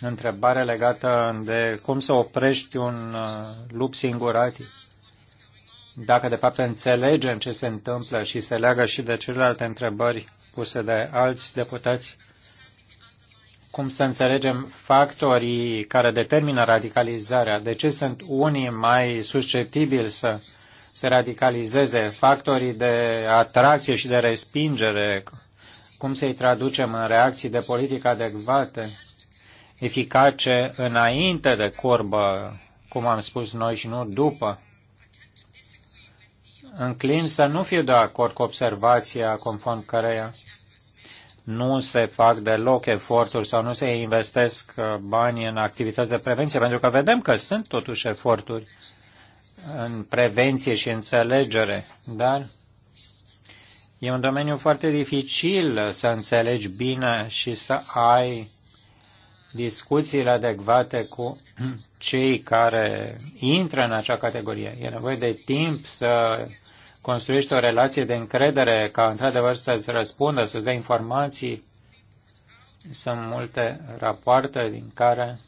B: Întrebare legată de cum să oprești un uh, lup singurat. Dacă de fapt înțelegem ce se întâmplă și se leagă și de celelalte întrebări puse de alți deputați, cum să înțelegem factorii care determină radicalizarea, de ce sunt unii mai susceptibili să se radicalizeze, factorii de atracție și de respingere, cum să-i traducem în reacții de politică adecvate, eficace înainte de curbă, cum am spus noi și nu după. Înclin să nu fiu de acord cu observația conform căreia nu se fac deloc eforturi sau nu se investesc uh, bani în activități de prevenție, pentru că vedem că sunt totuși eforturi în prevenție și înțelegere, dar e un domeniu foarte dificil să înțelegi bine și să ai discuțiile adecvate cu cei care intră în acea categorie. E nevoie de timp să construiești o relație de încredere ca într-adevăr să-ți răspundă, să-ți dea informații. Sunt multe rapoarte din care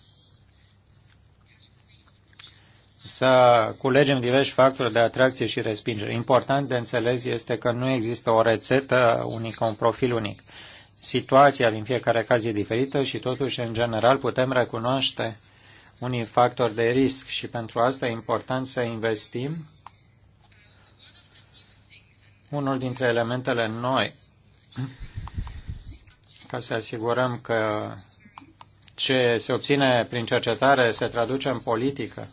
B: să culegem diversi factori de atracție și respingere. Important de înțeles este că nu există o rețetă unică, un profil unic. Situația din fiecare caz e diferită și totuși, în general, putem recunoaște unii factori de risc și pentru asta e important să investim. Unul dintre elementele noi ca să asigurăm că ce se obține prin cercetare se traduce în politică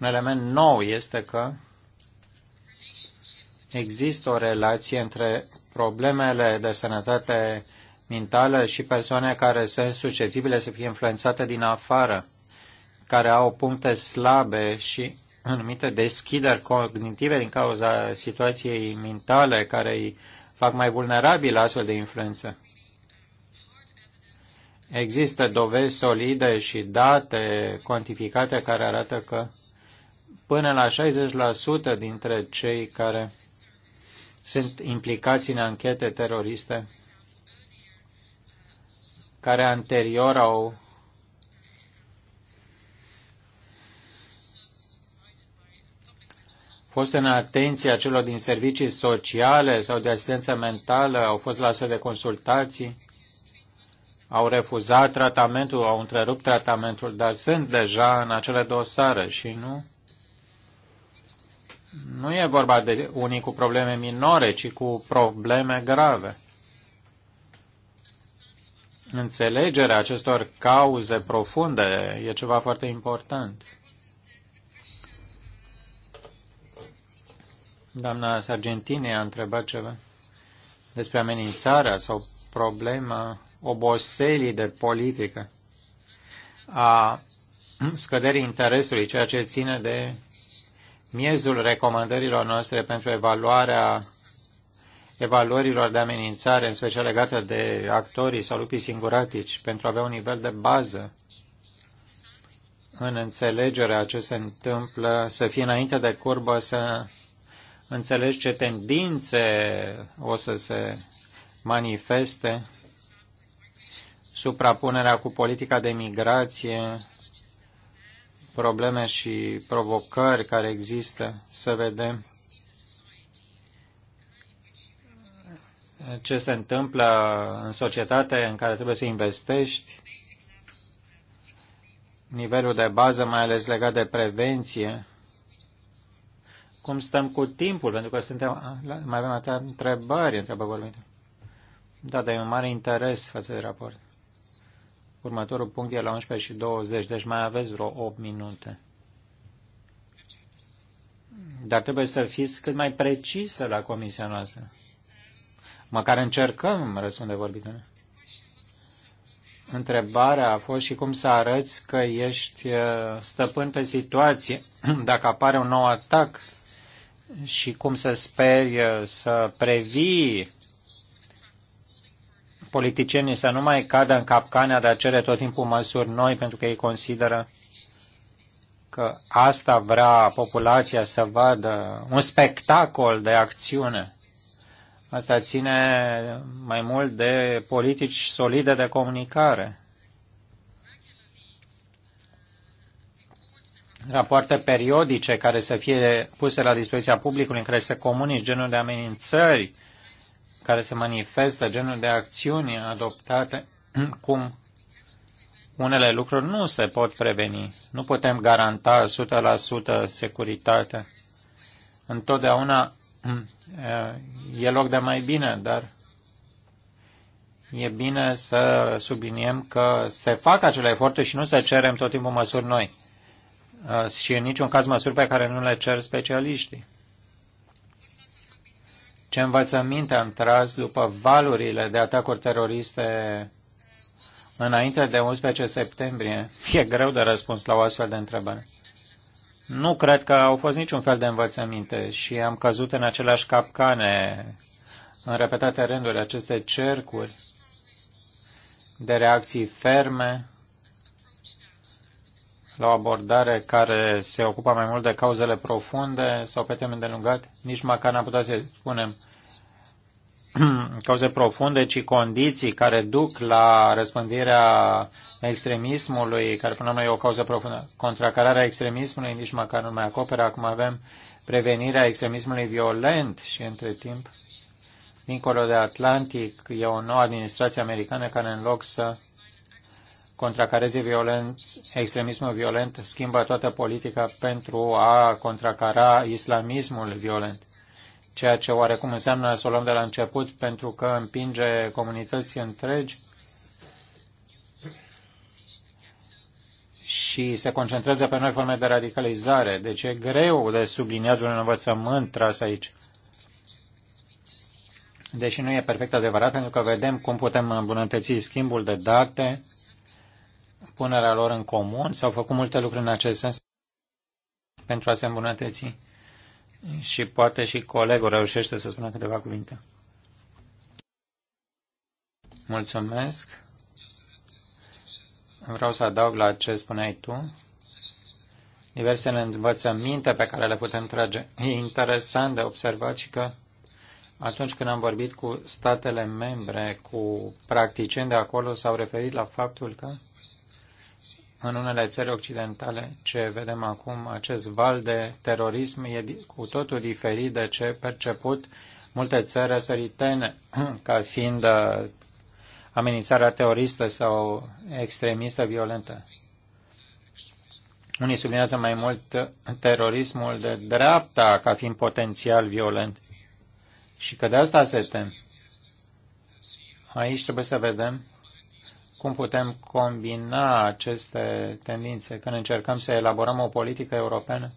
B: un element nou este că există o relație între problemele de sănătate mentală și persoane care sunt susceptibile să fie influențate din afară, care au puncte slabe și anumite deschideri cognitive din cauza situației mentale care îi fac mai vulnerabil astfel de influență. Există dovezi solide și date cuantificate care arată că până la 60% dintre cei care sunt implicați în anchete teroriste, care anterior au fost în atenția celor din servicii sociale sau de asistență mentală, au fost la astfel de consultații, au refuzat tratamentul, au întrerupt tratamentul, dar sunt deja în acele dosare și nu nu e vorba de unii cu probleme minore, ci cu probleme grave. Înțelegerea acestor cauze profunde e ceva foarte important. Doamna Sargentini a întrebat ceva despre amenințarea sau problema oboselii de politică, a scăderii interesului, ceea ce ține de miezul recomandărilor noastre pentru evaluarea evaluărilor de amenințare, în special legată de actorii sau lupii singuratici, pentru a avea un nivel de bază în înțelegerea ce se întâmplă, să fie înainte de curbă, să înțelegi ce tendințe o să se manifeste, suprapunerea cu politica de migrație, probleme și provocări care există, să vedem ce se întâmplă în societate în care trebuie să investești, nivelul de bază, mai ales legat de prevenție, cum stăm cu timpul, pentru că suntem, mai avem atâtea întrebări, întrebă vorbitul. Da, dar e un mare interes față de raport. Următorul punct e la 11 și 20, deci mai aveți vreo 8 minute. Dar trebuie să fiți cât mai precisă la comisia noastră. Măcar încercăm, răspunde vorbitul. Întrebarea a fost și cum să arăți că ești uh, stăpân pe situație dacă apare un nou atac și cum să speri uh, să previi politicienii să nu mai cadă în capcana de a cere tot timpul măsuri noi pentru că ei consideră că asta vrea populația să vadă, un spectacol de acțiune. Asta ține mai mult de politici solide de comunicare. Rapoarte periodice care să fie puse la dispoziția publicului în care să comunici genul de amenințări care se manifestă, genul de acțiuni adoptate, cum unele lucruri nu se pot preveni. Nu putem garanta 100% securitate. Întotdeauna eh, e loc de mai bine, dar e bine să subliniem că se fac acele eforturi și nu se cerem tot timpul măsuri noi eh, și în niciun caz măsuri pe care nu le cer specialiștii. Ce învățăminte am tras după valurile de atacuri teroriste înainte de 11 septembrie? E greu de răspuns la o astfel de întrebare. Nu cred că au fost niciun fel de învățăminte și am căzut în aceleași capcane, în repetate rânduri, aceste cercuri de reacții ferme, la o abordare care se ocupa mai mult de cauzele profunde sau pe teme delungat, nici măcar n-am putea să spunem cauze profunde, ci condiții care duc la răspândirea extremismului, care până la e o cauză profundă. Contracararea extremismului nici măcar nu mai acoperă. Acum avem prevenirea extremismului violent și între timp, dincolo de Atlantic, e o nouă administrație americană care în loc să contracareze violent, extremismul violent, schimbă toată politica pentru a contracara islamismul violent, ceea ce oarecum înseamnă să o luăm de la început pentru că împinge comunități întregi și se concentrează pe noi forme de radicalizare. Deci e greu de subliniat un învățământ tras aici. Deși nu e perfect adevărat, pentru că vedem cum putem îmbunătăți schimbul de date, punerea lor în comun. S-au făcut multe lucruri în acest sens pentru a se îmbunătăți și poate și colegul reușește să spună câteva cuvinte. Mulțumesc. Vreau să adaug la ce spuneai tu diversele învățăminte pe care le putem trage. E interesant de observat și că atunci când am vorbit cu statele membre, cu practicieni de acolo, s-au referit la faptul că în unele țări occidentale ce vedem acum, acest val de terorism e cu totul diferit de ce perceput multe țări răsăritene ca fiind uh, amenințarea teroristă sau extremistă violentă. Unii sublinează mai mult uh, terorismul de dreapta ca fiind potențial violent și că de asta se tem. Aici trebuie să vedem cum putem combina aceste tendințe când încercăm să elaborăm o politică europeană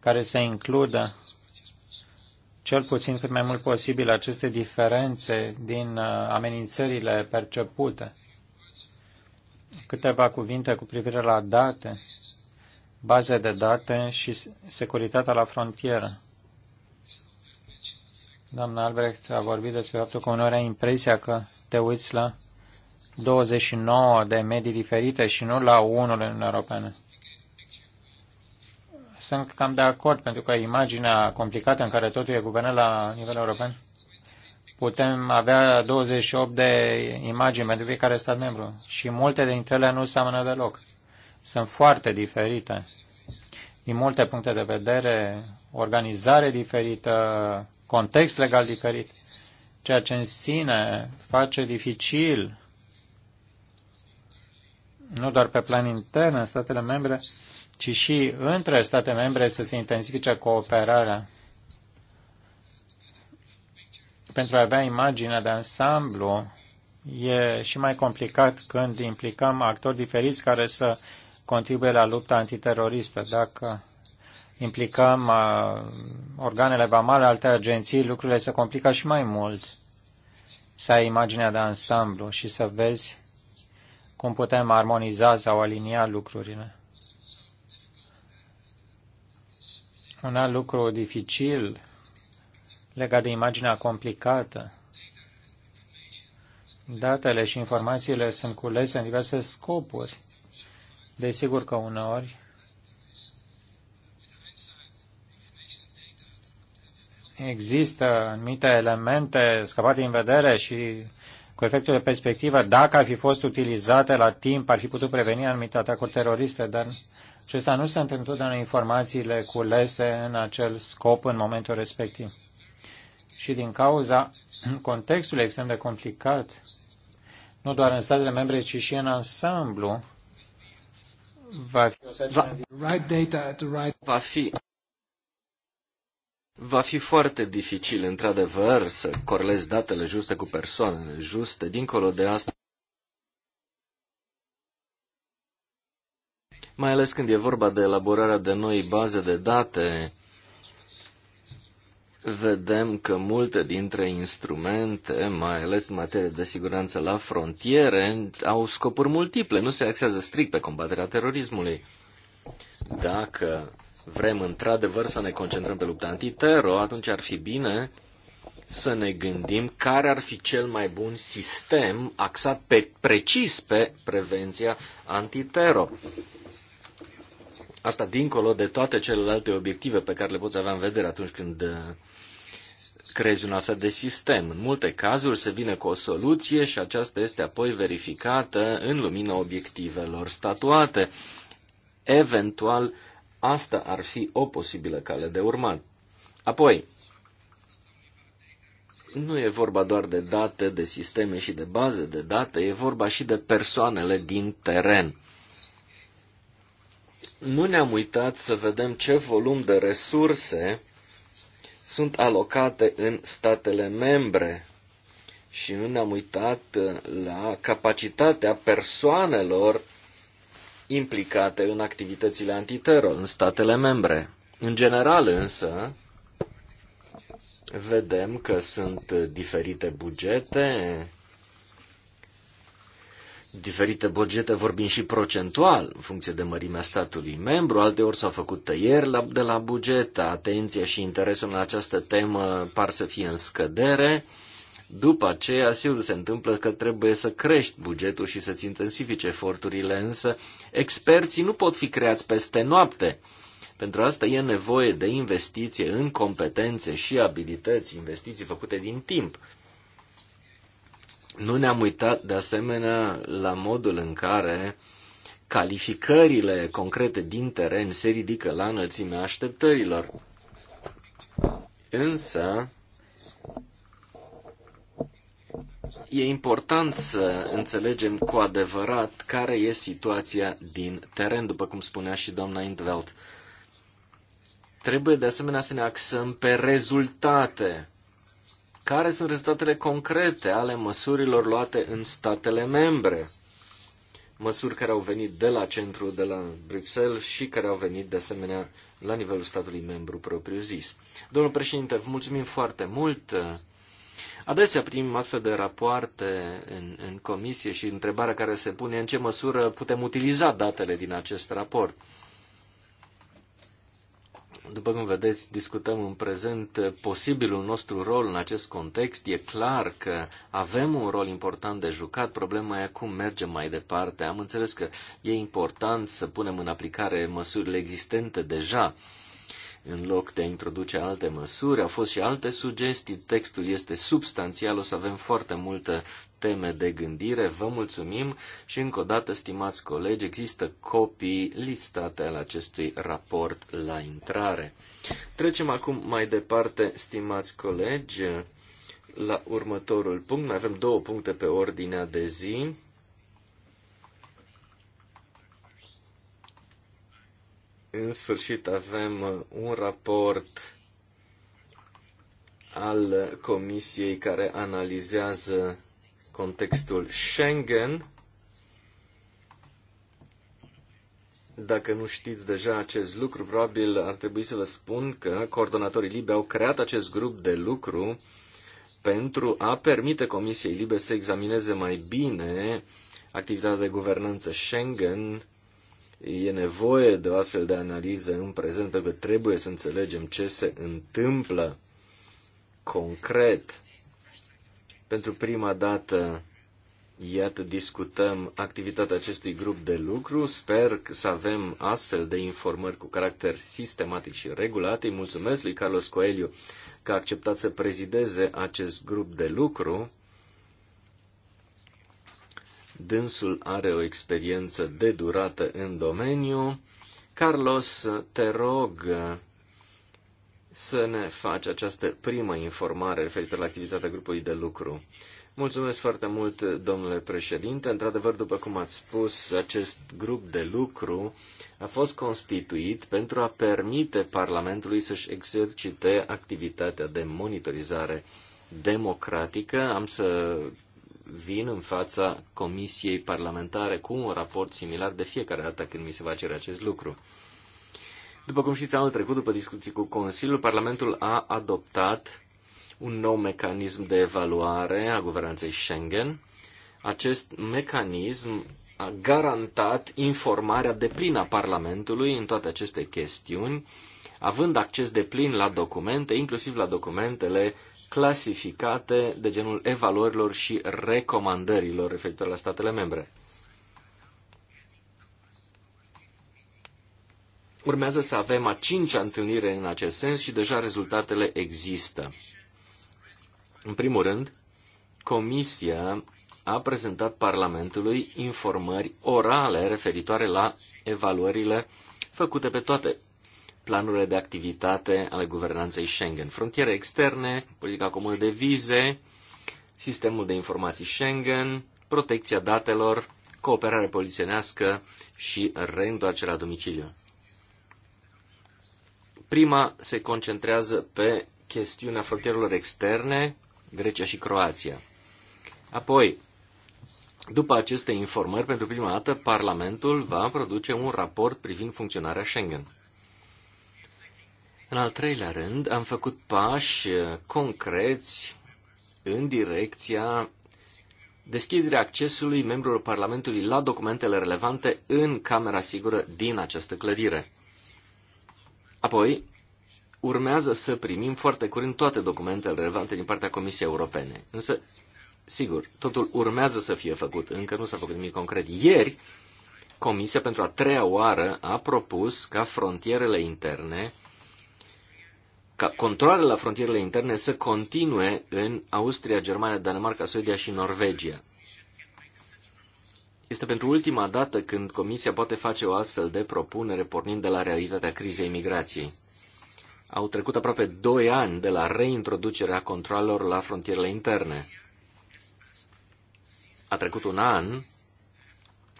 B: care să includă cel puțin cât mai mult posibil aceste diferențe din uh, amenințările percepute. Câteva cuvinte cu privire la date, baze de date și securitatea la frontieră. Doamna Albrecht a vorbit despre faptul că uneori ai impresia că te uiți la 29 de medii diferite și nu la unul în Europeană. Sunt cam de acord, pentru că imaginea complicată în care totul e guvernat la nivel european, putem avea 28 de imagini pentru fiecare stat membru și multe dintre ele nu seamănă deloc. Sunt foarte diferite din multe puncte de vedere, organizare diferită, context legal diferit, ceea ce în sine face dificil nu doar pe plan intern în statele membre, ci și între state membre să se intensifice cooperarea pentru a avea imaginea de ansamblu e și mai complicat când implicăm actori diferiți care să contribuie la lupta antiteroristă. Dacă implicăm organele vamale, alte agenții, lucrurile se complică și mai mult. Să ai imaginea de ansamblu și să vezi cum putem armoniza sau alinia lucrurile. Un alt lucru dificil legat de imaginea complicată. Datele și informațiile sunt culese în diverse scopuri. Desigur că uneori există anumite elemente scăpate în vedere și cu efectul de perspectivă, dacă ar fi fost utilizate la timp, ar fi putut preveni anumite atacuri teroriste, dar acestea nu sunt întotdeauna informațiile culese în acel scop în momentul respectiv. Și din cauza contextului extrem de complicat, nu doar în statele membre, ci și în ansamblu, va fi, va, va fi
C: Va fi foarte dificil, într-adevăr, să corelezi datele juste cu persoanele juste. Dincolo de asta, mai ales când e vorba de elaborarea de noi baze de date, vedem că multe dintre instrumente, mai ales în materie de siguranță la frontiere, au scopuri multiple, nu se axează strict pe combaterea terorismului. Dacă vrem într-adevăr să ne concentrăm pe lupta antitero, atunci ar fi bine să ne gândim care ar fi cel mai bun sistem axat pe, precis pe prevenția antitero. Asta dincolo de toate celelalte obiective pe care le poți avea în vedere atunci când uh, crezi un astfel de sistem. În multe cazuri se vine cu o soluție și aceasta este apoi verificată în lumina obiectivelor statuate. Eventual Asta ar fi o posibilă cale de urmat. Apoi, nu e vorba doar de date, de sisteme și de baze de date, e vorba și de persoanele din teren. Nu ne-am uitat să vedem ce volum de resurse sunt alocate în statele membre și nu ne-am uitat uh, la capacitatea persoanelor implicate în activitățile antiteror în statele membre. În general însă, vedem că sunt diferite bugete, diferite bugete vorbind și procentual, în funcție de mărimea statului membru, alteori s-au făcut tăieri la, de la buget, atenția și interesul în această temă par să fie în scădere, după aceea, sigur, se întâmplă că trebuie să crești bugetul și să-ți intensifici eforturile, însă experții nu pot fi creați peste noapte. Pentru asta e nevoie de investiție în competențe și abilități, investiții făcute din timp. Nu ne-am uitat de asemenea la modul în care calificările concrete din teren se ridică la înălțimea așteptărilor. Însă, E important să înțelegem cu adevărat care e situația din teren, după cum spunea și doamna Intveld. Trebuie de asemenea să ne axăm pe rezultate. Care sunt rezultatele concrete ale măsurilor luate în statele membre? Măsuri care au venit de la centru, de la Bruxelles și care au venit de asemenea la nivelul statului membru propriu zis. Domnul președinte, mulțumim foarte mult Adesea primim astfel de rapoarte în, în comisie și întrebarea care se pune în ce măsură putem utiliza datele din acest raport. După cum vedeți, discutăm în prezent posibilul nostru rol în acest context. E clar că avem un rol important de jucat. Problema e cum mergem mai departe. Am înțeles că e important să punem în aplicare măsurile existente deja. Uh, în loc de a introduce alte măsuri. Au fost și alte sugestii, textul este substanțial, o să avem foarte multă teme de gândire. Vă mulțumim și încă o dată, stimați colegi, există copii listate al acestui raport la intrare. Trecem acum mai departe, stimați colegi, la următorul punct. Mai avem două puncte pe ordinea de zi. în sfârșit avem uh, un raport al Comisiei care analizează contextul Schengen. Dacă nu știți deja acest lucru, probabil ar trebui să vă spun că coordonatorii Libe au creat acest grup de lucru pentru a permite Comisiei Libe să examineze mai bine activitatea de guvernanță Schengen E nevoie de o astfel de analiză în prezent, pentru că trebuie să înțelegem ce se întâmplă concret. Pentru prima dată, iată, discutăm activitatea acestui grup de lucru. Sper să avem astfel de informări cu caracter sistematic și regulat. Îi mulțumesc lui Carlos Coelho că a acceptat să prezideze acest grup de lucru Dânsul are o experiență de durată în domeniu. Carlos, te rog să ne faci această primă informare referitor la activitatea grupului de lucru. Mulțumesc foarte mult, domnule președinte. Într-adevăr, după cum ați spus, acest grup de lucru a fost constituit pentru a permite Parlamentului să-și exercite activitatea de monitorizare democratică. Am să vin în fața Comisiei Parlamentare cu un raport similar de fiecare dată când mi se va cere acest lucru. După cum știți, anul trecut, după discuții cu Consiliul, Parlamentul a adoptat un nou mecanism de evaluare a guvernanței Schengen. Acest mecanism a garantat informarea plină a Parlamentului în toate aceste chestiuni, având acces deplin la documente, inclusiv la documentele clasificate de genul evaluărilor și recomandărilor referitoare la statele membre. Urmează să avem a cincea întâlnire în acest sens și deja rezultatele există. În primul rând, Comisia a prezentat Parlamentului informări orale referitoare la evaluările făcute pe toate planurile de activitate ale guvernanței Schengen. Frontiere externe, politica comună de vize, sistemul de informații Schengen, protecția datelor, cooperare polițienească și reîntoarcerea domiciliu. Prima se concentrează pe chestiunea frontierelor externe, Grecia și Croația. Apoi, după aceste informări, pentru prima dată, Parlamentul va produce un raport privind funcționarea Schengen. În al treilea rând, am făcut pași uh, concreți în direcția deschiderea accesului membrilor Parlamentului la documentele relevante în camera sigură din această clădire. Apoi, urmează să primim foarte curând toate documentele relevante din partea Comisiei Europene. Însă, sigur, totul urmează să fie făcut, încă nu s-a făcut nimic concret. Ieri, Comisia pentru a treia oară a propus ca frontierele interne ca controlele la frontierele interne să continue în Austria, Germania, Danemarca, Suedia și Norvegia. Este pentru ultima dată când Comisia poate face o astfel de propunere pornind de la realitatea crizei migrației. Au trecut aproape doi ani de la reintroducerea controlelor la frontierele interne. A trecut un an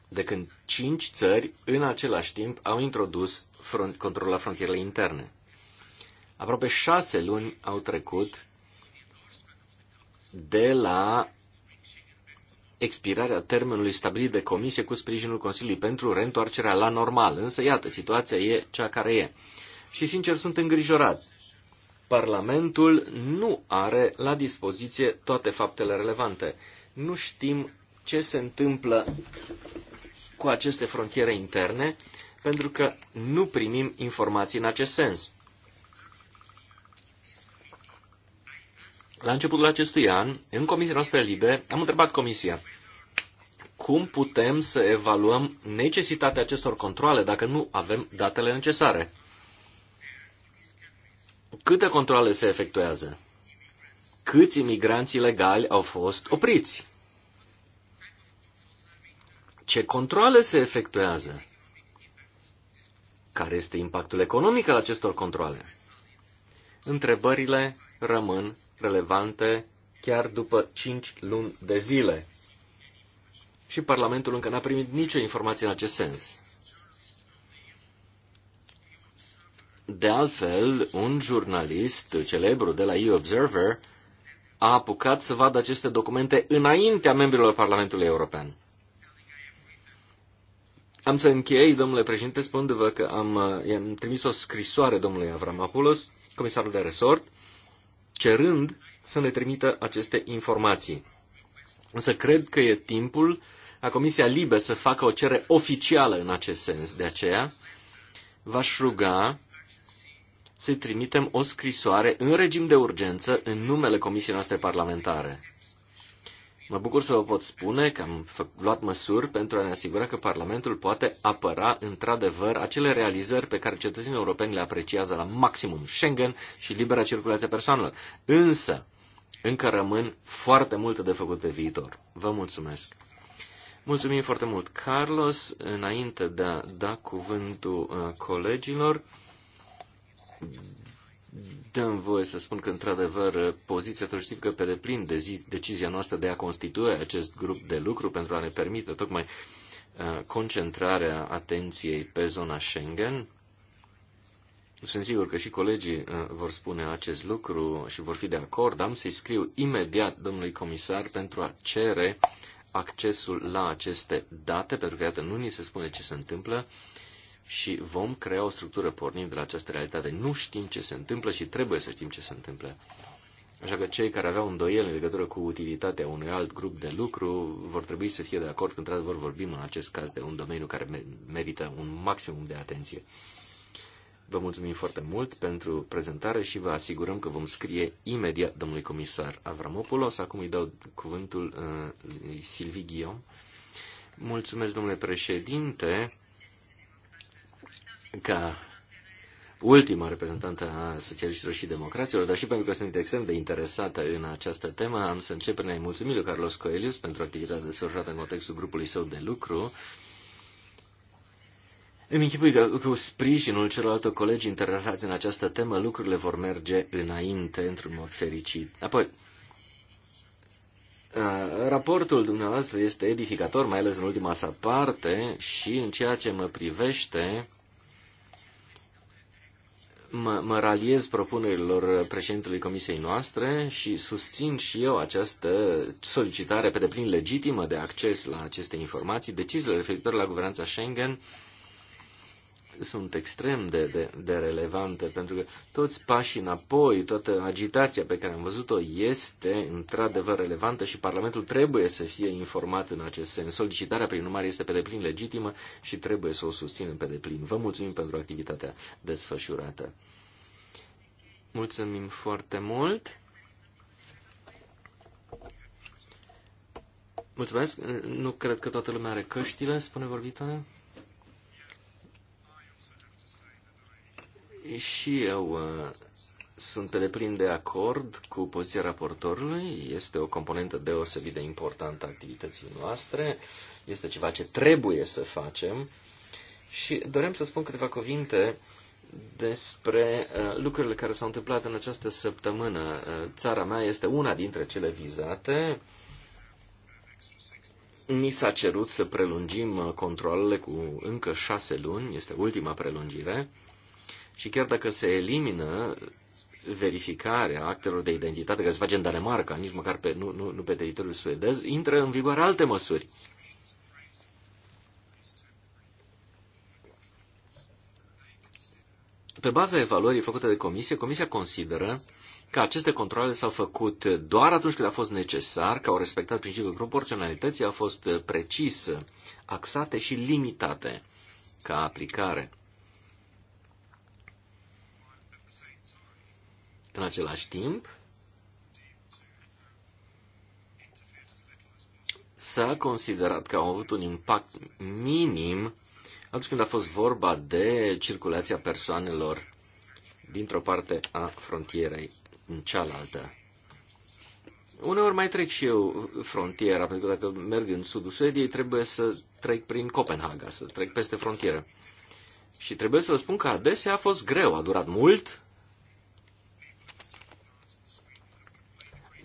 C: de când cinci țări în același timp au introdus front, control la frontierele interne. Aproape șase luni au trecut de la expirarea termenului stabilit de comisie cu sprijinul Consiliului pentru reîntoarcerea la normal. Însă, iată, situația e cea care e. Și, sincer, sunt îngrijorat. Parlamentul nu are la dispoziție toate faptele relevante. Nu știm ce se întâmplă cu aceste frontiere interne, pentru că nu primim informații în acest sens. la începutul acestui an, în comisia noastră libe, am întrebat comisia cum putem să evaluăm necesitatea acestor controle dacă nu avem datele necesare. Câte controle se efectuează? Câți imigranți ilegali au fost opriți? Ce controle se efectuează? Care este impactul economic al acestor controle? Întrebările rămân relevante chiar după 5 luni de zile. Și Parlamentul încă n-a primit nicio informație în acest sens. De altfel, un jurnalist celebru de la E-Observer a apucat să vadă aceste documente înaintea membrilor Parlamentului European. Am să închei, domnule președinte, spunându-vă că am, am trimis o scrisoare domnului Avramopoulos, comisarul de resort, cerând să ne trimită aceste informații. Însă cred că e timpul a Comisia Libe să facă o cerere oficială în acest sens. De aceea v-aș ruga să trimitem o scrisoare în regim de urgență în numele Comisiei noastre parlamentare. Mă bucur să vă pot spune că am luat măsuri pentru a ne asigura că Parlamentul poate apăra într-adevăr acele realizări pe care cetățenii europeni le apreciază la maximum Schengen și libera circulație persoanelor. Însă, încă rămân foarte multe de făcut pe viitor. Vă mulțumesc! Mulțumim foarte mult, Carlos. Înainte de a da cuvântul uh, colegilor, dăm voie să spun că, într-adevăr, poziția că pe deplin de zi, decizia noastră de a constitui acest grup de lucru pentru a ne permite tocmai uh, concentrarea atenției pe zona Schengen. Sunt sigur că și colegii uh, vor spune acest lucru și vor fi de acord. Am să-i scriu imediat domnului comisar pentru a cere accesul la aceste date, pentru că, iată, nu ni se spune ce se întâmplă și vom crea o structură pornind de la această realitate. Nu știm ce se întâmplă și trebuie să știm ce se întâmplă. Așa că cei care aveau îndoieli în legătură cu utilitatea unui alt grup de lucru vor trebui să fie de acord când într-adevăr, vorbim în acest caz de un domeniu care merită un maximum de atenție. Vă mulțumim foarte mult pentru prezentare și vă asigurăm că vom scrie imediat domnului comisar Avramopoulos. Acum îi dau cuvântul uh, Silvi Ghion. Mulțumesc, domnule președinte ca ultima reprezentantă a socialiștilor și democraților, dar și pentru că sunt extrem de interesată în această temă, am să încep prin a-i mulțumi lui Carlos Coelius pentru activitatea desfășurată în contextul grupului său de lucru. Îmi închipui că cu sprijinul celorlalte colegi interesați în această temă, lucrurile vor merge înainte într-un mod fericit. Apoi, raportul dumneavoastră este edificator, mai ales în ultima sa parte și în ceea ce mă privește, mă, mă raliez propunerilor președintelui comisiei noastre și susțin și eu această solicitare pe deplin legitimă de acces la aceste informații. Deciziile referitoare la guvernanța Schengen sunt extrem de, de, de relevante, pentru că toți pașii înapoi, toată agitația pe care am văzut-o este într-adevăr relevantă și Parlamentul trebuie să fie informat în acest sens. Solicitarea, prin urmare, este pe deplin legitimă și trebuie să o susținem pe deplin. Vă mulțumim pentru activitatea desfășurată. Mulțumim foarte mult! Mulțumesc! Nu cred că toată lumea are căștile, spune vorbitoarea. Și eu uh, sunt pe deplin de acord cu poziția raportorului. Este o componentă deosebit de importantă a activității noastre. Este ceva ce trebuie să facem. Și dorem să spun câteva cuvinte despre uh, lucrurile care s-au întâmplat în această săptămână. Uh, țara mea este una dintre cele vizate. Ni s-a cerut să prelungim controlele cu încă șase luni, este ultima prelungire. Și chiar dacă se elimină verificarea actelor de identitate care se face în Danemarca, nici măcar pe, nu, nu, nu pe teritoriul suedez, intră în vigoare alte măsuri. Pe baza evaluării făcute de comisie, comisia consideră că aceste controle s-au făcut doar atunci când a fost necesar, că au respectat principiul proporționalității, au fost precis axate și limitate ca aplicare. În același timp, s-a considerat că au avut un impact minim atunci când a fost vorba de circulația persoanelor dintr-o parte a frontierei în cealaltă. Uneori mai trec și eu frontiera, pentru că dacă merg în sudul Suediei, trebuie să trec prin Copenhaga, să trec peste frontieră. Și trebuie să vă spun că adesea a fost greu, a durat mult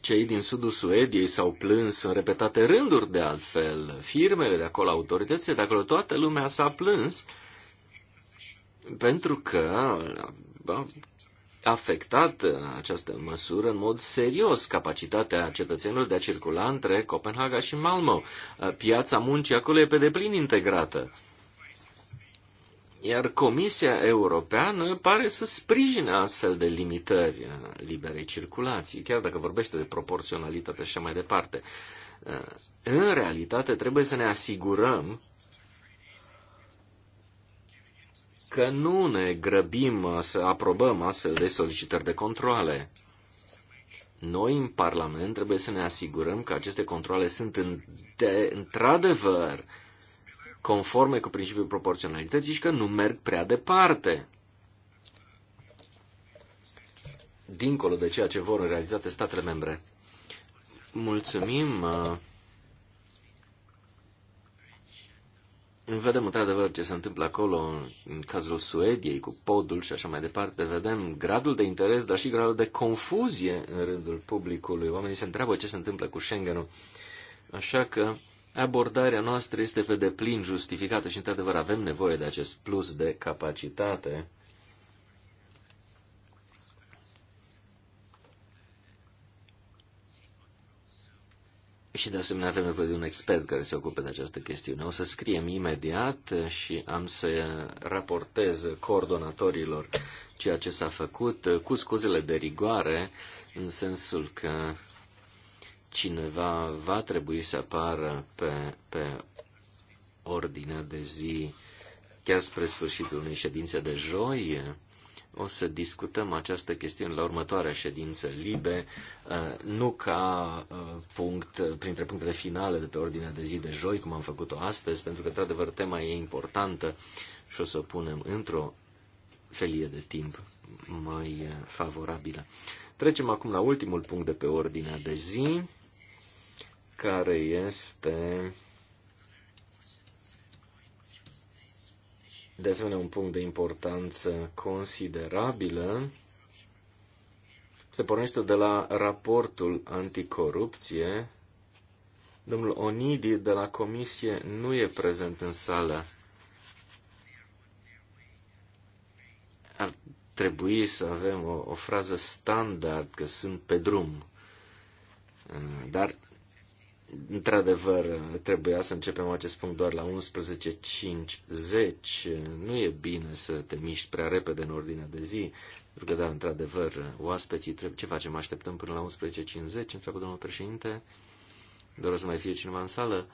C: Cei din sudul Suediei s-au plâns în repetate rânduri de altfel. Firmele de acolo, autoritățile de acolo, toată lumea s-a plâns pentru că a afectat această măsură în mod serios capacitatea cetățenilor de a circula între Copenhaga și Malmo. Piața muncii acolo e pe deplin integrată. Iar Comisia Europeană pare să sprijine astfel de limitări a uh, liberei circulații, chiar dacă vorbește de proporționalitate și așa mai departe. Uh, în realitate trebuie să ne asigurăm că nu ne grăbim uh, să aprobăm astfel de solicitări de controle. Noi, în Parlament, trebuie să ne asigurăm că aceste controle sunt într-adevăr conforme cu principiul proporționalității și că nu merg prea departe. Dincolo de ceea ce vor în realitate statele membre. Mulțumim. Uh, vedem într-adevăr ce se întâmplă acolo în cazul Suediei cu podul și așa mai departe. Vedem gradul de interes, dar și gradul de confuzie în rândul publicului. Oamenii se întreabă ce se întâmplă cu Schengenul. Așa că abordarea noastră este pe deplin justificată și, într-adevăr, avem nevoie de acest plus de capacitate. Și, de asemenea, avem nevoie de un expert care se ocupe de această chestiune. O să scriem imediat și am să raportez coordonatorilor ceea ce s-a făcut, cu scuzele de rigoare, în sensul că cineva va trebui să apară pe, pe ordinea de zi chiar spre sfârșitul unei ședințe de joi. O să discutăm această chestiune la următoarea ședință libe, uh, nu ca uh, punct, printre punctele finale de pe ordinea de zi de joi, cum am făcut-o astăzi, pentru că, într-adevăr, tema e importantă și o să o punem într-o felie de timp mai uh, favorabilă. Trecem acum la ultimul punct de pe ordinea de zi care este de asemenea un punct de importanță considerabilă. Se pornește de la raportul anticorupție. Domnul Onidi de la comisie nu e prezent în sală. Ar trebui să avem o, o frază standard că sunt pe drum. Dar Într-adevăr, trebuia să începem acest punct doar la 11.50. Nu e bine să te miști prea repede în ordinea de zi, pentru că, da, într-adevăr, oaspeții trebuie... Ce facem? Așteptăm până la 11.50? Întreabă domnul președinte. Doresc să mai fie cineva în sală.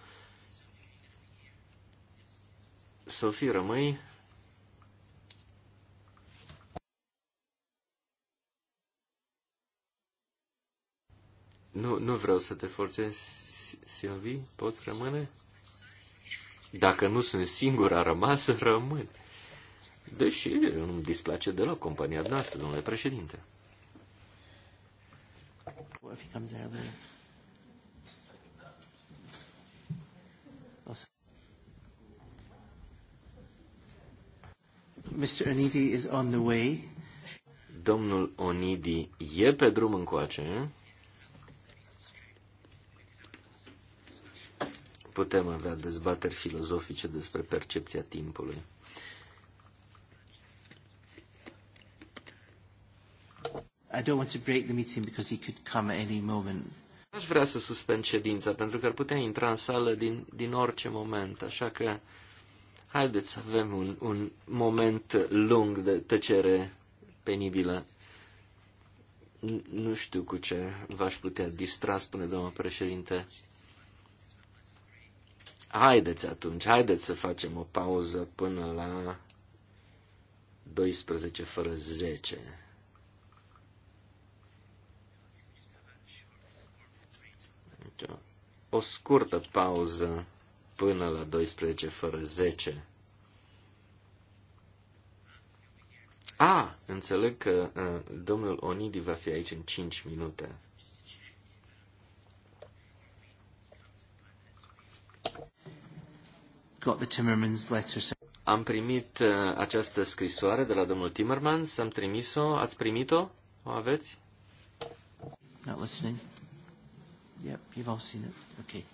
C: Sofie, rămâi? Nu, nu vreau să te forțez, Silvi, poți rămâne? Dacă nu sunt singura rămasă, rămân. Deși nu-mi displace deloc compania noastră, domnule președinte.
A: Mr. Onidi is on the way. Domnul
C: Onidi e pe drum încoace. putem avea dezbateri filozofice despre percepția timpului.
A: I don't want to break the meeting because he could come at any moment.
C: Aș vrea să suspend ședința, pentru că ar putea intra în sală din, din orice moment, așa că haideți să avem un, un moment lung de tăcere penibilă. Nu știu cu ce v-aș putea distra, spune domnul președinte. Haideți atunci, haideți să facem o pauză până la 12 fără 10. Deci, o scurtă pauză până la 12 fără 10. A, înțeleg că uh, domnul Onidi va fi aici în 5 minute.
A: got the Timmermans letter.
C: Am primit uh, această scrisoare de la domnul Timmermans, am trimis-o, ați primit-o?
A: O aveți? Not listening. Yep, you've all seen
B: it. Okay.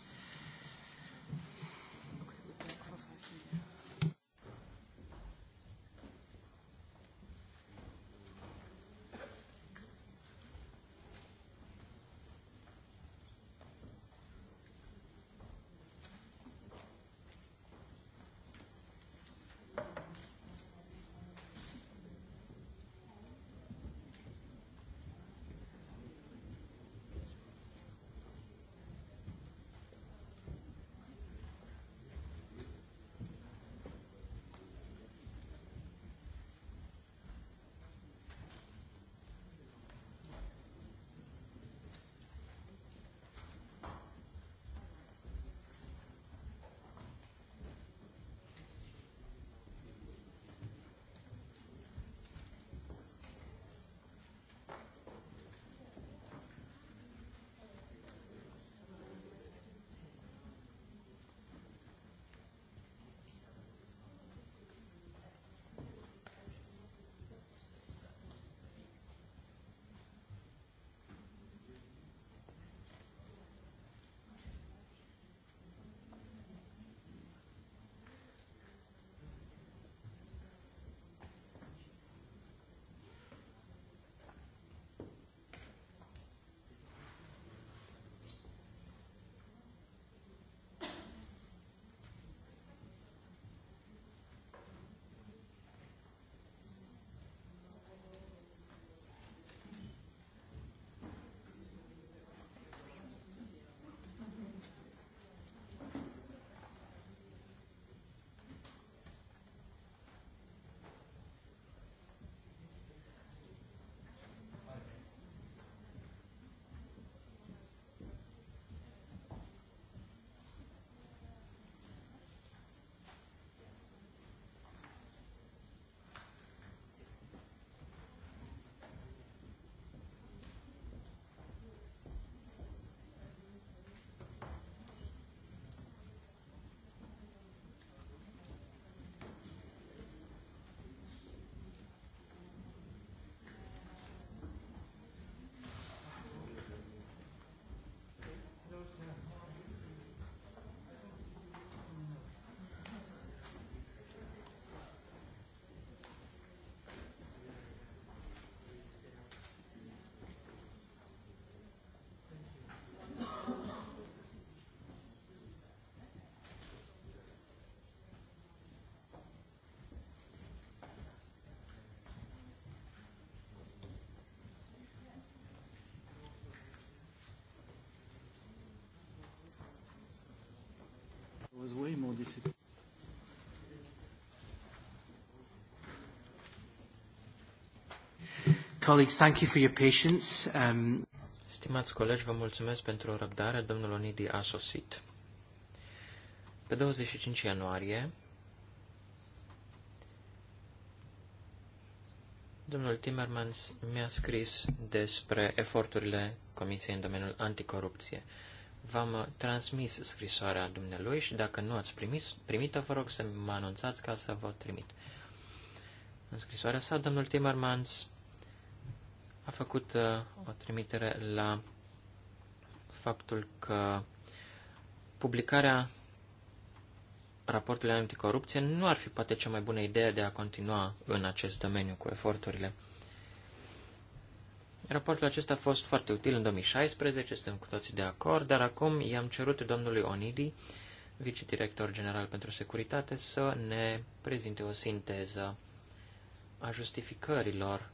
D: was way more disciplined. Colleagues,
A: thank you for your patience. Um... Stimați colegi, vă mulțumesc pentru răbdare. Domnul Onidi a sosit. Pe 25 ianuarie, Domnul Timmermans mi-a scris despre eforturile Comisiei în domeniul anticorupție. V-am transmis scrisoarea dumnealui și dacă nu ați primit, primit-o, vă rog să mă anunțați ca să vă trimit. În scrisoarea sa, domnul Timmermans a făcut uh, o trimitere la faptul că publicarea raportului anticorupție nu ar fi poate cea mai bună idee de a continua în acest domeniu cu eforturile. Raportul acesta a fost foarte util în 2016, suntem cu toții de acord, dar acum i-am cerut domnului Onidi, vicedirector general pentru securitate, să ne prezinte o sinteză a justificărilor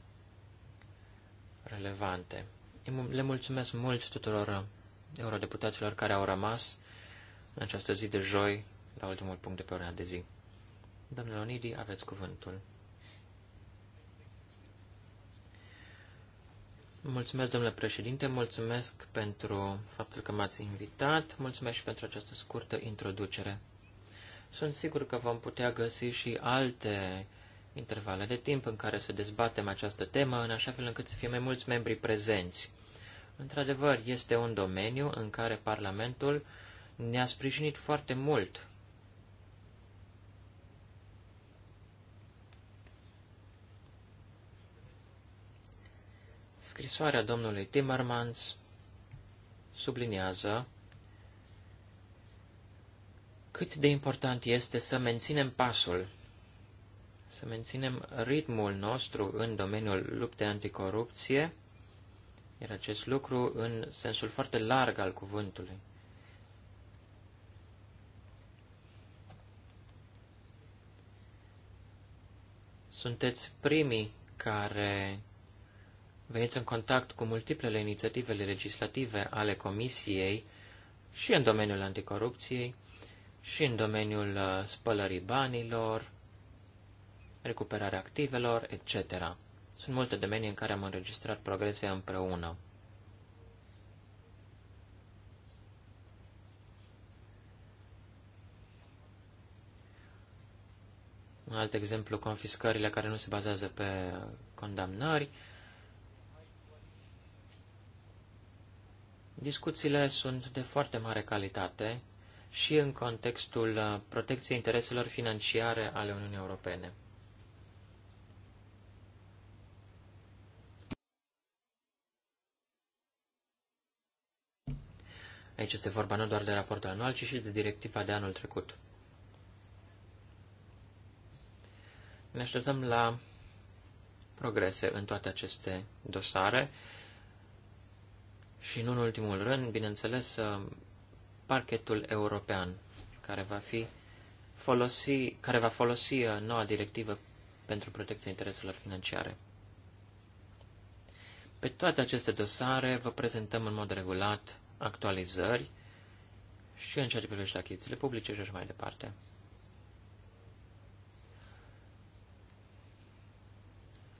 A: relevante. Le mulțumesc mult tuturor eurodeputaților care au rămas în această zi de joi la ultimul punct de pe ordinea de zi. Domnule Onidi, aveți cuvântul. Mulțumesc, domnule președinte, mulțumesc pentru faptul că m-ați invitat, mulțumesc și pentru această scurtă introducere. Sunt sigur că vom putea găsi și alte intervale de timp în care să dezbatem această temă, în așa fel încât să fie mai mulți membri prezenți. Într-adevăr, este un domeniu în care Parlamentul ne-a sprijinit foarte mult Scrisoarea domnului Timmermans subliniază cât de important este să menținem pasul, să menținem ritmul nostru în domeniul luptei anticorupție, iar acest lucru în sensul foarte larg al cuvântului. Sunteți primii care veniți în contact cu multiplele inițiativele legislative ale Comisiei și în domeniul anticorupției, și în domeniul uh, spălării banilor, recuperarea activelor, etc. Sunt multe domenii în care am înregistrat progrese împreună. Un alt exemplu, confiscările care nu se bazează pe condamnări, Discuțiile sunt de foarte mare calitate și în contextul uh, protecției intereselor financiare ale Uniunii Europene. Aici este vorba nu doar de raportul anual, ci și de directiva de anul trecut. Ne așteptăm la progrese în toate aceste dosare și, nu în ultimul rând, bineînțeles, uh, parchetul european, care va, fi folosi, care va folosi uh, noua directivă pentru protecția intereselor financiare. Pe toate aceste dosare vă prezentăm în mod regulat actualizări și în ceea ce privește achizițiile publice și așa mai departe.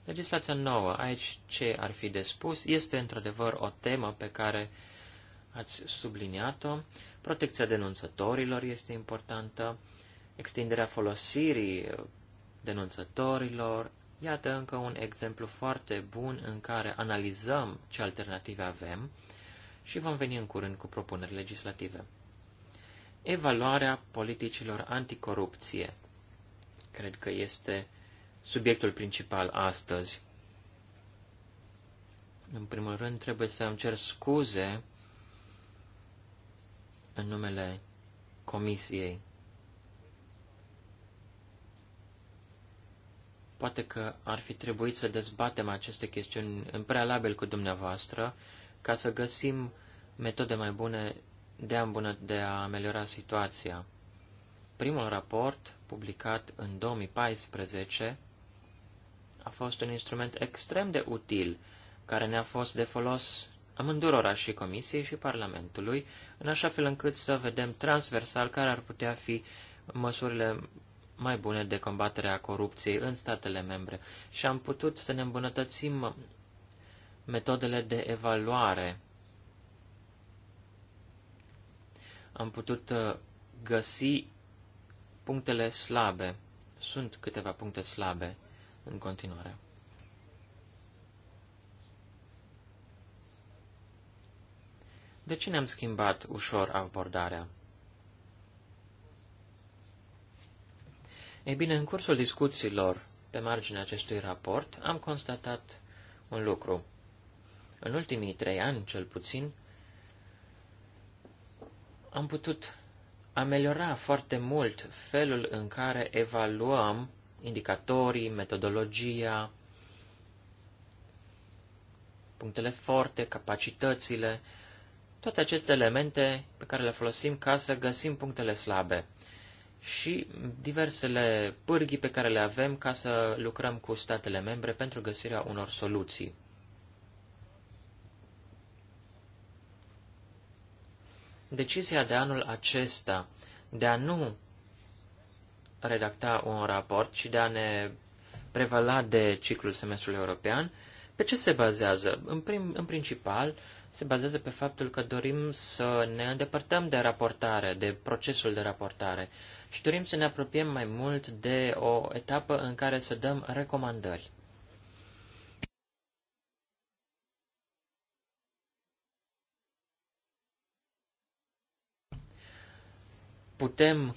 A: Legislația nouă, aici ce ar fi de spus, este într-adevăr o temă pe care ați subliniat-o. Protecția denunțătorilor este importantă, extinderea folosirii denunțătorilor. Iată încă un exemplu foarte bun în care analizăm ce alternative avem și vom veni în curând cu propuneri legislative. Evaluarea politicilor anticorupție. Cred că este subiectul principal astăzi. În primul rând, trebuie să îmi cer scuze în numele comisiei. Poate că ar fi trebuit să dezbatem aceste chestiuni în prealabil cu dumneavoastră ca să găsim metode mai bune de a, îmbună, de a ameliora situația. Primul raport, publicat în 2014, a fost un instrument extrem de util, care ne-a fost de folos amândurora și Comisiei și Parlamentului, în așa fel încât să vedem transversal care ar putea fi măsurile mai bune de combatere a corupției în statele membre și am putut să ne îmbunătățim metodele de evaluare. Am putut uh, găsi punctele slabe. Sunt câteva puncte slabe în continuare. De ce ne-am schimbat ușor abordarea? Ei bine, în cursul discuțiilor pe marginea acestui raport, am constatat un lucru. În ultimii trei ani, cel puțin, am putut ameliora foarte mult felul în care evaluăm indicatorii, metodologia, punctele forte, capacitățile, toate aceste elemente pe care le folosim ca să găsim punctele slabe și diversele pârghii pe care le avem ca să lucrăm cu statele membre pentru găsirea unor soluții. Decizia de anul acesta de a nu redacta un raport și de a ne prevala de ciclul semestrului european, pe ce se bazează? În, prim, în principal, se bazează pe faptul că dorim să ne îndepărtăm de raportare, de procesul de raportare și dorim să ne apropiem mai mult de o etapă în care să dăm recomandări. Putem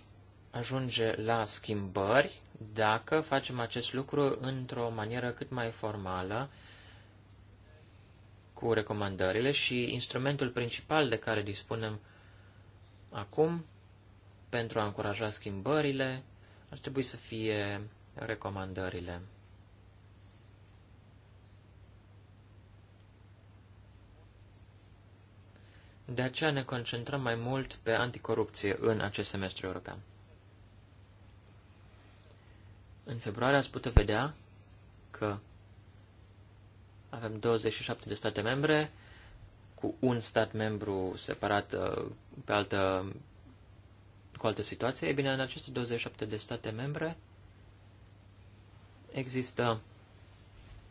A: ajunge la schimbări dacă facem acest lucru într-o manieră cât mai formală cu recomandările și instrumentul principal de care dispunem acum pentru a încuraja schimbările ar trebui să fie recomandările. De aceea ne concentrăm mai mult pe anticorupție în acest semestru european. În februarie ați putut vedea că avem 27 de state membre, cu un stat membru separat uh, pe altă, cu altă situație. E bine, în aceste 27 de state membre există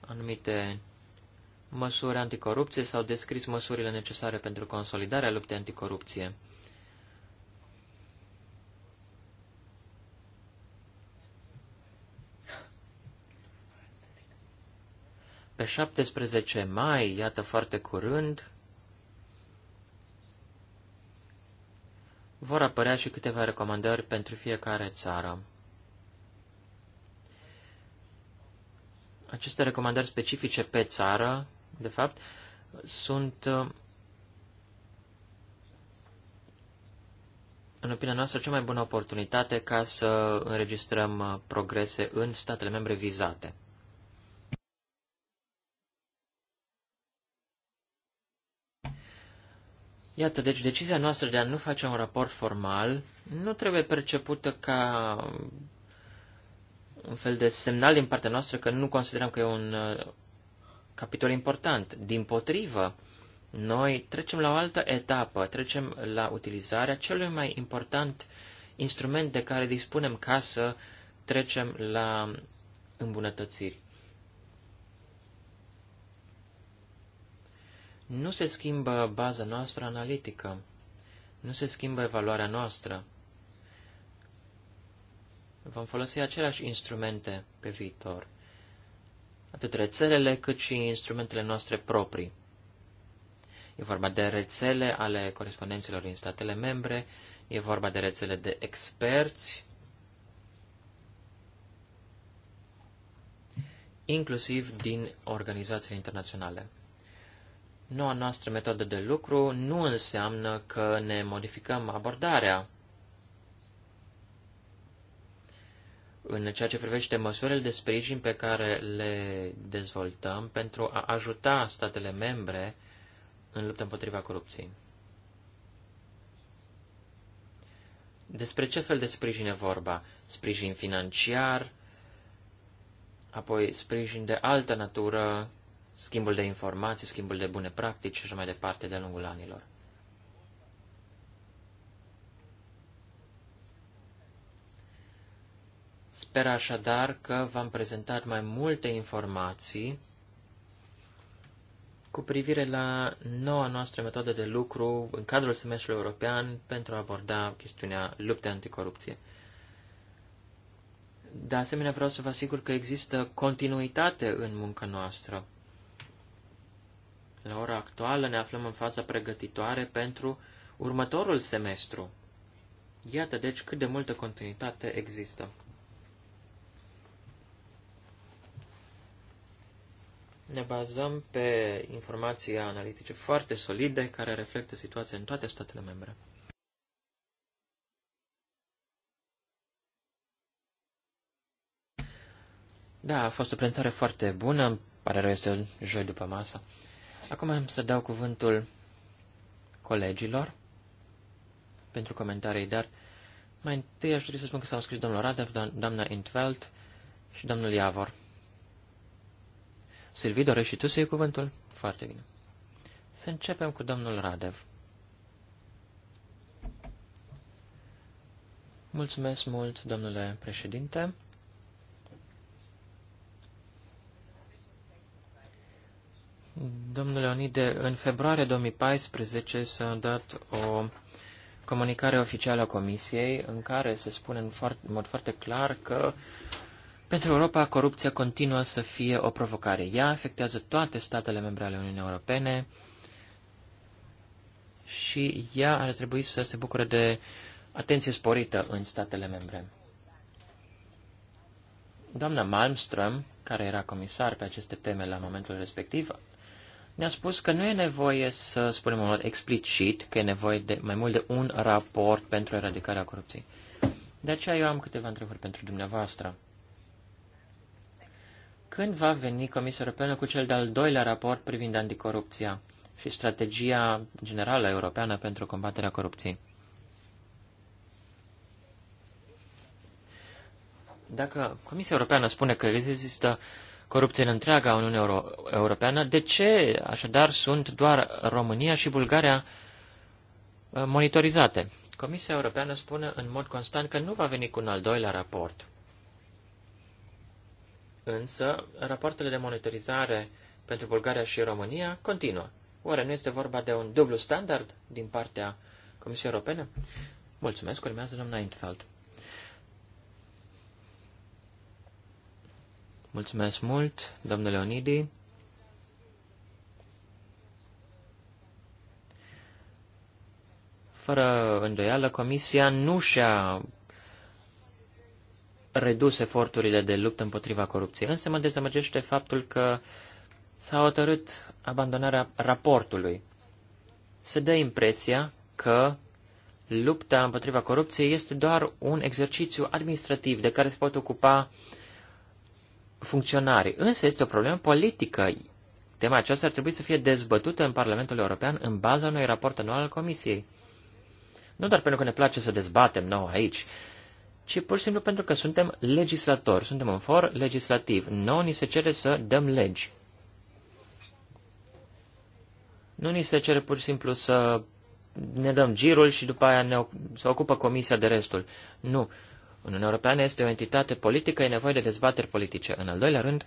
A: anumite măsuri anticorupție, sau descris măsurile necesare pentru consolidarea luptei anticorupție. Pe 17 mai, iată foarte curând, vor apărea și câteva recomandări pentru fiecare țară. Aceste recomandări specifice pe țară, de fapt, sunt, uh, în opinia noastră, cea mai bună oportunitate ca să înregistrăm uh, progrese în statele membre vizate. Iată, deci decizia noastră de a nu face un raport formal nu trebuie percepută ca un fel de semnal din partea noastră că nu considerăm că e un uh, capitol important. Din potrivă, noi trecem la o altă etapă, trecem la utilizarea celui mai important instrument de care dispunem ca să trecem la îmbunătățiri. Nu se schimbă baza noastră analitică, nu se schimbă evaluarea noastră. Vom folosi aceleași instrumente pe viitor, atât rețelele cât și instrumentele noastre proprii. E vorba de rețele ale corespondenților din statele membre, e vorba de rețele de experți, inclusiv din organizațiile internaționale. Noua noastră metodă de lucru nu înseamnă că ne modificăm abordarea. În ceea ce privește măsurile de sprijin pe care le dezvoltăm pentru a ajuta statele membre în lupta împotriva corupției. Despre ce fel de sprijin e vorba? Sprijin financiar, apoi sprijin de altă natură, schimbul de informații, schimbul de bune practici și așa mai departe de-a lungul anilor. Sper așadar că v-am prezentat mai multe informații cu privire la noua noastră metodă de lucru în cadrul semestrului european pentru a aborda chestiunea luptei anticorupție. De asemenea, vreau să vă asigur că există continuitate în munca noastră. La ora actuală ne aflăm în faza pregătitoare pentru următorul semestru. Iată deci cât de multă continuitate există. Ne bazăm pe informații analitice foarte solide care reflectă situația în toate statele membre. Da, a fost o prezentare foarte bună. pare rău, este joi după masă. Acum am să dau cuvântul colegilor pentru comentarii, dar mai întâi aș dori să spun că s-au scris domnul Radev, do doamna Intveld și domnul Iavor. Silvi, dorești și tu să iei cuvântul? Foarte bine. Să începem cu domnul Radev. Mulțumesc mult, domnule președinte. Domnule Onide, în februarie 2014 s-a dat o comunicare oficială a Comisiei în care se spune în, foarte, în mod foarte clar că pentru Europa corupția continuă să fie o provocare. Ea afectează toate statele membre ale Uniunii Europene și ea ar trebui să se bucure de atenție sporită în statele membre. Doamna Malmström, care era comisar pe aceste teme la momentul respectiv, ne-a spus că nu e nevoie să spunem unor explicit că e nevoie de mai mult de un raport pentru eradicarea corupției. De aceea eu am câteva întrebări pentru dumneavoastră. Când va veni Comisia Europeană cu cel de-al doilea raport privind anticorupția și strategia generală europeană pentru combaterea corupției? Dacă Comisia Europeană spune că există corupție în întreaga Uniune Euro- Europeană, de ce așadar sunt doar România și Bulgaria uh, monitorizate? Comisia Europeană spune în mod constant că nu va veni cu un al doilea raport. Însă, rapoartele de monitorizare pentru Bulgaria și România continuă. Oare nu este vorba de un dublu standard din partea Comisiei Europene? Mulțumesc, urmează domnul Intfeld. Mulțumesc mult, domnule Onidi. Fără îndoială, Comisia nu și-a redus eforturile de luptă împotriva corupției, însă mă dezamăgește faptul că s-a hotărât abandonarea raportului. Se dă impresia că lupta împotriva corupției este doar un exercițiu administrativ de care se pot ocupa uh, funcționare, Însă este o problemă politică. Tema aceasta ar trebui să fie dezbătută în Parlamentul European în baza unui raport anual al Comisiei. Nu doar pentru că ne place să dezbatem nou aici, ci pur și simplu pentru că suntem legislatori, suntem un for legislativ. Nu ni se cere să dăm legi. Nu ni se cere pur și simplu să ne dăm girul și după aia ne, se ocupă comisia de restul. Nu. Uniunea Europeană este o entitate politică, e nevoie de dezbateri politice. În al doilea rând,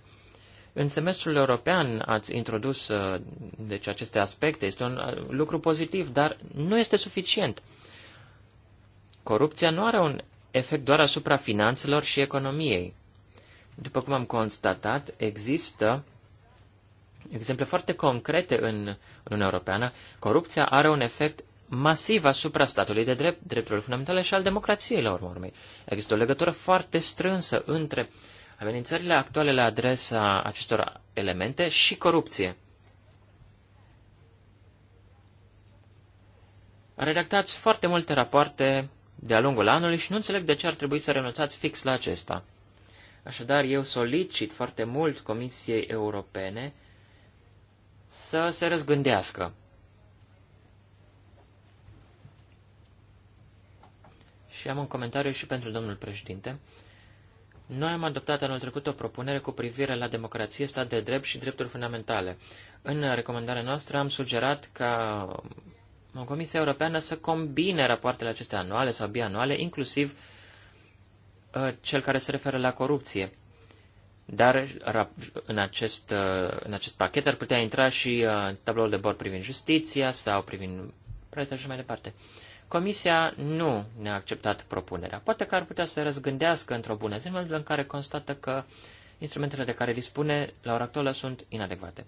A: în semestrul european ați introdus uh, deci, aceste aspecte, este un uh, lucru pozitiv, dar nu este suficient. Corupția nu are un efect doar asupra finanțelor și economiei. După cum am constatat, există exemple foarte concrete în Uniunea Europeană. Corupția are un efect masiv asupra statului de drept, drepturilor fundamentale și al democrației, la urmă urmei. Există o legătură foarte strânsă între amenințările actuale la adresa acestor elemente și corupție. Redactați foarte multe rapoarte de-a lungul anului și nu înțeleg de ce ar trebui să renunțați fix la acesta. Așadar, eu solicit foarte mult Comisiei Europene să se răzgândească. Și am un comentariu și pentru domnul președinte. Noi am adoptat anul trecut o propunere cu privire la democrație, stat de drept și drepturi fundamentale. În recomandarea noastră am sugerat ca Comisia Europeană să combine rapoartele acestea anuale sau bianuale, inclusiv uh, cel care se referă la corupție. Dar în acest, uh, în acest pachet ar putea intra și uh, tabloul de bord privind justiția sau privind presa și mai departe. Uh, Comisia nu ne-a acceptat propunerea. Poate că ar putea să răzgândească într-o bună zi, în momentul în care constată că instrumentele de care dispune la ora actuală sunt inadecvate.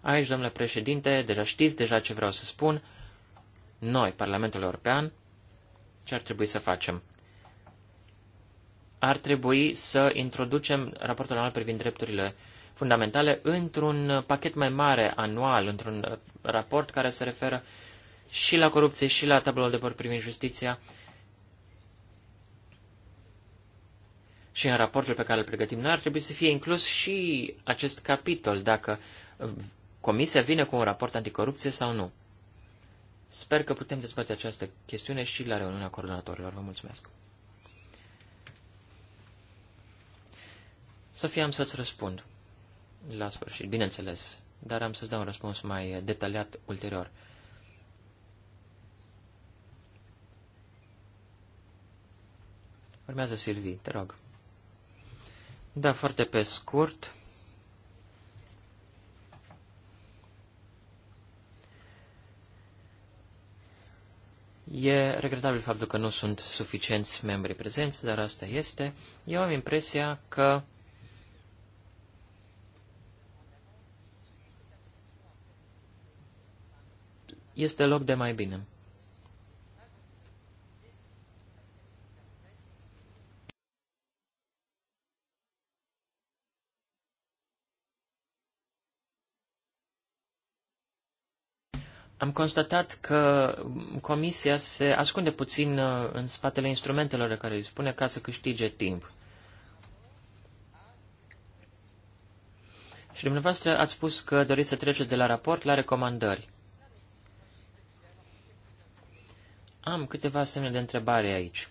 A: Aici, domnule președinte, deja știți deja ce vreau să spun. Noi, Parlamentul European, ce ar trebui să facem? Ar trebui să introducem raportul anual privind drepturile fundamentale într-un pachet mai mare anual, într-un uh, raport care se referă uh, și la corupție și la tabloul de bord privind justiția și în raportul pe care îl pregătim noi ar trebui să fie inclus și acest capitol, dacă comisia vine cu un raport anticorupție sau nu. Sper că putem dezbate această chestiune și la reuniunea coordonatorilor. Vă mulțumesc. Sofia, am să-ți răspund la sfârșit, bineînțeles, dar am să-ți dau un răspuns mai detaliat ulterior. Urmează Silvi, te rog. Da, foarte pe scurt. E regretabil faptul că nu sunt suficienți membri prezenți, dar asta este. Eu am impresia că este loc de mai bine. Am constatat că comisia se ascunde puțin uh, în spatele instrumentelor de care îi spune ca să câștige timp. Și dumneavoastră ați spus că doriți să treceți de la raport la recomandări. Am câteva semne de întrebare aici.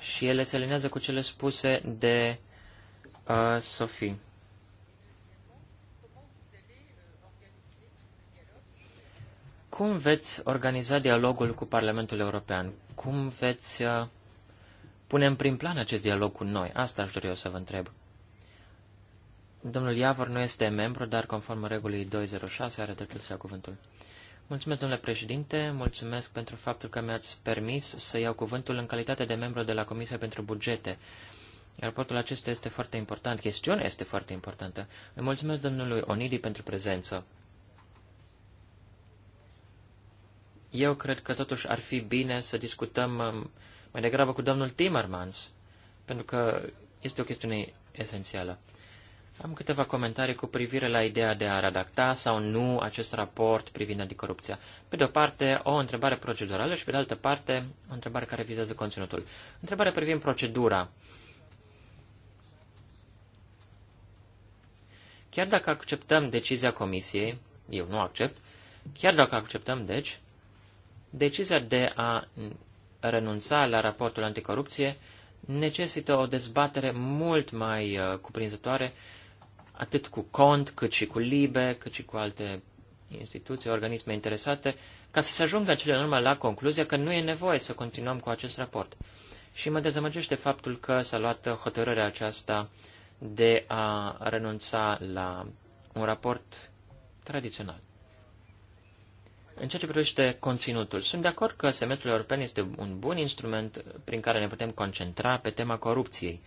A: Și ele se alinează cu cele spuse de uh, Sofie. Cum veți organiza dialogul cu Parlamentul European? Cum veți uh, pune în prim plan acest dialog cu noi? Asta aș dori eu să vă întreb. Domnul Iavor nu este membru, dar conform regulii 206 are dreptul să ia cuvântul. Mulțumesc, domnule președinte, mulțumesc pentru faptul că mi-ați permis să iau cuvântul în calitate de membru de la Comisia pentru Bugete. Raportul acesta este foarte important, chestiunea este foarte importantă. Îi mulțumesc domnului Onidi pentru prezență. Eu cred că totuși ar fi bine să discutăm um, mai degrabă cu domnul Timmermans, pentru că este o chestiune esențială. Am câteva comentarii cu privire la ideea de a redacta sau nu acest raport privind anticorupția. Pe de o parte, o întrebare procedurală și pe de altă parte, o întrebare care vizează conținutul. Întrebarea privind procedura. Chiar dacă acceptăm decizia comisiei, eu nu accept, chiar dacă acceptăm, deci, Decizia de a renunța la raportul anticorupție necesită o dezbatere mult mai uh, cuprinzătoare, atât cu cont, cât și cu LIBE, cât și cu alte instituții, organisme interesate, ca să se ajungă cele în urmă la concluzia că nu e nevoie să continuăm cu acest raport. Și mă dezamăgește faptul că s-a luat hotărârea aceasta de a renunța la un raport tradițional. În ceea ce privește conținutul, sunt de acord că semestrul european este un bun instrument prin care ne putem concentra pe tema corupției.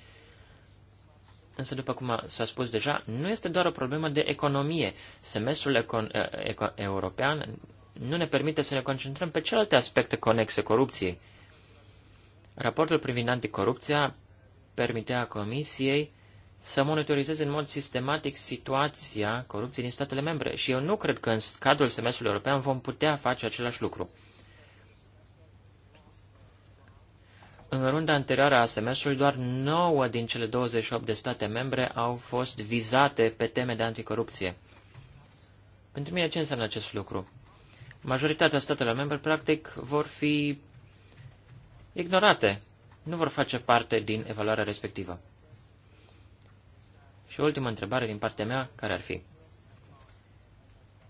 A: Însă, după cum s-a spus deja, nu este doar o problemă de economie. Semestrul econ- eco- european nu ne permite să ne concentrăm pe celelalte aspecte conexe corupției. Raportul privind anticorupția permitea Comisiei să monitorizeze în mod sistematic situația corupției din statele membre. Și eu nu cred că în cadrul semestrului european vom putea face același lucru. În runda anterioară a semestrului, doar 9 din cele 28 de state membre au fost vizate pe teme de anticorupție. Pentru mine ce înseamnă acest lucru? Majoritatea statelor membre, practic, vor fi ignorate, nu vor face parte din evaluarea respectivă. Și o ultimă întrebare din partea mea, care ar fi?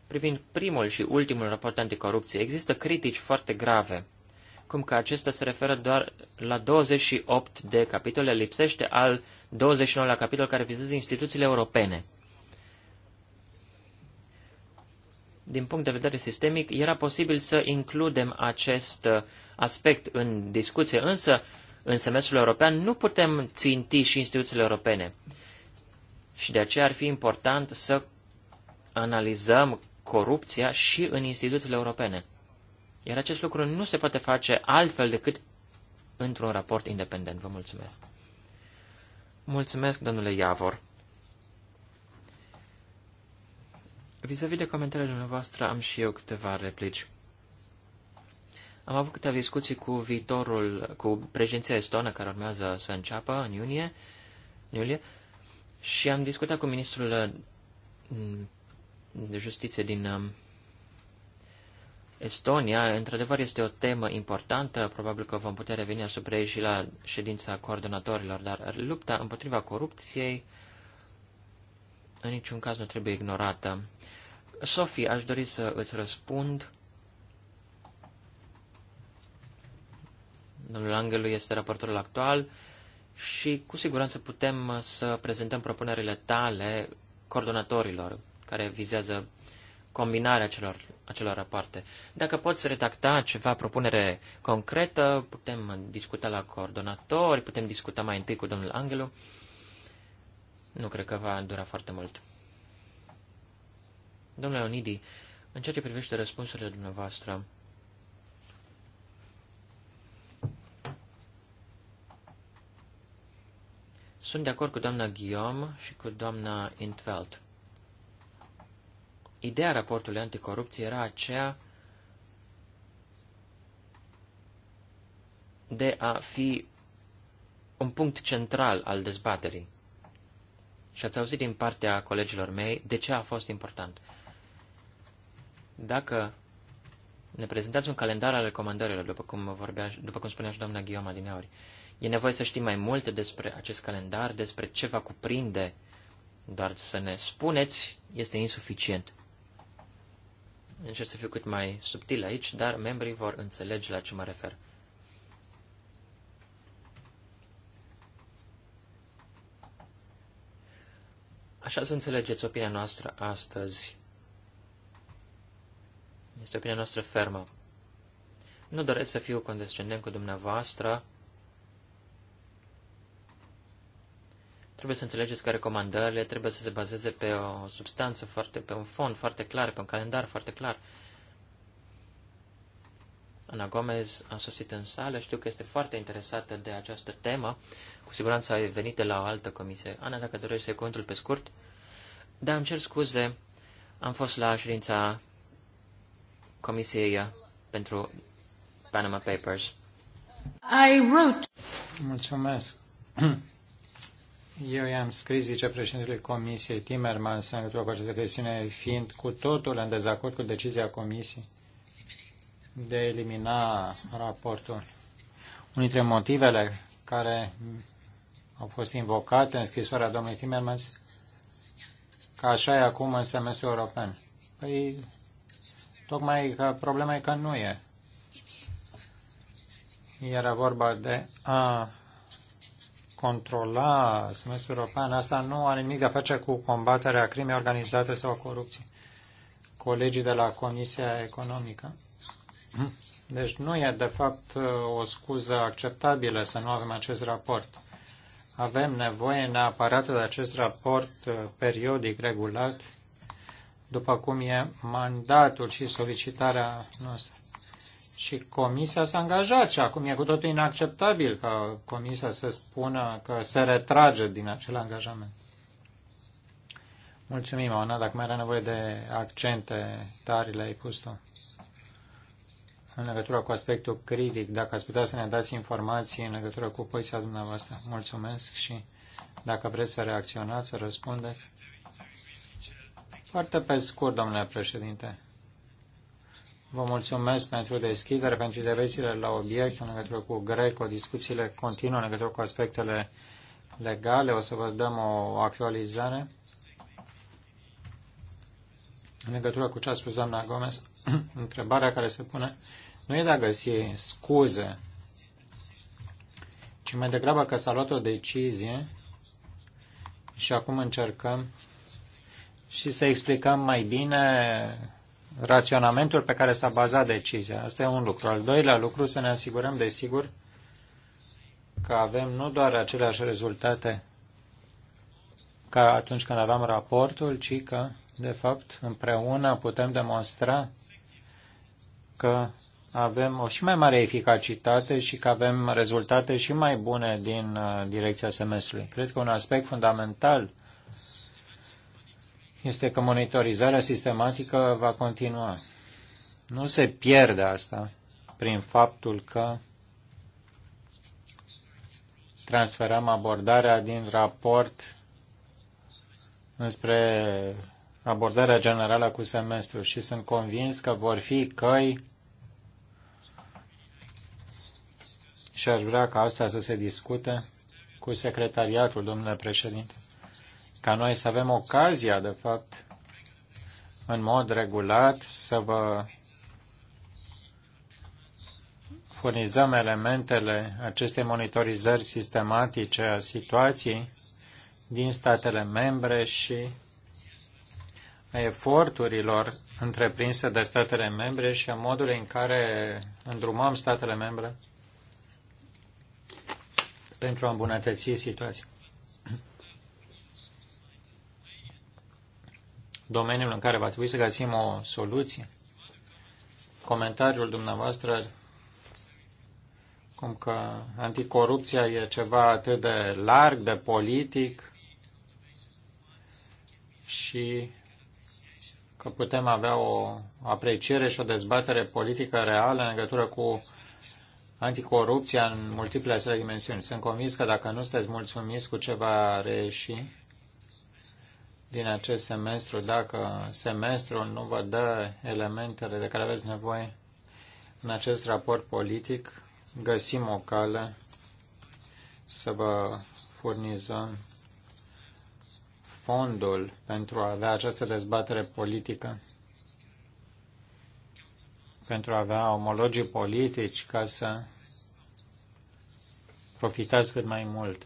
A: Privind primul și ultimul raport anticorupție, există critici foarte grave, cum că acesta se referă doar la 28 de capitole, lipsește al 29-lea capitol care vizează instituțiile europene. Din punct de vedere sistemic, era posibil să includem acest aspect în discuție, însă în semestrul european nu putem ținti și instituțiile europene. Și de aceea ar fi important să analizăm corupția și în instituțiile europene. Iar acest lucru nu se poate face altfel decât într-un raport independent. Vă mulțumesc. Mulțumesc, domnule Iavor. Vis-a-vis de comentariile dumneavoastră, am și eu câteva replici. Am avut câteva discuții cu viitorul, cu președinția estonă care urmează să înceapă în iunie, în iulie și am discutat cu ministrul mm, de justiție din mm, Estonia. Într-adevăr, este o temă importantă. Probabil că vom putea reveni asupra ei și la ședința coordonatorilor, dar lupta împotriva corupției în niciun caz nu trebuie ignorată. Sofie, aș dori să îți răspund. Domnul Angelu este raportorul actual și cu siguranță putem uh, să prezentăm propunerile tale coordonatorilor care vizează combinarea celor, acelor rapoarte. Dacă poți redacta ceva propunere concretă, putem discuta la coordonatori, putem discuta mai întâi cu domnul Angelu. Nu cred că va dura foarte mult. Domnule Onidi, în ceea ce privește răspunsurile dumneavoastră, Sunt de acord cu doamna Guillaume și cu doamna Intveld. Ideea raportului anticorupție era aceea de a fi un punct central al dezbaterii. Și ați auzit din partea colegilor mei de ce a fost important. Dacă ne prezentați un calendar al recomandărilor, după cum, vorbea, după cum spunea și doamna Ghioma din Aurii, E nevoie să știm mai multe despre acest calendar, despre ce va cuprinde. Doar să ne spuneți este insuficient. Încerc să fiu cât mai subtil aici, dar membrii vor înțelege la ce mă refer. Așa să înțelegeți opinia noastră astăzi. Este opinia noastră fermă. Nu doresc să fiu condescendent cu dumneavoastră Trebuie să înțelegeți că recomandările trebuie să se bazeze pe o substanță, foarte, pe un fond foarte clar, pe un calendar foarte clar. Ana Gomez a sosit în sală, știu că este foarte interesată de această temă, cu siguranță ai venit de la o altă comisie. Ana, dacă dorești să cuvântul pe scurt? Da, îmi cer scuze, am fost la ședința comisiei
B: pentru Panama Papers. I wrote... Mulțumesc. Eu i-am scris vicepreședintele Comisiei Timmermans în legătură cu această chestiune, fiind cu totul în dezacord cu decizia Comisiei de a elimina raportul. Unul dintre motivele care au fost invocate în scrisoarea domnului Timmermans, că așa e acum în semestrul european. Păi, tocmai că problema e că nu e. Era vorba de a controla semestrul european, asta nu are nimic de a face cu combaterea crimei organizate sau corupției. Colegii de la Comisia Economică. Deci nu e, de fapt, o scuză acceptabilă să nu avem acest raport. Avem nevoie neapărat de acest raport uh, periodic, regulat, după cum e mandatul și solicitarea noastră. Și comisia s-a angajat și acum e cu totul inacceptabil ca comisia să spună că se retrage din acel angajament. Mulțumim, Ana, dacă mai era nevoie de accente tari, le-ai pus tu. În legătură cu aspectul critic, dacă ați putea să ne dați informații în legătură cu poziția dumneavoastră, mulțumesc și dacă vreți să reacționați, să răspundeți. Foarte pe scurt, domnule președinte. Vă mulțumesc pentru deschidere, pentru intervențiile la obiect în legătură cu Greco. Discuțiile continuă în legătură cu aspectele legale. O să vă dăm o actualizare în legătură cu ce a spus doamna Gomez. Întrebarea care se pune nu e de a găsi scuze, ci mai degrabă că s-a luat o decizie și acum încercăm și să explicăm mai bine raționamentul pe care s-a bazat decizia. Asta e un lucru. Al doilea lucru, să ne asigurăm, desigur, că avem nu doar aceleași rezultate ca atunci când aveam raportul, ci că, de fapt, împreună putem demonstra că avem o și mai mare eficacitate și că avem rezultate și mai bune din uh, direcția semestrului. Cred că un aspect fundamental este că monitorizarea sistematică va continua. Nu se pierde asta prin faptul că transferăm abordarea din raport înspre abordarea generală cu semestru și sunt convins că vor fi căi și aș vrea ca asta să se discute cu secretariatul, domnule președinte ca noi să avem ocazia, de fapt, în mod regulat, să vă furnizăm elementele acestei monitorizări sistematice a situației din statele membre și a eforturilor întreprinse de statele membre și a modului în care îndrumăm statele membre pentru a îmbunătăți situația. domeniul în care va trebui să găsim o soluție. Comentariul dumneavoastră cum că anticorupția e ceva atât de larg, de politic și că putem avea o apreciere și o dezbatere politică reală în legătură cu anticorupția în multiple dimensiuni. Sunt convins că dacă nu sunteți mulțumiți cu ce va reieși, din acest semestru, dacă semestrul nu vă dă elementele de care aveți nevoie în acest raport politic, găsim o cale să vă furnizăm fondul pentru a avea această dezbatere politică, pentru a avea omologii politici ca să profitați cât mai mult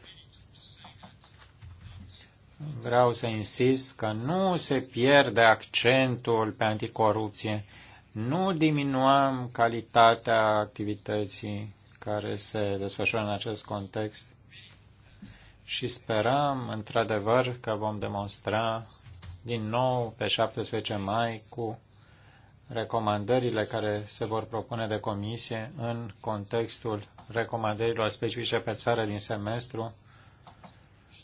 B: vreau să insist că nu se pierde accentul pe anticorupție, nu diminuăm calitatea activității care se desfășoară în acest context și sperăm, într-adevăr, că vom demonstra din nou pe 17 mai cu recomandările care se vor propune de comisie în contextul recomandărilor specifice pe țară din semestru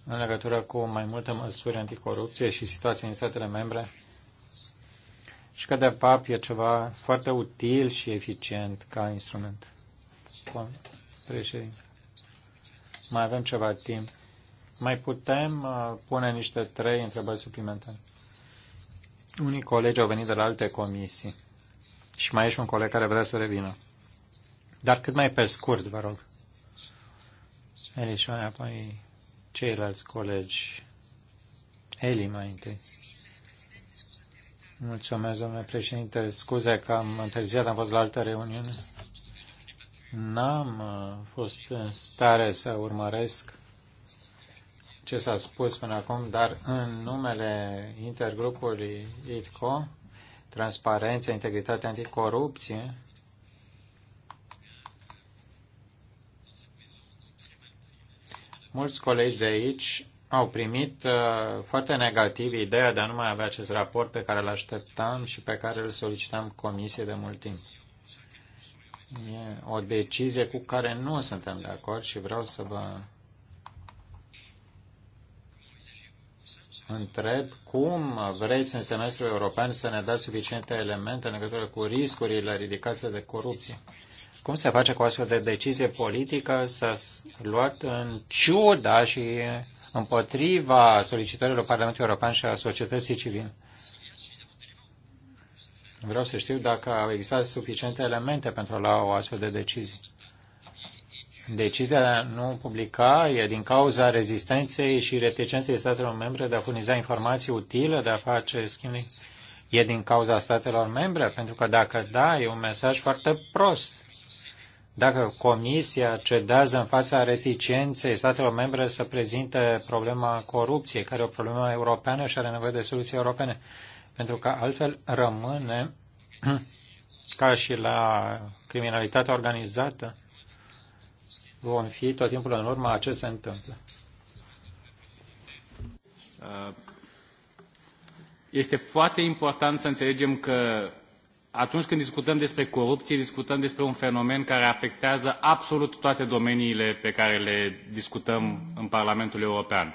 B: în legătură cu mai multe măsuri anticorupție și situația în statele membre și că, de fapt, e ceva foarte util și eficient ca instrument. Bun, președinte. Mai avem ceva timp. Mai putem uh, pune niște trei întrebări suplimentare. Unii colegi au venit de la alte comisii și mai e și un coleg care vrea să revină. Dar cât mai pe scurt, vă rog. Elișoane, apoi ceilalți colegi. Eli, mai întâi. Mulțumesc, domnule președinte. Scuze că am întârziat, am fost la altă reuniune. N-am uh, fost în stare să urmăresc ce s-a spus până acum, dar în numele intergrupului ITCO, transparență, integritate, anticorupție, Mulți colegi de aici au primit uh, foarte negativ ideea de a nu mai avea acest raport pe care îl așteptam și pe care îl solicitam comisie de mult timp. E o decizie cu care nu suntem de acord și vreau să vă întreb cum vreți în semestrul european să ne dați suficiente elemente în legătură cu riscurile ridicate de corupție. Cum se face cu o astfel de decizie politică să luat în ciuda și împotriva solicitărilor Parlamentului European și a societății civile? Vreau să știu dacă au existat suficiente elemente pentru a lua o astfel de decizie. Decizia de a nu publica e din cauza rezistenței și reticenței statelor membre de a furniza informații utile, de a face schimbări. E din cauza statelor membre? Pentru că dacă da, e un mesaj foarte prost. Dacă Comisia cedează în fața reticenței statelor membre să prezinte problema corupției, care e o problemă europeană și are nevoie de soluții europene, pentru că altfel rămâne ca și la criminalitatea organizată, vom fi tot timpul în urmă
D: ce se întâmplă. Uh, este foarte important să înțelegem că atunci când discutăm despre corupție, discutăm despre un fenomen care afectează absolut toate domeniile pe care le discutăm în Parlamentul European.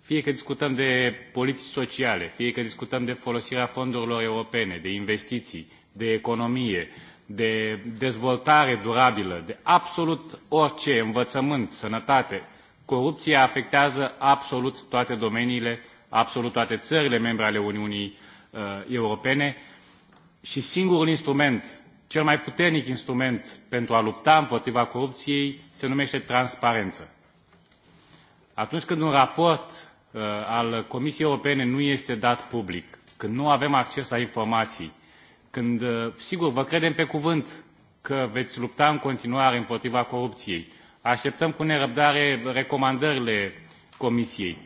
D: Fie că discutăm de politici sociale, fie că discutăm de folosirea fondurilor europene, de investiții, de economie, de dezvoltare durabilă, de absolut orice, învățământ, sănătate, corupția afectează absolut toate domeniile absolut toate țările membre ale Uniunii uh, Europene și singurul instrument, cel mai puternic instrument pentru a lupta împotriva corupției se numește transparență. Atunci când un raport uh, al Comisiei Europene nu este dat public, când nu avem acces la informații, când, uh, sigur, vă credem pe cuvânt că veți lupta în continuare împotriva corupției, așteptăm cu nerăbdare recomandările Comisiei.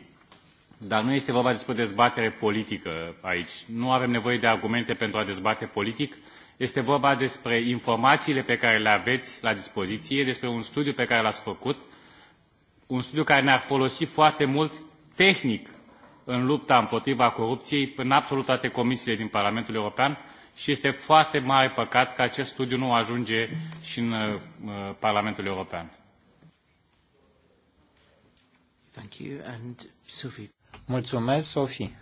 D: Dar nu este vorba despre o dezbatere politică aici. Nu avem nevoie de argumente pentru a dezbate politic. Este vorba despre informațiile pe care le aveți la dispoziție, despre un studiu pe care l-ați făcut, un studiu care ne-ar folosi foarte mult tehnic în lupta împotriva corupției în absolut toate comisiile din Parlamentul European și este foarte mare păcat că acest studiu nu ajunge și în uh, Parlamentul European. Thank you. And Sophie.
B: Mulțumesc, Sofie.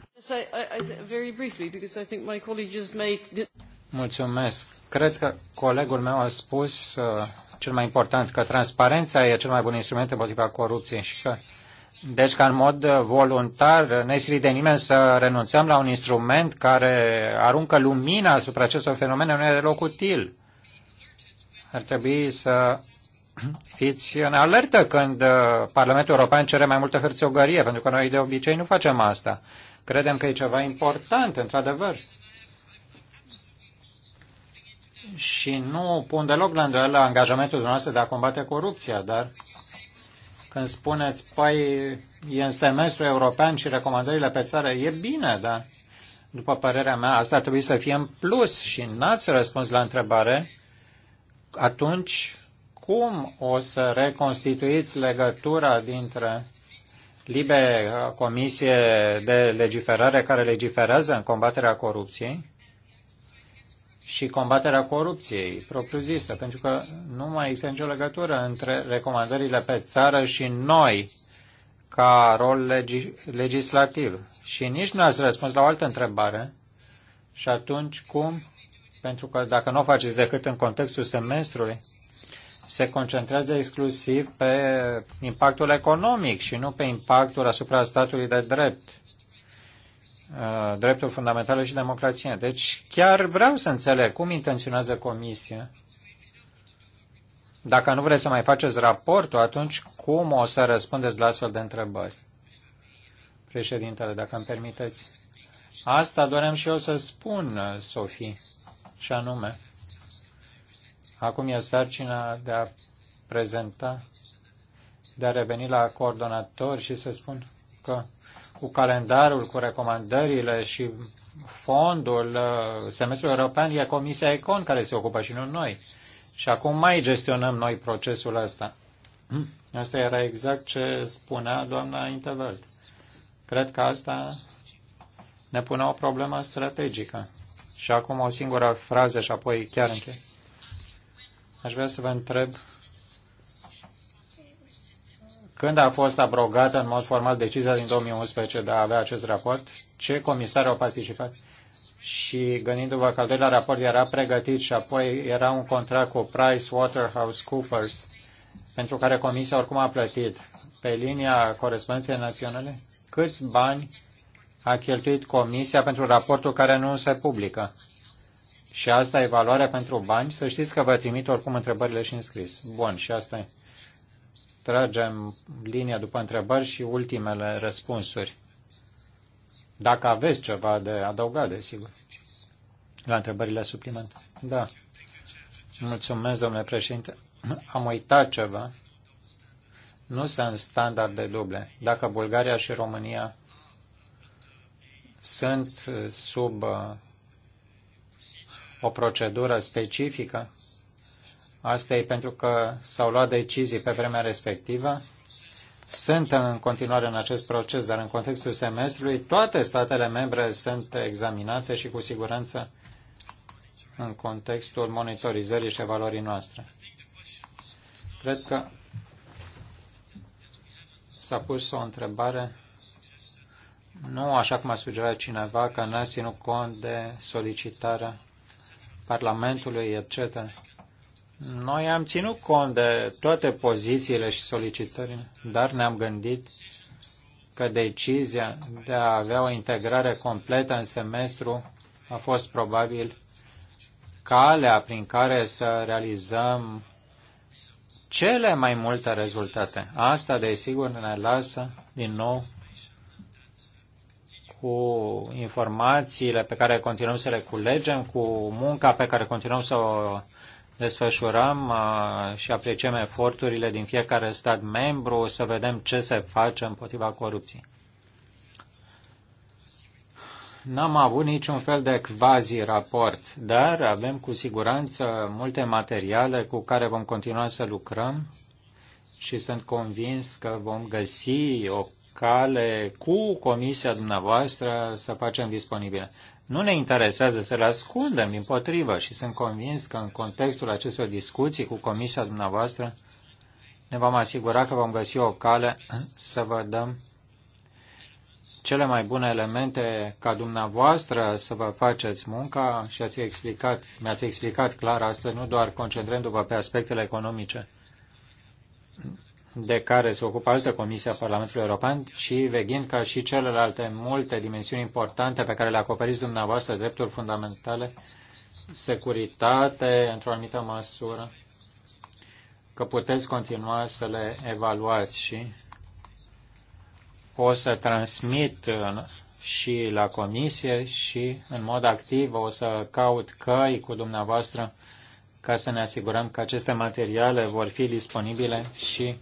B: Mulțumesc. Cred că colegul meu a spus uh, cel mai important, că transparența e cel mai bun instrument împotriva corupției și că deci că în mod uh, voluntar ne silit de nimeni să renunțăm la un instrument care aruncă lumina asupra acestor fenomene nu e deloc util. Ar trebui să fiți în alertă când uh, Parlamentul European cere mai multă hârțiogărie, pentru că noi de obicei nu facem asta. Credem că e ceva important, într-adevăr. Și nu pun deloc la îndoială angajamentul dumneavoastră de a combate corupția, dar când spuneți, păi, e în semestru european și recomandările pe țară, e bine, dar după părerea mea, asta trebuie să fie în plus și n-ați răspuns la întrebare, atunci cum o să reconstituiți legătura dintre LIBE, Comisie de Legiferare care legiferează în combaterea corupției, și combaterea corupției propriu-zisă, pentru că nu mai există nicio legătură între recomandările pe țară și noi ca rol legi- legislativ. Și nici nu ați răspuns la o altă întrebare. Și atunci cum? Pentru că dacă nu o faceți decât în contextul semestrului, se concentrează exclusiv pe impactul economic și nu pe impactul asupra statului de drept, uh, dreptul fundamental și democrația. Deci chiar vreau să înțeleg cum intenționează Comisia. Dacă nu vreți să mai faceți raportul, atunci cum o să răspundeți la astfel de întrebări? Președintele, dacă îmi permiteți. Asta doream și eu să spun, Sofie, și anume Acum e sarcina de a prezenta, de a reveni la coordonator și să spun că cu calendarul, cu recomandările și fondul uh, semestrului european e Comisia Econ care se ocupă și nu noi. Și acum mai gestionăm noi procesul ăsta. Asta era exact ce spunea doamna Intervelt. Cred că asta ne pune o problemă strategică. Și acum o singură frază și apoi chiar închei. Aș vrea să vă întreb când a fost abrogată în mod formal decizia din 2011 de a avea acest raport, ce comisari au participat și gândindu-vă că al doilea raport era pregătit și apoi era un contract cu Price Waterhouse Coopers pentru care comisia oricum a plătit pe linia corespondenței naționale câți bani a cheltuit comisia pentru raportul care nu se publică. Și asta e valoarea pentru bani. Să știți că vă trimit oricum întrebările și scris. Bun, și asta e. Tragem linia după întrebări și ultimele răspunsuri. Dacă aveți ceva de adăugat, desigur, la întrebările suplimentare. Da. Mulțumesc, domnule președinte. Am uitat ceva. Nu sunt standarde duble. Dacă Bulgaria și România sunt sub o procedură specifică. Asta e pentru că s-au luat decizii pe vremea respectivă. Sunt în continuare în acest proces, dar în contextul semestrului toate statele membre sunt examinate și cu siguranță în contextul monitorizării și evaluării noastre. Cred că s-a pus o întrebare, nu așa cum a sugerat cineva, că n-a ținut cont de solicitarea Parlamentului, etc. Noi am ținut cont de toate pozițiile și solicitările, dar ne-am gândit că decizia de a avea o integrare completă în semestru a fost probabil calea prin care să realizăm cele mai multe rezultate. Asta, desigur, ne lasă din nou cu informațiile pe care continuăm să le culegem, cu munca pe care continuăm să o desfășurăm și apreciem eforturile din fiecare stat membru să vedem ce se face împotriva corupției. N-am avut niciun fel de quasi-raport, dar avem cu siguranță multe materiale cu care vom continua să lucrăm și sunt convins că vom găsi o cale cu comisia dumneavoastră să facem disponibile. Nu ne interesează să le ascundem, din potrivă, și sunt convins că în contextul acestor discuții cu comisia dumneavoastră ne vom asigura că vom găsi o cale să vă dăm cele mai bune elemente ca dumneavoastră să vă faceți munca și ați explicat, mi-ați explicat clar astăzi, nu doar concentrându-vă pe aspectele economice, de care se ocupă altă comisie a Parlamentului European și veghind ca și celelalte multe dimensiuni importante pe care le acoperiți dumneavoastră, drepturi fundamentale, securitate, într-o anumită măsură, că puteți continua să le evaluați și o să transmit uh, și la comisie și în mod activ o să caut căi cu dumneavoastră ca să ne asigurăm că aceste materiale vor fi disponibile și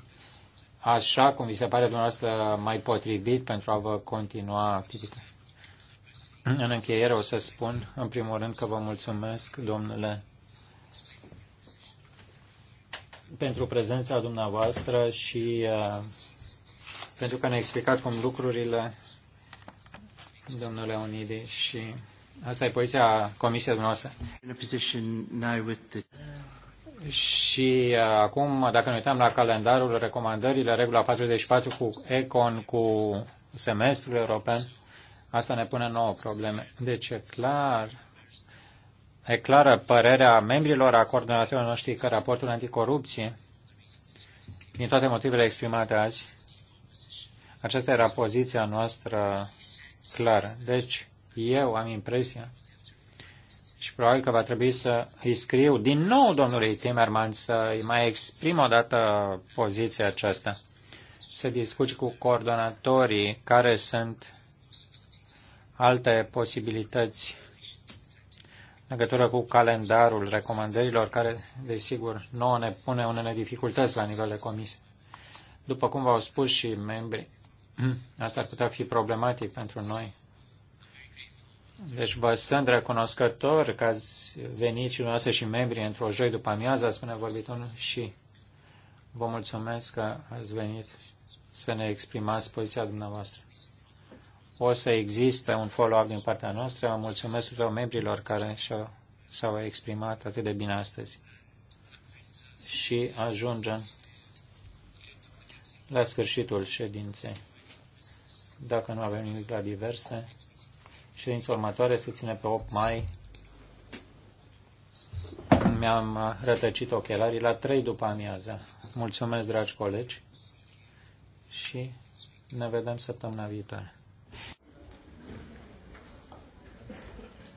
B: așa cum vi se pare dumneavoastră mai potrivit pentru a vă continua activitatea. În încheiere o să spun, în primul rând, că vă mulțumesc, domnule, pentru prezența dumneavoastră și uh, pentru că ne-a explicat cum lucrurile, domnule Unidi, și asta e poziția comisiei dumneavoastră. Și uh, acum, dacă ne uităm la calendarul, recomandările, regula 44 cu ECON, cu semestrul european, asta ne pune nouă probleme. Deci e clar, e clară părerea membrilor a coordonatorilor noștri că raportul anticorupție, din toate motivele exprimate azi, aceasta era poziția noastră clară. Deci, eu am impresia probabil că va trebui să îi scriu din nou domnului Timerman să îi mai exprim o dată poziția aceasta. Să discuți cu coordonatorii care sunt alte posibilități în legătură cu calendarul recomandărilor, care, desigur, nouă ne pune unele dificultăți la nivel de comisie. După cum v-au spus și membrii, asta ar putea fi problematic pentru noi deci vă sunt recunoscător că ați venit și dumneavoastră și membrii într-o joi după amiază, spune vorbitorul, și vă mulțumesc că ați venit să ne exprimați poziția dumneavoastră. O să existe un follow-up din partea noastră. Vă mulțumesc tuturor membrilor care s-au exprimat atât de bine astăzi. Și ajungem la sfârșitul ședinței. Dacă nu avem nimic la diverse, Ședința următoare se ține pe 8 mai. Mi-am rătăcit ochelarii la 3 după amiază. Mulțumesc, dragi colegi, și ne vedem săptămâna viitoare.